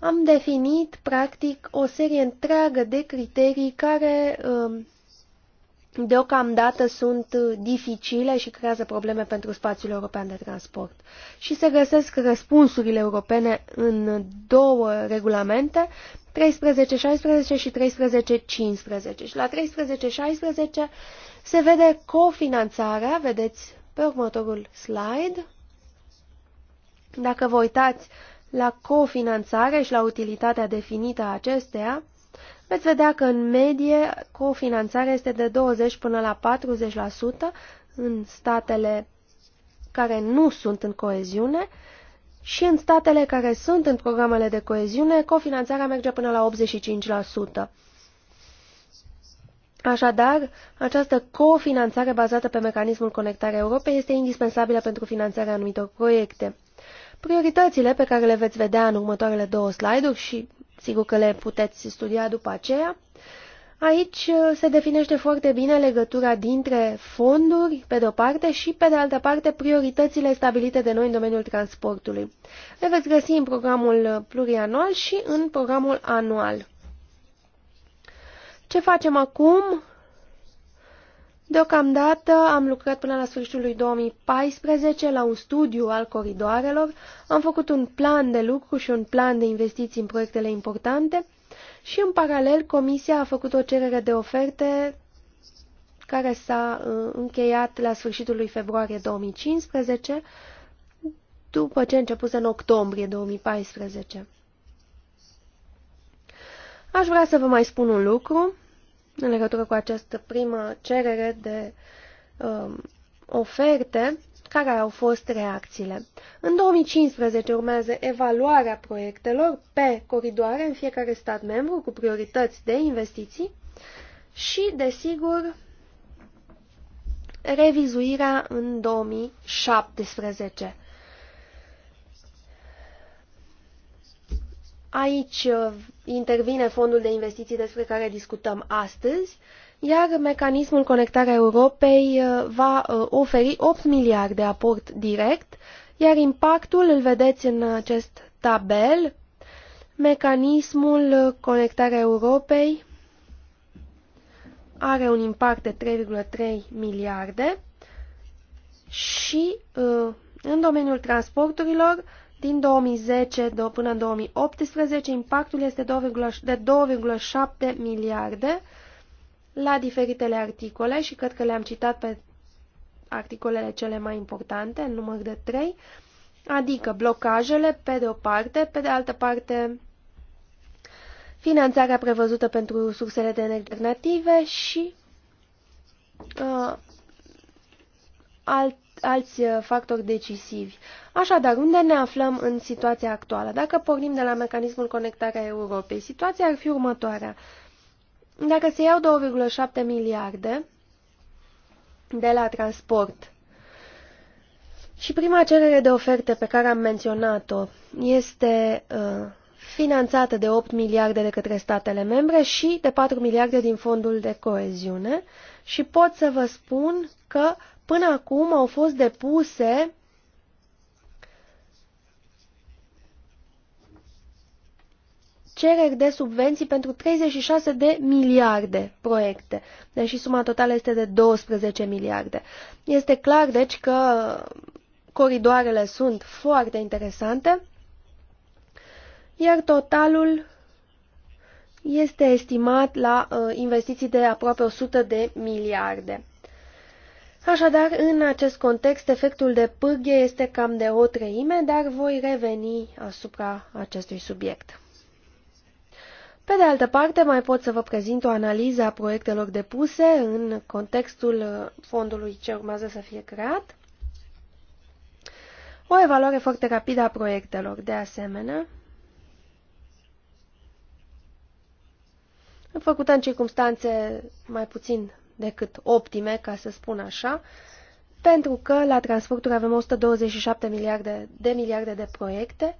Am definit, practic, o serie întreagă de criterii care uh, deocamdată sunt uh, dificile și creează probleme pentru spațiul european de transport. Și se găsesc răspunsurile europene în două regulamente, 13-16 și 13-15. Și la 13-16 se vede cofinanțarea, vedeți pe următorul slide. Dacă vă uitați la cofinanțare și la utilitatea definită a acesteia, veți vedea că în medie cofinanțarea este de 20 până la 40% în statele care nu sunt în coeziune și în statele care sunt în programele de coeziune, cofinanțarea merge până la 85%. Așadar, această cofinanțare bazată pe mecanismul conectare Europei este indispensabilă pentru finanțarea anumitor proiecte. Prioritățile pe care le veți vedea în următoarele două slide-uri și Sigur că le puteți studia după aceea. Aici uh, se definește foarte bine legătura dintre fonduri, pe de-o parte, și, pe de altă parte, prioritățile stabilite de noi în domeniul transportului. Le veți găsi în programul plurianual și în programul anual. Ce facem acum? Deocamdată am lucrat până la sfârșitul lui 2014 la un studiu al coridoarelor, am făcut un plan de lucru și un plan de investiții în proiectele importante și în paralel Comisia a făcut o cerere de oferte care s-a uh, încheiat la sfârșitul lui februarie 2015, după ce a început în octombrie 2014. Aș vrea să vă mai spun un lucru în legătură cu această primă cerere de um, oferte, care au fost reacțiile. În 2015 urmează evaluarea proiectelor pe coridoare în fiecare stat membru cu priorități de investiții și, desigur, revizuirea în 2017. Aici uh, intervine fondul de investiții despre care discutăm astăzi, iar mecanismul Conectarea Europei uh, va uh, oferi 8 miliarde aport direct, iar impactul îl vedeți în acest tabel. Mecanismul Conectarea Europei are un impact de 3,3 miliarde și în domeniul transporturilor din 2010 până în 2018, impactul este de 2,7 miliarde la diferitele articole și cred că le-am citat pe articolele cele mai importante, în număr de 3, adică blocajele pe de o parte, pe de altă parte finanțarea prevăzută pentru sursele de energie alternative și uh, alt, alți uh, factori decisivi. Așadar, unde ne aflăm în situația actuală? Dacă pornim de la mecanismul conectarea Europei, situația ar fi următoarea. Dacă se iau 2,7 miliarde de la transport și prima cerere de oferte pe care am menționat-o este uh, finanțată de 8 miliarde de către statele membre și de 4 miliarde din fondul de coeziune și pot să vă spun că uh, Până acum au fost depuse cereri de subvenții pentru 36 de miliarde proiecte, deși suma totală este de 12 miliarde. Este clar, deci, că coridoarele sunt foarte interesante, iar totalul este estimat la uh, investiții de aproape 100 de miliarde. Așadar, în acest context, efectul de pârghie este cam de o treime, dar voi reveni asupra acestui subiect. Pe de altă parte, mai pot să vă prezint o analiză a proiectelor depuse în contextul fondului ce urmează să fie creat, o evaluare foarte rapidă a proiectelor, de asemenea, făcută în circunstanțe mai puțin decât optime, ca să spun așa, pentru că la transporturi avem 127 miliarde de miliarde de proiecte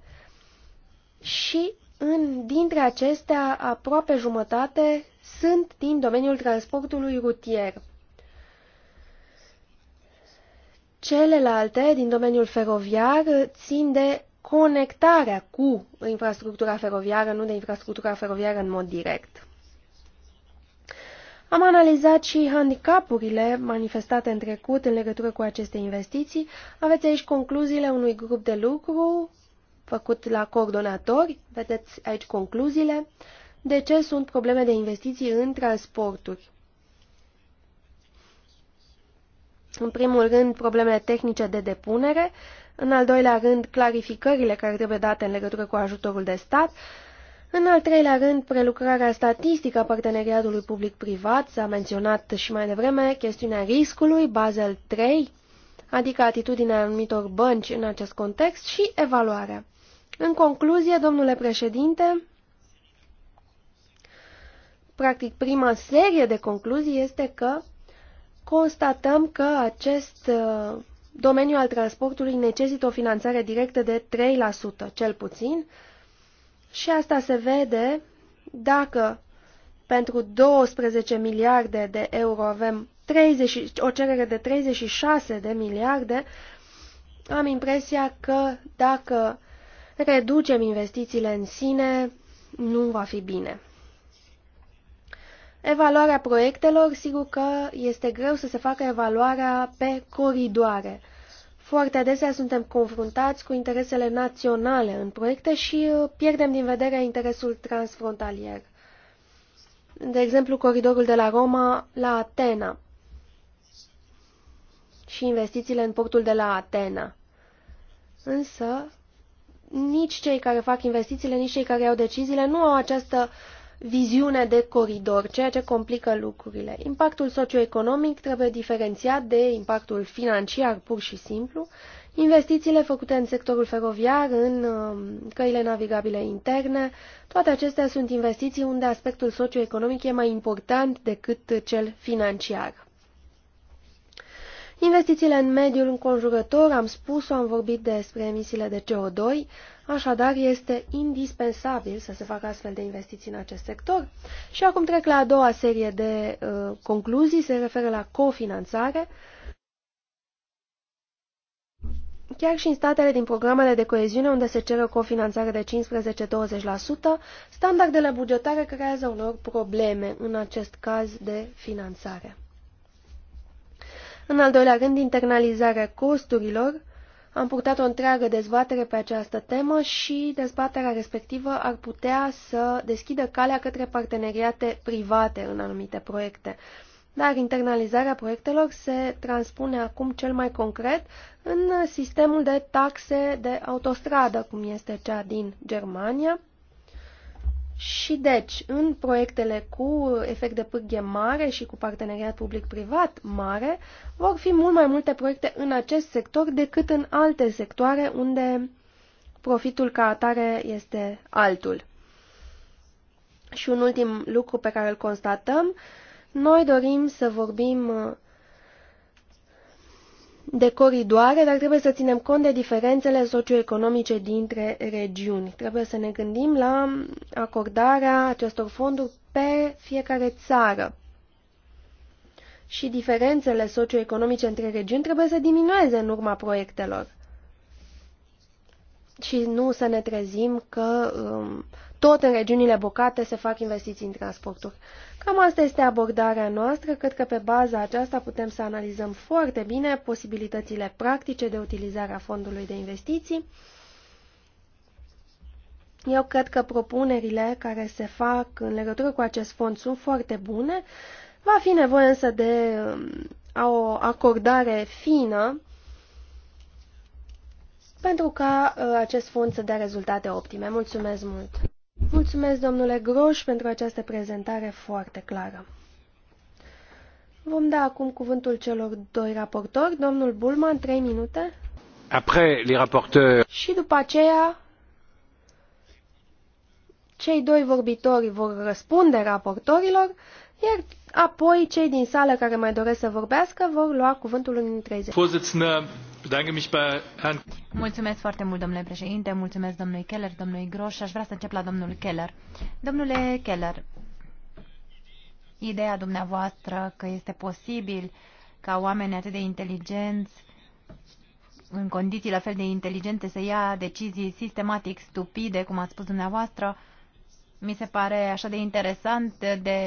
și în, dintre acestea, aproape jumătate sunt din domeniul transportului rutier. Celelalte, din domeniul feroviar, țin de conectarea cu infrastructura feroviară, nu de infrastructura feroviară în mod direct. Am analizat și handicapurile manifestate în trecut în legătură cu aceste investiții. Aveți aici concluziile unui grup de lucru făcut la coordonatori. Vedeți aici concluziile. De ce sunt probleme de investiții în transporturi? În primul rând, problemele tehnice de depunere, în al doilea rând, clarificările care trebuie date în legătură cu ajutorul de stat în al treilea rând, prelucrarea statistică a parteneriatului public-privat, s-a menționat și mai devreme chestiunea riscului, Basel 3, adică atitudinea anumitor bănci în acest context și evaluarea. În concluzie, domnule președinte, practic prima serie de concluzii este că constatăm că acest uh, domeniu al transportului necesită o finanțare directă de 3%, cel puțin, și asta se vede dacă pentru 12 miliarde de euro avem 30, o cerere de 36 de miliarde, am impresia că dacă reducem investițiile în sine, nu va fi bine. Evaluarea proiectelor, sigur că este greu să se facă evaluarea pe coridoare – foarte adesea suntem confruntați cu interesele naționale în proiecte și uh, pierdem din vedere interesul transfrontalier. De exemplu, coridorul de la Roma la Atena și investițiile în portul de la Atena. Însă, nici cei care fac investițiile, nici cei care iau deciziile nu au această viziune de coridor, ceea ce complică lucrurile. Impactul socioeconomic trebuie diferențiat de impactul financiar pur și simplu. Investițiile făcute în sectorul feroviar, în um, căile navigabile interne, toate acestea sunt investiții unde aspectul socioeconomic e mai important decât cel financiar. Investițiile în mediul înconjurător, am spus-o, am vorbit despre emisiile de CO2, așadar este indispensabil să se facă astfel de investiții în acest sector. Și acum trec la a doua serie de uh, concluzii, se referă la cofinanțare. Chiar și în statele din programele de coeziune, unde se cere o cofinanțare de 15-20%, standardele bugetare creează unor probleme în acest caz de finanțare. În al doilea rând, internalizarea costurilor. Am purtat o întreagă dezbatere pe această temă și dezbaterea respectivă ar putea să deschidă calea către parteneriate private în anumite proiecte. Dar internalizarea proiectelor se transpune acum cel mai concret în sistemul de taxe de autostradă, cum este cea din Germania, și deci, în proiectele cu efect de pârghie mare și cu parteneriat public-privat mare, vor fi mult mai multe proiecte în acest sector decât în alte sectoare unde profitul ca atare este altul. Și un ultim lucru pe care îl constatăm, noi dorim să vorbim de coridoare, dar trebuie să ținem cont de diferențele socioeconomice dintre regiuni. Trebuie să ne gândim la acordarea acestor fonduri pe fiecare țară. Și diferențele socioeconomice între regiuni trebuie să diminueze în urma proiectelor. Și nu să ne trezim că um, tot în regiunile bocate se fac investiții în transporturi. Cam asta este abordarea noastră. Cred că pe baza aceasta putem să analizăm foarte bine posibilitățile practice de utilizare a fondului de investiții. Eu cred că propunerile care se fac în legătură cu acest fond sunt foarte bune. Va fi nevoie însă de um, o acordare fină pentru ca uh, acest fond să dea rezultate optime. Mulțumesc mult! Mulțumesc, domnule Groș, pentru această prezentare foarte clară. Vom da acum cuvântul celor doi raportori. Domnul Bulman, trei minute. Après les rapporteurs. Și după aceea, cei doi vorbitori vor răspunde raportorilor iar apoi cei din sală care mai doresc să vorbească vor lua cuvântul în 30. Mulțumesc foarte mult, domnule președinte, mulțumesc domnului Keller, domnului Groș. Aș vrea să încep la domnul Keller. Domnule Keller, ideea dumneavoastră că este posibil ca oameni atât de inteligenți, în condiții la fel de inteligente, să ia decizii sistematic stupide, cum ați spus dumneavoastră, mi se pare așa de interesant, de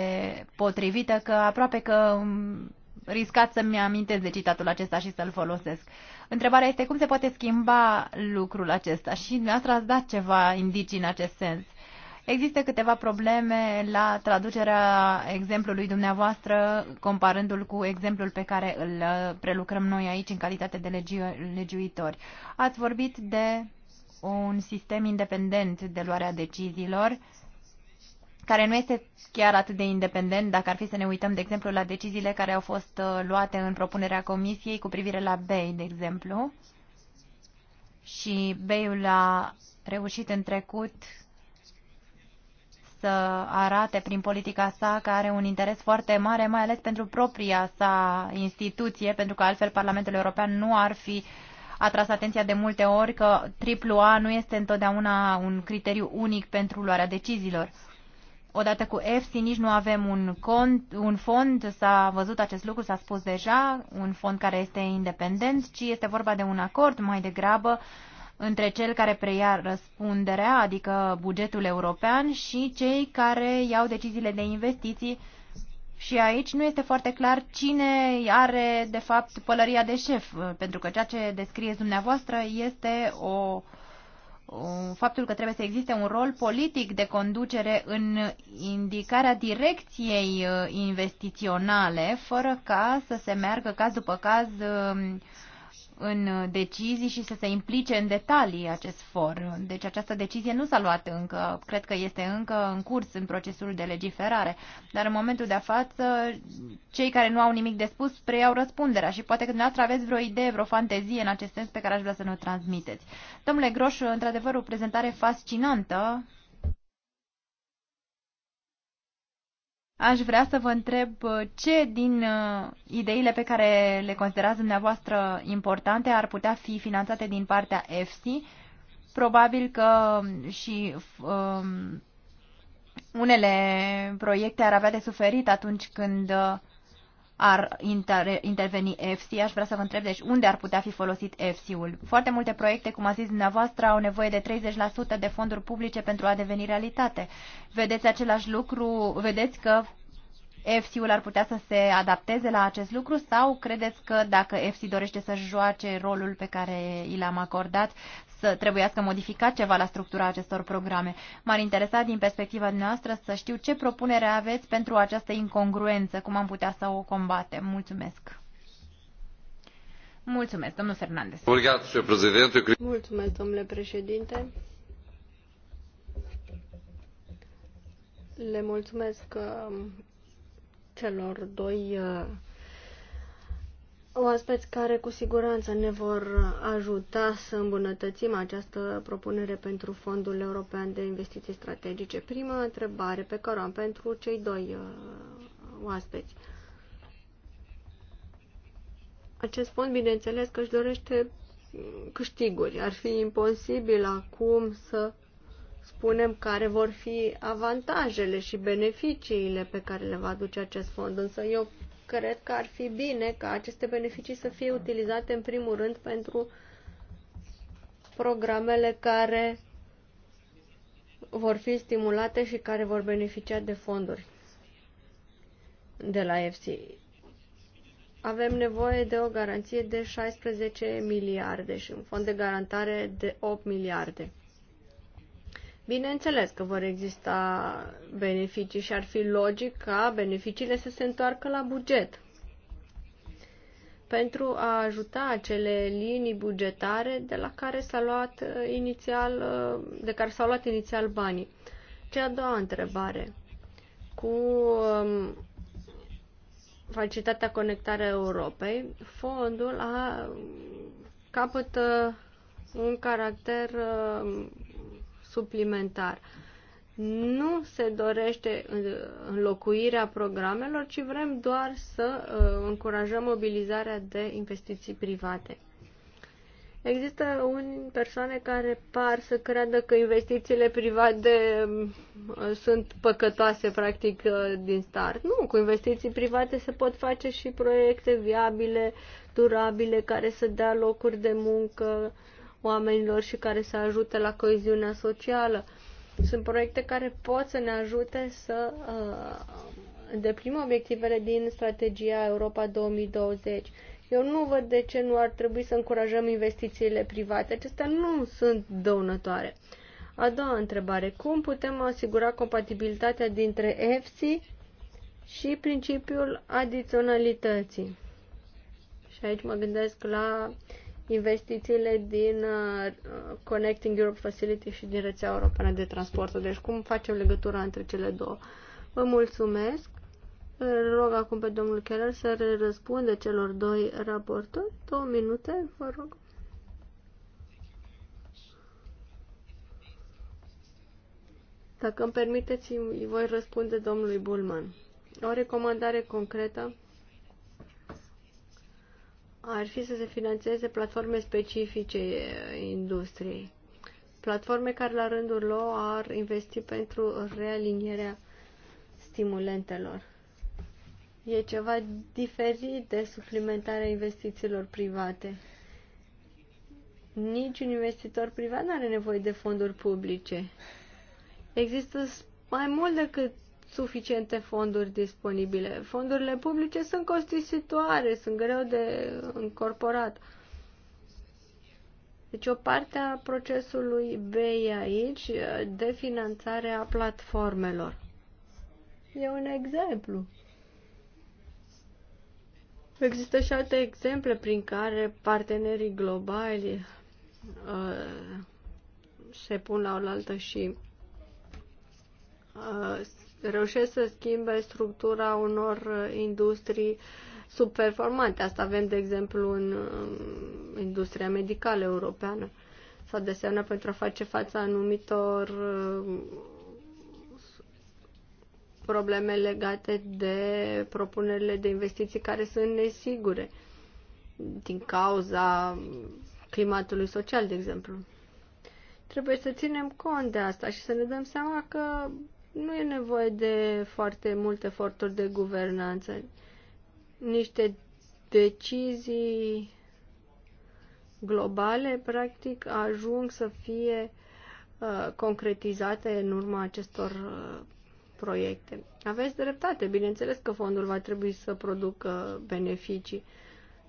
potrivită, că aproape că um, riscat să-mi amintesc de citatul acesta și să-l folosesc. Întrebarea este cum se poate schimba lucrul acesta și dumneavoastră ați dat ceva indicii în acest sens. Există câteva probleme la traducerea exemplului dumneavoastră, comparându-l cu exemplul pe care îl uh, prelucrăm noi aici în calitate de legi- legiuitori. Ați vorbit de un sistem independent de luarea deciziilor care nu este chiar atât de independent, dacă ar fi să ne uităm, de exemplu, la deciziile care au fost uh, luate în propunerea Comisiei cu privire la BEI, de exemplu. Și BEI-ul a reușit în trecut să arate prin politica sa că are un interes foarte mare, mai ales pentru propria sa instituție, pentru că altfel Parlamentul European nu ar fi atras atenția de multe ori că AAA nu este întotdeauna un criteriu unic pentru luarea deciziilor. Odată cu EFSI nici nu avem un, cont, un fond, s-a văzut acest lucru, s-a spus deja, un fond care este independent, ci este vorba de un acord mai degrabă între cel care preia răspunderea, adică bugetul european, și cei care iau deciziile de investiții. Și aici nu este foarte clar cine are, de fapt, pălăria de șef, pentru că ceea ce descrieți dumneavoastră este o uh, faptul că trebuie să existe un rol politic de conducere în indicarea direcției uh, investiționale, fără ca să se meargă caz după caz um, în uh, decizii și să se implice în detalii acest for. Deci această decizie nu s-a luat încă, cred că este încă în curs în procesul de legiferare, dar în momentul de față cei care nu au nimic de spus preiau răspunderea și poate că dumneavoastră aveți vreo idee, vreo fantezie în acest sens pe care aș vrea să ne o transmiteți. Domnule Groș, într-adevăr o prezentare fascinantă, Aș vrea să vă întreb uh, ce din uh, ideile pe care le considerați dumneavoastră importante ar putea fi finanțate din partea EFSI. Probabil că um, și um, unele proiecte ar avea de suferit atunci când uh, ar inter interveni EFSI. Aș vrea să vă întreb, deci, unde ar putea fi folosit EFSI-ul? Foarte multe proiecte, cum a zis dumneavoastră, au nevoie de 30% de fonduri publice pentru a deveni realitate. Vedeți același lucru, vedeți că EFSI-ul ar putea să se adapteze la acest lucru sau credeți că dacă EFSI dorește să joace rolul pe care i l-am acordat, să trebuiască modificat ceva la structura acestor programe. M-ar interesa din perspectiva noastră să știu ce propunere aveți pentru această incongruență, cum am putea să o combatem. Mulțumesc! Mulțumesc, domnul Fernandez. Mulțumesc, domnule președinte. Le mulțumesc uh, celor doi uh, oaspeți care cu siguranță ne vor ajuta să îmbunătățim această propunere pentru Fondul European de Investiții Strategice. Prima întrebare pe care o am pentru cei doi uh, oaspeți. Acest fond, bineînțeles, că își dorește câștiguri. Ar fi imposibil acum să spunem care vor fi avantajele și beneficiile pe care le va aduce acest fond, însă eu cred că ar fi bine ca aceste beneficii să fie utilizate în primul rând pentru programele care vor fi stimulate și care vor beneficia de fonduri de la EFSI. Avem nevoie de o garanție de 16 miliarde și un fond de garantare de 8 miliarde. Bineînțeles că vor exista beneficii și ar fi logic ca beneficiile să se întoarcă la buget. Pentru a ajuta acele linii bugetare de la care s-a luat uh, inițial, uh, de care s-au luat inițial banii. Cea a doua întrebare. Cu um, facilitatea conectarea Europei, fondul a capătă un caracter um, suplimentar. Nu se dorește înlocuirea programelor, ci vrem doar să uh, încurajăm mobilizarea de investiții private. Există unii persoane care par să creadă că investițiile private um, sunt păcătoase, practic, uh, din start. Nu, cu investiții private se pot face și proiecte viabile, durabile, care să dea locuri de muncă, oamenilor și care să ajute la coeziunea socială. Sunt proiecte care pot să ne ajute să uh, îndeplinim obiectivele din strategia Europa 2020. Eu nu văd de ce nu ar trebui să încurajăm investițiile private. Acestea nu sunt dăunătoare. A doua întrebare. Cum putem asigura compatibilitatea dintre EFSI și principiul adiționalității? Și aici mă gândesc la investițiile din uh, Connecting Europe Facility și din rețeaua europeană de transport. Deci cum facem legătura între cele două? Vă mulțumesc. Îl rog acum pe domnul Keller să răspundă celor doi raportori. Două minute, vă rog. Dacă îmi permiteți, îi voi răspunde domnului Bulman. O recomandare concretă ar fi să se financeze platforme specifice industriei. Platforme care la rândul lor ar investi pentru realinierea stimulentelor. E ceva diferit de suplimentarea investițiilor private. Niciun investitor privat nu are nevoie de fonduri publice. Există mai mult decât suficiente fonduri disponibile. Fondurile publice sunt costisitoare, sunt greu de încorporat. Deci o parte a procesului B e aici de finanțare a platformelor. E un exemplu. Există și alte exemple prin care partenerii globali uh, se pun la oaltă și uh, reușesc să schimbe structura unor industrii subperformante. Asta avem, de exemplu, în industria medicală europeană sau de asemenea pentru a face fața anumitor uh, probleme legate de propunerile de investiții care sunt nesigure din cauza climatului social, de exemplu. Trebuie să ținem cont de asta și să ne dăm seama că nu e nevoie de foarte multe eforturi de guvernanță. Niște decizii globale, practic, ajung să fie uh, concretizate în urma acestor uh, proiecte. Aveți dreptate, bineînțeles că fondul va trebui să producă beneficii.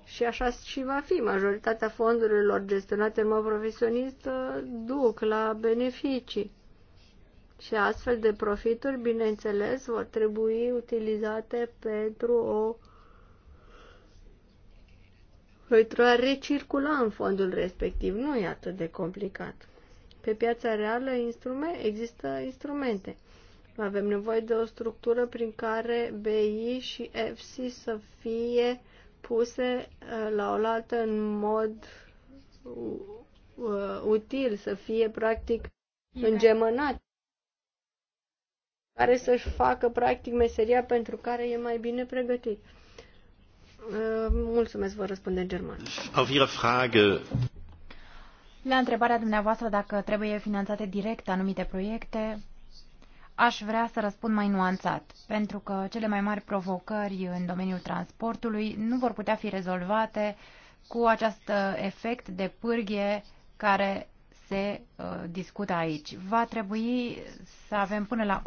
Și așa și va fi. Majoritatea fondurilor gestionate în mod profesionist uh, duc la beneficii. Și astfel de profituri, bineînțeles, vor trebui utilizate pentru o pentru a recircula în fondul respectiv. Nu e atât de complicat. Pe piața reală instrument, există instrumente. Avem nevoie de o structură prin care BI și FC să fie puse uh, la oaltă în mod uh, util, să fie practic îngemănate care să-și facă practic meseria pentru care e mai bine pregătit. Uh, mulțumesc, vă răspunde în germană. La întrebarea dumneavoastră dacă trebuie finanțate direct anumite proiecte, aș vrea să răspund mai nuanțat, pentru că cele mai mari provocări în domeniul transportului nu vor putea fi rezolvate cu acest efect de pârghie care se uh, discută aici. Va trebui să avem până la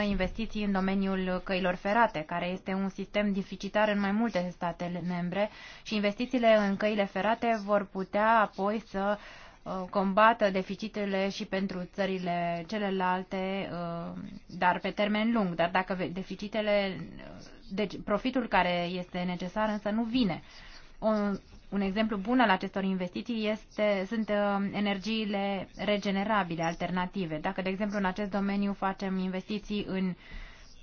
80% investiții în domeniul căilor ferate, care este un sistem deficitar în mai multe state membre și investițiile în căile ferate vor putea apoi să uh, combată deficitele și pentru țările celelalte, uh, dar pe termen lung. Dar dacă deficitele, deci profitul care este necesar însă nu vine un exemplu bun al acestor investiții este, sunt uh, energiile regenerabile, alternative. Dacă, de exemplu, în acest domeniu facem investiții în uh,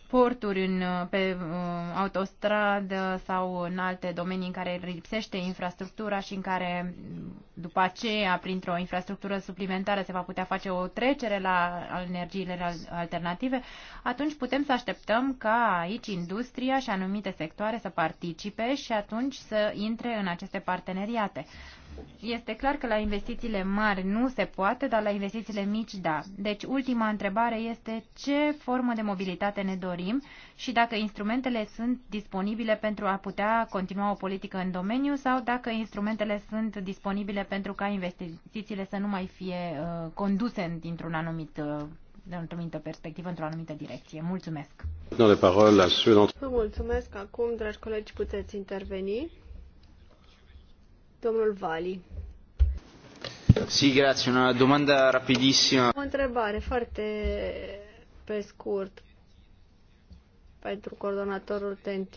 porturi, în, uh, pe uh, autostradă sau în alte domenii în care lipsește infrastructura și în care mm, după aceea, printr-o infrastructură suplimentară, se va putea face o trecere la energiile alternative, atunci putem să așteptăm ca aici industria și anumite sectoare să participe și atunci să intre în aceste parteneriate. Este clar că la investițiile mari nu se poate, dar la investițiile mici da. Deci ultima întrebare este ce formă de mobilitate ne dorim și dacă instrumentele sunt disponibile pentru a putea continua o politică în domeniu sau dacă instrumentele sunt disponibile pentru ca investițiile să nu mai fie uh, conduse dintr-un anumit uh, într-o anumită perspectivă, într-o anumită direcție. Mulțumesc! Vă mulțumesc! Acum, dragi colegi, puteți interveni. Domnul Vali. Sì, grazie. Una domanda rapidissima. O întrebare foarte pe scurt pentru coordonatorul TNT.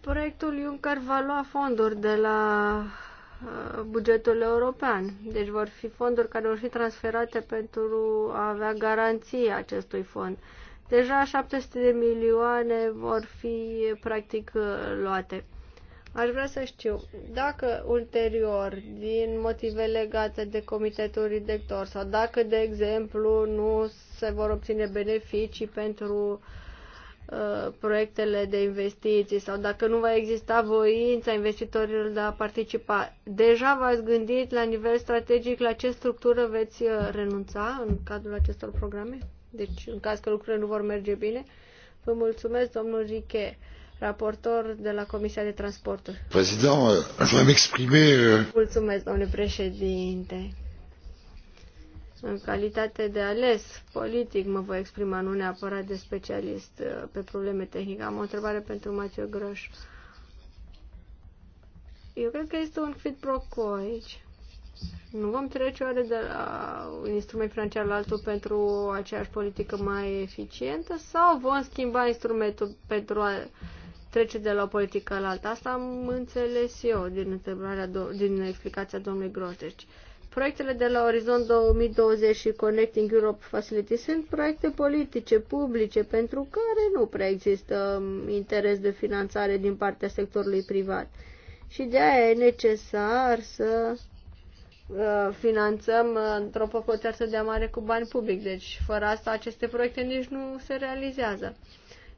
Proiectul Juncker va lua fonduri de la uh, bugetul european. Deci vor fi fonduri care vor fi transferate pentru a avea garanția acestui fond. Uh, Deja 700 de milioane vor fi practic luate. Aș vrea să știu dacă ulterior, din motive legate de comitetul redector sau dacă, de exemplu, nu se vor obține beneficii pentru uh, proiectele de investiții sau dacă nu va exista voința investitorilor de a participa. Deja v-ați gândit la nivel strategic la ce structură veți uh, renunța în cadrul acestor programe? deci în caz că lucrurile nu vor merge bine. Vă mulțumesc, domnul Riche, raportor de la Comisia de Transporturi. Prezident, euh, je vais m'exprimer. Euh, mulțumesc, domnule președinte. În calitate de ales politic mă voi exprima, nu neapărat de specialist uh, pe probleme tehnice. Am o întrebare pentru Matiu Groș. Eu cred că este un fit pro aici. Nu vom trece oare de la un instrument financiar la altul pentru aceeași politică mai eficientă sau vom schimba instrumentul pentru a trece de la o politică la alta? Asta am înțeles eu din, întrebarea din explicația domnului Groteci. Proiectele de la Orizont 2020 și Connecting Europe Facility sunt proiecte politice, publice, pentru care nu prea există interes de finanțare din partea sectorului privat. Și de aia e necesar să Uh, finanțăm uh, într-o păcăteasă de mare cu bani public. Deci, fără asta, aceste proiecte nici nu se realizează.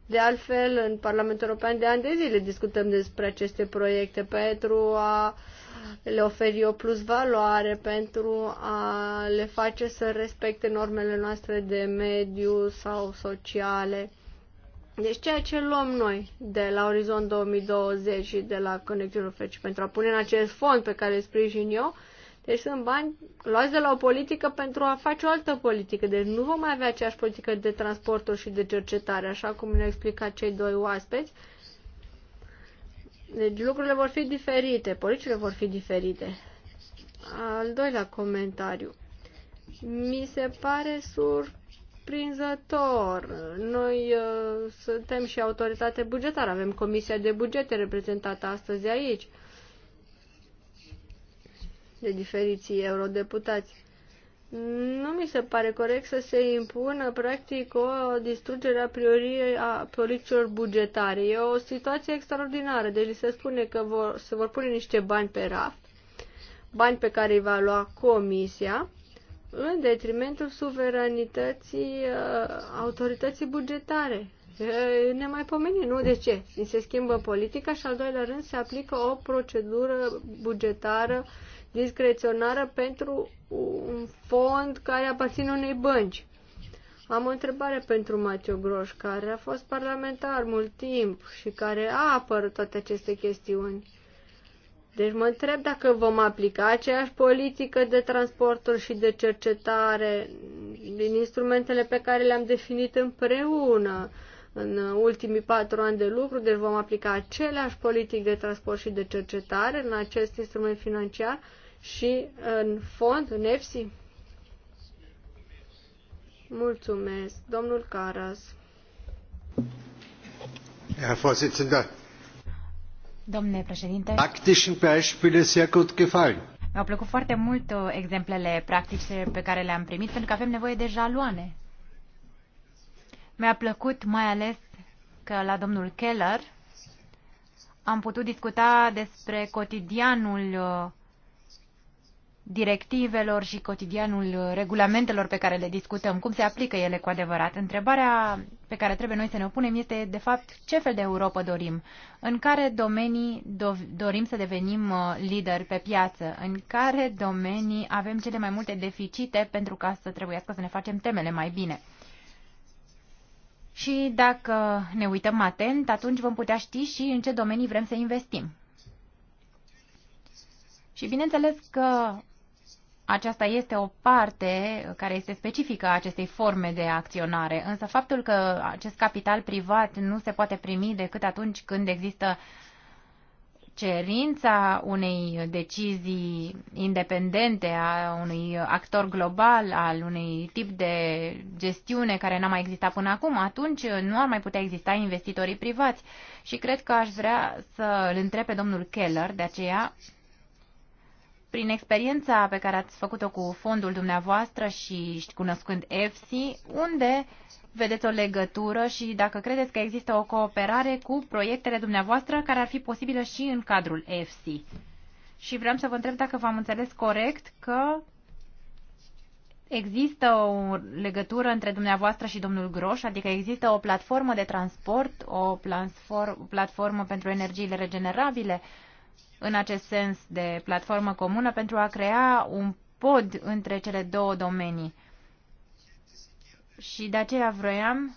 De altfel, în Parlamentul European de ani de zile discutăm despre aceste proiecte pentru a le oferi o plus valoare, pentru a le face să respecte normele noastre de mediu sau sociale. Deci ceea ce luăm noi de la Orizont 2020 și de la Connecting Factory pentru a pune în acest fond pe care îl sprijin eu, deci sunt bani luați de la o politică pentru a face o altă politică. Deci nu vom mai avea aceeași politică de transporturi și de cercetare, așa cum ne-au explicat cei doi oaspeți. Deci lucrurile vor fi diferite, politicile vor fi diferite. Al doilea comentariu. Mi se pare surprinzător. Noi uh, suntem și autoritate bugetară, avem Comisia de Bugete reprezentată astăzi aici de diferiții eurodeputați. Nu mi se pare corect să se impună, practic, o distrugere a priori a politicilor bugetare. E o situație extraordinară. Deci se spune că vor, se vor pune niște bani pe raft, bani pe care îi va lua Comisia, în detrimentul suveranității uh, autorității bugetare. mai pomeni, nu? De deci ce? Se schimbă politica și, al doilea rând, se aplică o procedură bugetară uh, discreționară pentru un fond care aparține unei bănci. Am o întrebare pentru Matiu Groș, care a fost parlamentar mult timp și care a apărut toate aceste chestiuni. Deci mă întreb dacă vom aplica aceeași politică de transporturi și de cercetare din instrumentele pe care le-am definit împreună în ultimii patru ani de lucru, deci vom aplica aceleași politici de transport și de cercetare în acest instrument financiar și în fond, în EFSI. Mulțumesc. Domnul Caras. Herr Vorsitzender. Domnule președinte. Praktischen Beispiele sehr gut gefallen. Mi-au plăcut foarte mult uh, exemplele practice pe care le-am primit, pentru că avem nevoie de jaloane mi-a plăcut mai ales că la domnul Keller am putut discuta despre cotidianul uh, directivelor și cotidianul uh, regulamentelor pe care le discutăm, cum se aplică ele cu adevărat. Întrebarea pe care trebuie noi să ne punem este, de fapt, ce fel de Europa dorim, în care domenii do- dorim să devenim uh, lideri pe piață, în care domenii avem cele mai multe deficite pentru ca să trebuiască să ne facem temele mai bine și dacă ne uităm atent, atunci vom putea ști și în ce domenii vrem să investim. Și bineînțeles că aceasta este o parte care este specifică a acestei forme de acționare, însă faptul că acest capital privat nu se poate primi decât atunci când există uh, cerința unei decizii independente, a unui actor global, al unui tip de gestiune care n-a mai existat până acum, atunci nu ar mai putea exista investitorii privați. Și cred că aș vrea să îl întreb pe domnul Keller, de aceea, prin experiența pe care ați făcut-o cu fondul dumneavoastră și cunoscând EFSI, unde vedeți o legătură și dacă credeți că există o cooperare cu proiectele dumneavoastră care ar fi posibilă și în cadrul EFSI. Și vreau să vă întreb dacă v-am înțeles corect că există o legătură între dumneavoastră și domnul Groș, adică există o platformă de transport, o platformă pentru energiile regenerabile, în acest sens de platformă comună, pentru a crea un pod între cele două domenii și de aceea vroiam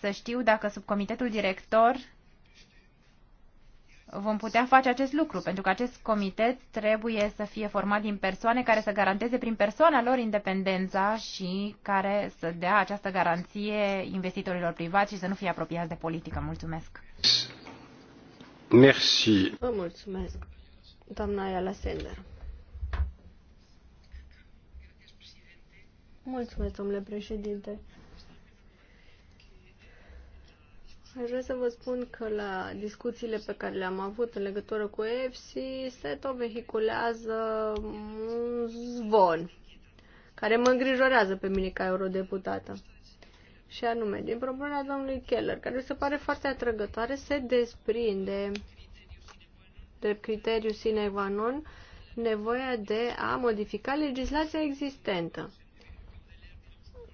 să știu dacă sub comitetul director vom putea face acest lucru, pentru că acest comitet trebuie să fie format din persoane care să garanteze prin persoana lor independența și care să dea această garanție investitorilor privați și să nu fie apropiați de politică. Mulțumesc! Merci. Vă mulțumesc, doamna Ayala Sender. Mulțumesc, domnule președinte. Aș vrea să vă spun că la discuțiile pe care le-am avut în legătură cu EFSI se tot vehiculează un zvon care mă îngrijorează pe mine ca eurodeputată. Și anume, din propunerea domnului Keller, care se pare foarte atrăgătoare, se desprinde de criteriu sine qua non nevoia de a modifica legislația existentă.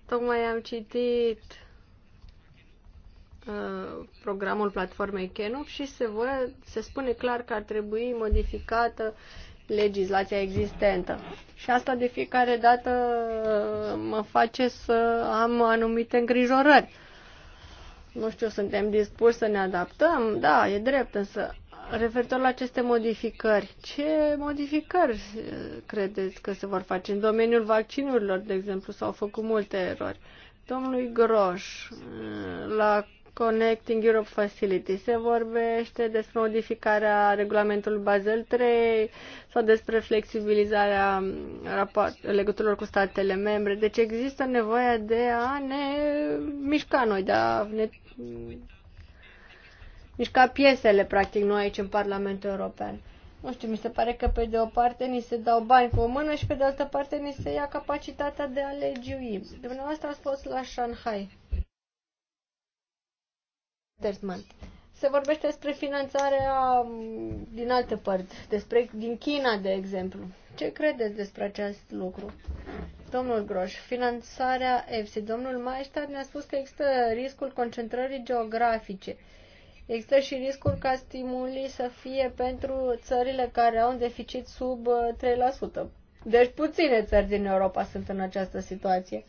Tocmai am citit uh, programul platformei Kenup și se, vă, se spune clar că ar trebui modificată legislația existentă. Și asta de fiecare dată uh, mă face să am anumite îngrijorări. Nu știu, suntem dispuși să ne adaptăm? Da, e drept, însă referitor la aceste modificări, ce modificări eh, credeți că se vor face în domeniul vaccinurilor, de exemplu? S-au făcut multe erori. Domnului Groș, eh, la Connecting Europe Facility se vorbește despre modificarea regulamentului Basel 3 sau despre flexibilizarea mm, legăturilor cu statele membre. Deci există nevoia de a ne mișca noi, de a ne ca piesele, practic, nu aici în Parlamentul European. Nu știu, mi se pare că pe de o parte ni se dau bani cu o mână și pe de altă parte ni se ia capacitatea de a legiui. Dumneavoastră ați fost la Shanghai. Se vorbește despre finanțarea mm, din alte părți, despre din China, de exemplu. Ce credeți despre acest lucru? Domnul Groș, finanțarea EFSI. Domnul Maestar ne-a spus că există riscul concentrării geografice. Există și riscuri ca stimulii să fie pentru țările care au un deficit sub 3%. Uh, deci puține țări din Europa sunt în această situație.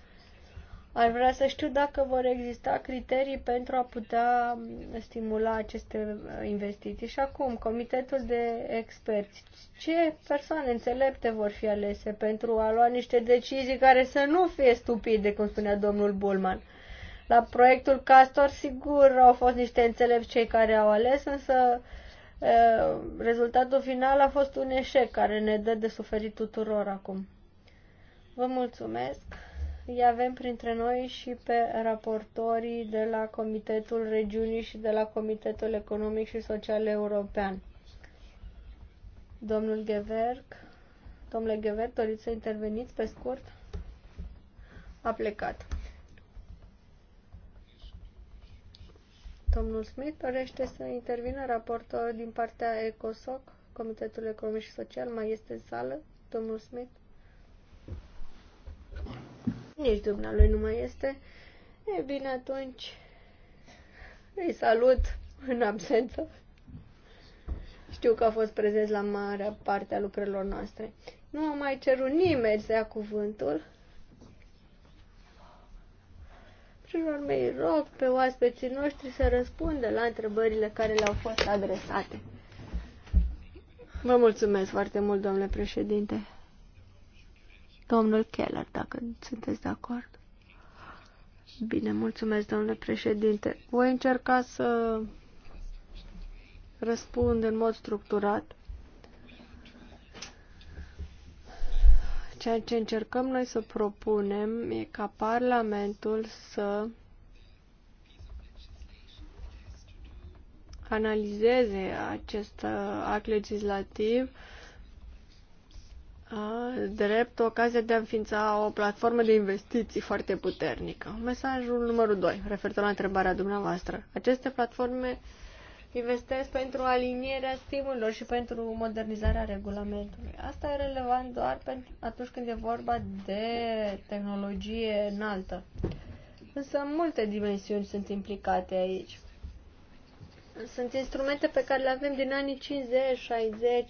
Ar vrea să știu dacă vor exista criterii pentru a putea um, stimula aceste uh, investiții. Și acum, comitetul de experți. Ce persoane înțelepte vor fi alese pentru a lua niște decizii care să nu fie stupide, cum spunea domnul Bulman? La proiectul Castor, sigur, au fost niște înțelepți cei care au ales, însă rezultatul final a fost un eșec care ne dă de suferit tuturor acum. Vă mulțumesc! Îi avem printre noi și pe raportorii de la Comitetul Regiunii și de la Comitetul Economic și Social European. Domnul Geverc, domnule Geverc, doriți să interveniți pe scurt? A plecat. Domnul Smith dorește să intervină raportor din partea ECOSOC, Comitetul Economic și Social. Mai este în sală? Domnul Smith? Nici dumnealui nu mai este. E bine, atunci îi salut în absență. Știu că a fost prezent la marea parte a lucrărilor noastre. Nu a mai cerut nimeni să ia cuvântul. Prin mei, rog pe oaspeții noștri să răspundă la întrebările care le-au fost adresate. Vă mulțumesc foarte mult, domnule președinte. Domnul Keller, dacă sunteți de acord. Bine, mulțumesc, domnule președinte. Voi încerca să răspund în mod structurat Ceea ce încercăm noi să propunem e ca Parlamentul să analizeze acest uh, act legislativ uh, drept ocazia de a înființa o platformă de investiții foarte puternică. Mesajul numărul 2, referitor la întrebarea dumneavoastră. Aceste platforme uh, investesc pentru alinierea stimulilor și pentru modernizarea regulamentului. Asta e relevant doar pentru atunci când e vorba de tehnologie înaltă. Însă multe dimensiuni sunt implicate aici. Sunt instrumente pe care le avem din anii 50-60.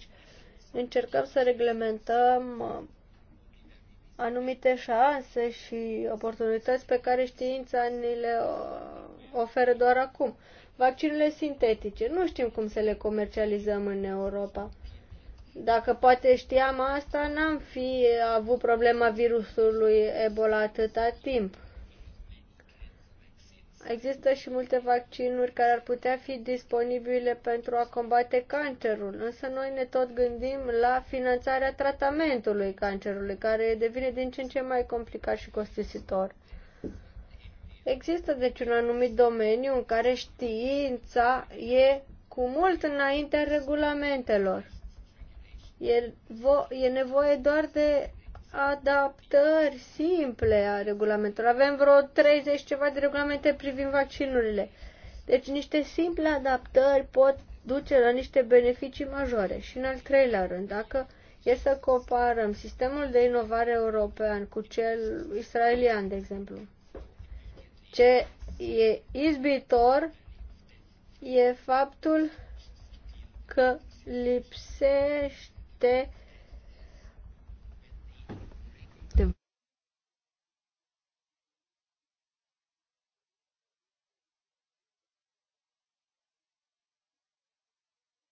Încercăm să reglementăm uh, anumite șanse și oportunități pe care știința ni le uh, oferă doar acum vaccinurile sintetice. Nu știm cum să le comercializăm în Europa. Dacă poate știam asta, n-am fi avut problema virusului Ebola atâta timp. Există și multe vaccinuri care ar putea fi disponibile pentru a combate cancerul, însă noi ne tot gândim la finanțarea tratamentului cancerului, care devine din ce în ce mai complicat și costisitor. Există deci un anumit domeniu în care știința e cu mult înaintea regulamentelor. E, vo- e nevoie doar de adaptări simple a regulamentelor. Avem vreo 30 ceva de regulamente privind vaccinurile. Deci niște simple adaptări pot duce la niște beneficii majore. Și în al treilea rând, dacă e să comparăm sistemul de inovare european cu cel israelian, de exemplu, ce e izbitor e faptul că lipsește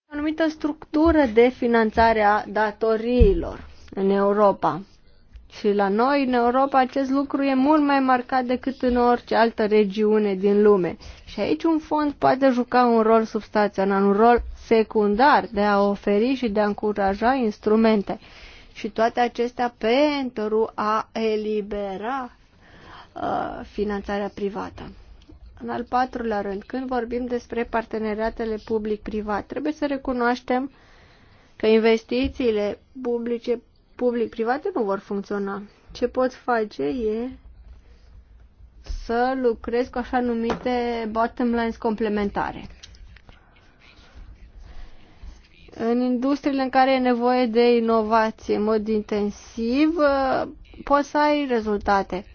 anumită structură de finanțare a datoriilor în Europa. Și la noi, în Europa, acest lucru e mult mai marcat decât în orice altă regiune din lume. Și aici un fond poate juca un rol substanțial, un rol secundar de a oferi și de a încuraja instrumente. Și toate acestea pentru a elibera uh, finanțarea privată. În al patrulea rând, când vorbim despre parteneriatele public-privat, trebuie să recunoaștem că investițiile publice public-private nu vor funcționa. Ce poți face e să lucrezi cu așa numite bottom lines complementare. În industriile în care e nevoie de inovație în mod intensiv, poți să ai rezultate.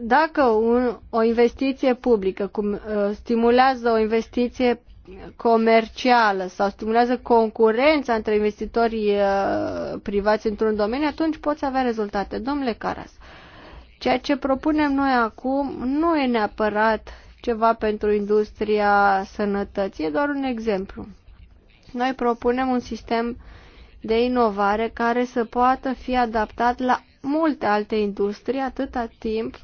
Dacă un, o investiție publică cum, uh, stimulează o investiție comercială sau stimulează concurența între investitorii uh, privați într-un domeniu, atunci poți avea rezultate. Domnule Caras, ceea ce propunem noi acum nu e neapărat ceva pentru industria sănătății, e doar un exemplu. Noi propunem un sistem de inovare care să poată fi adaptat la multe alte industrie atâta timp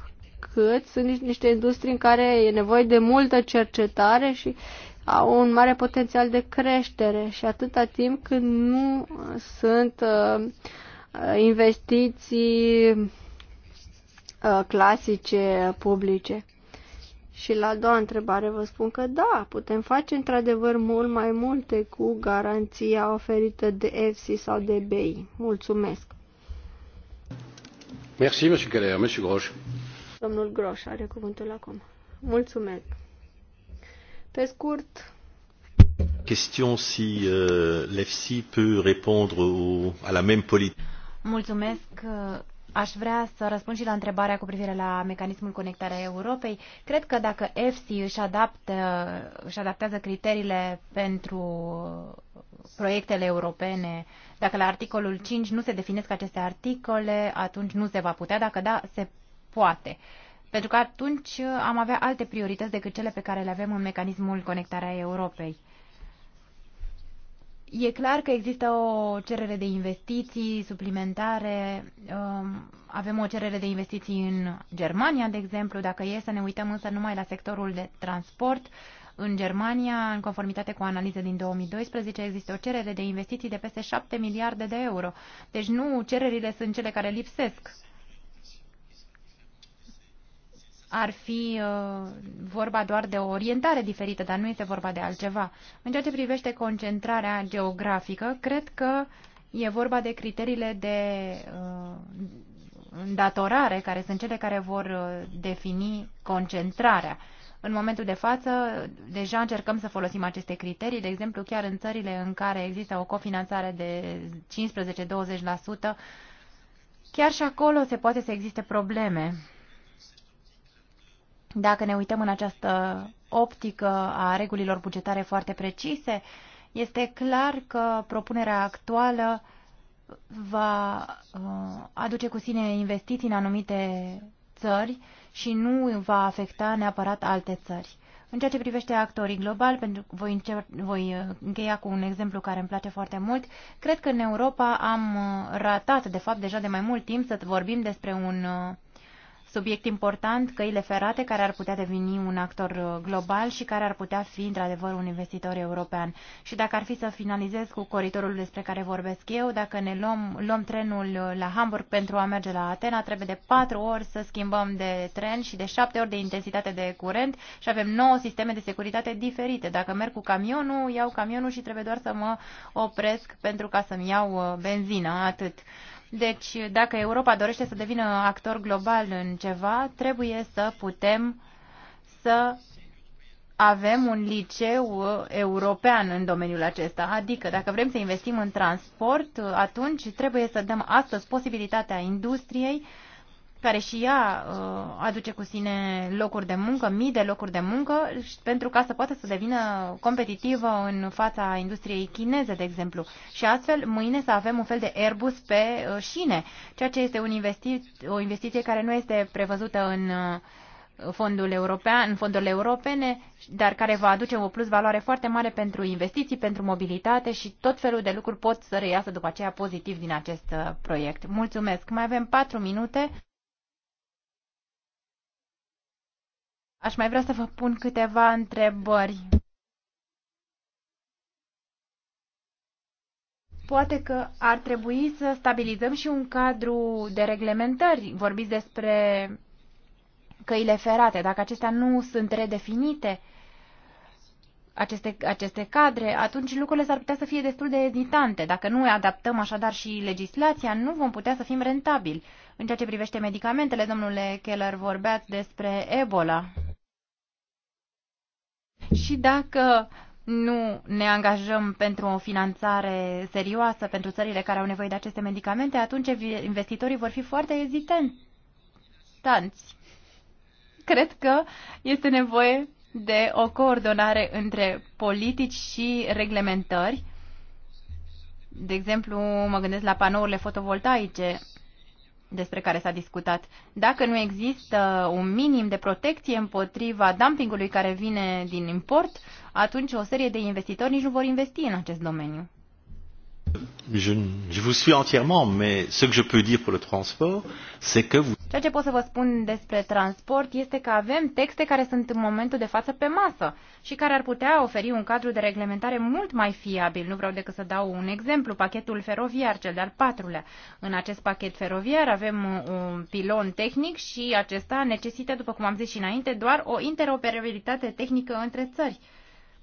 cât sunt niște industrii în care e nevoie de multă cercetare și au un mare potențial de creștere și atâta timp când nu sunt uh, investiții uh, clasice publice. Și la a doua întrebare vă spun că da, putem face într-adevăr mult mai multe cu garanția oferită de EFSI sau de BI. Mulțumesc! Merci, monsieur Keller. Monsieur Groș. Domnul Groș are cuvântul acum. Mulțumesc! Pe scurt... Question si uh, l'EFSI peut répondre au, à la même politique. Mulțumesc. Aș vrea să răspund și la întrebarea cu privire la mecanismul conectarea Europei. Cred că dacă EFSI își, adaptă, își adaptează criteriile pentru proiectele europene, dacă la articolul 5 nu se definesc aceste articole, atunci nu se va putea, dacă da, se poate. Uh, pentru că atunci uh, am avea alte priorități decât cele pe care le avem în mecanismul conectarea Europei. E clar că există o cerere de investiții suplimentare. Um, avem o cerere de investiții în Germania, de exemplu. Dacă e să ne uităm însă numai la sectorul de transport, în Germania, în conformitate cu analize din 2012, există o cerere de investiții de peste 7 miliarde de euro. Deci nu cererile sunt cele care lipsesc ar fi uh, vorba doar de o orientare diferită, dar nu este vorba de altceva. În ceea ce privește concentrarea geografică, cred că e vorba de criteriile de uh, datorare, care sunt cele care vor uh, defini concentrarea. În momentul de față, deja încercăm să folosim aceste criterii, de exemplu, chiar în țările în care există o cofinanțare de 15-20%, chiar și acolo se poate să existe probleme dacă ne uităm în această optică a regulilor bugetare foarte precise, este clar că propunerea actuală va uh, aduce cu sine investiții în anumite țări și nu va afecta neapărat alte țări. În ceea ce privește actorii globali, pentru că voi, înce- voi uh, încheia cu un exemplu care îmi place foarte mult, cred că în Europa am uh, ratat, de fapt, deja de mai mult timp să vorbim despre un uh, subiect important, căile ferate, care ar putea deveni un actor uh, global și care ar putea fi, într-adevăr, un investitor european. Și dacă ar fi să finalizez cu coridorul despre care vorbesc eu, dacă ne luăm, luăm trenul uh, la Hamburg pentru a merge la Atena, trebuie de patru ori să schimbăm de tren și de șapte ori de intensitate de curent și avem nouă sisteme de securitate diferite. Dacă merg cu camionul, iau camionul și trebuie doar să mă opresc pentru ca să-mi iau uh, benzină, atât. Deci, dacă Europa dorește să devină actor global în ceva, trebuie să putem să avem un liceu european în domeniul acesta. Adică, dacă vrem să investim în transport, atunci trebuie să dăm astăzi posibilitatea industriei care și ea uh, aduce cu sine locuri de muncă, mii de locuri de muncă, pentru ca să poată să devină competitivă în fața industriei chineze, de exemplu. Și astfel, mâine să avem un fel de Airbus pe uh, șine, ceea ce este un investi o investiție care nu este prevăzută în uh, fondul european, în fondurile europene, dar care va aduce o plus valoare foarte mare pentru investiții, pentru mobilitate și tot felul de lucruri pot să reiasă după aceea pozitiv din acest proiect. Mulțumesc! Mai avem patru minute. Aș mai vrea să vă pun câteva întrebări. Poate că ar trebui să stabilizăm și un cadru de reglementări. Vorbiți despre căile ferate. Dacă acestea nu sunt redefinite, aceste, aceste cadre, atunci lucrurile s-ar putea să fie destul de editante. Dacă nu adaptăm așadar și legislația, nu vom putea să fim rentabili. În ceea ce privește medicamentele, domnule Keller, vorbeați despre Ebola. Și dacă nu ne angajăm pentru o finanțare serioasă pentru țările care au nevoie de aceste medicamente, atunci investitorii vor fi foarte ezitenți. Cred că este nevoie de o coordonare între politici și reglementări. De exemplu, mă gândesc la panourile fotovoltaice despre care s-a discutat. Dacă nu există un minim de protecție împotriva dumpingului care vine din import, atunci o serie de investitori nici nu vor investi în acest domeniu. Je, vous suis entièrement, mais ce que je peux dire pour le transport, c'est que vous... Ceea ce pot să vă spun despre transport este că avem texte care sunt în momentul de față pe masă și care ar putea oferi un cadru de reglementare mult mai fiabil. Nu vreau decât să dau un exemplu, pachetul feroviar, cel de-al patrulea. În acest pachet feroviar avem un pilon tehnic și acesta necesită, după cum am zis și înainte, doar o interoperabilitate tehnică între țări.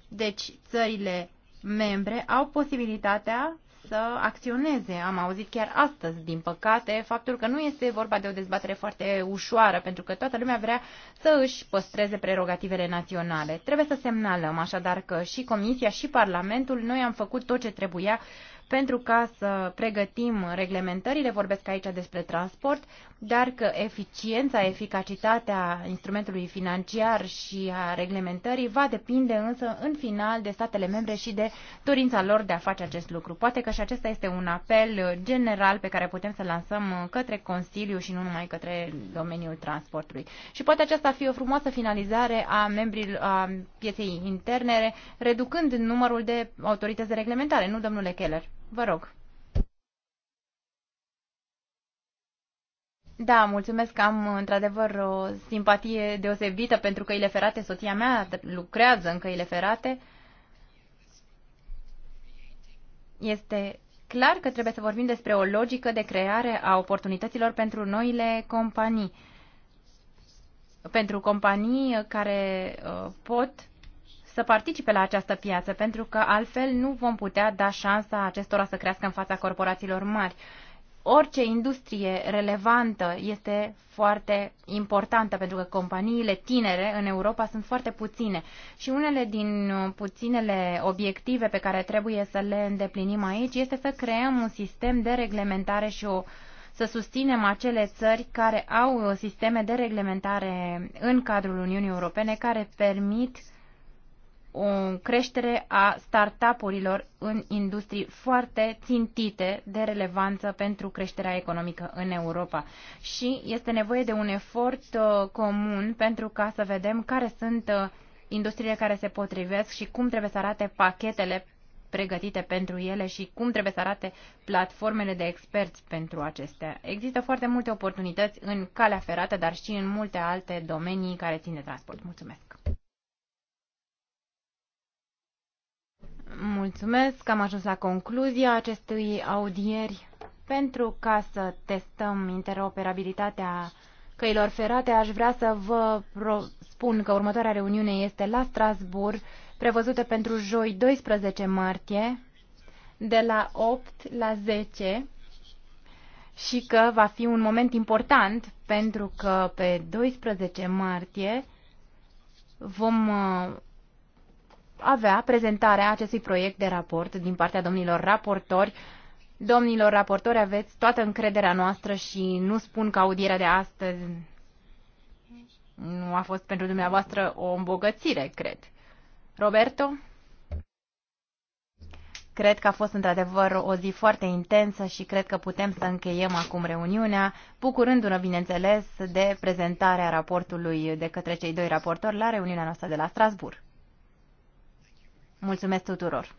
Deci, țările membre au posibilitatea să acționeze. Am auzit chiar astăzi, din păcate, faptul că nu este vorba de o dezbatere foarte ușoară, pentru că toată lumea vrea să își păstreze prerogativele naționale. Trebuie să semnalăm așadar că și Comisia și Parlamentul, noi am făcut tot ce trebuia pentru ca să pregătim reglementările, vorbesc aici despre transport, dar că eficiența, eficacitatea instrumentului financiar și a reglementării va depinde însă în final de statele membre și de dorința lor de a face acest lucru. Poate că și acesta este un apel general pe care putem să lansăm către Consiliu și nu numai către domeniul transportului. Și poate aceasta fi o frumoasă finalizare a membrilor a pieței interne, reducând numărul de autorități de reglementare, nu domnule Keller? Vă rog. Da, mulțumesc că am într-adevăr o simpatie deosebită pentru căile ferate. Soția mea lucrează în căile ferate. Este clar că trebuie să vorbim despre o logică de creare a oportunităților pentru noile companii. Pentru companii care uh, pot să participe la această piață, pentru că altfel nu vom putea da șansa acestora să crească în fața corporațiilor mari. Orice industrie relevantă este foarte importantă, pentru că companiile tinere în Europa sunt foarte puține și unele din puținele obiective pe care trebuie să le îndeplinim aici este să creăm un sistem de reglementare și o să susținem acele țări care au sisteme de reglementare în cadrul Uniunii Europene care permit o creștere a start urilor în industrii foarte țintite de relevanță pentru creșterea economică în Europa. Și este nevoie de un efort uh, comun pentru ca să vedem care sunt uh, industriile care se potrivesc și cum trebuie să arate pachetele pregătite pentru ele și cum trebuie să arate platformele de experți pentru acestea. Există foarte multe oportunități în calea ferată, dar și în multe alte domenii care țin de transport. Mulțumesc! Mulțumesc, am ajuns la concluzia acestui audieri. Pentru ca să testăm interoperabilitatea căilor ferate, aș vrea să vă spun că următoarea reuniune este la Strasbourg, prevăzută pentru joi 12 martie, de la 8 la 10 și că va fi un moment important pentru că pe 12 martie vom uh, avea prezentarea acestui proiect de raport din partea domnilor raportori. Domnilor raportori, aveți toată încrederea noastră și nu spun că audierea de astăzi nu a fost pentru dumneavoastră o îmbogățire, cred. Roberto? Cred că a fost într-adevăr o zi foarte intensă și cred că putem să încheiem acum reuniunea, bucurându-ne, bineînțeles, de prezentarea raportului de către cei doi raportori la reuniunea noastră de la Strasbourg. Mulțumesc tuturor!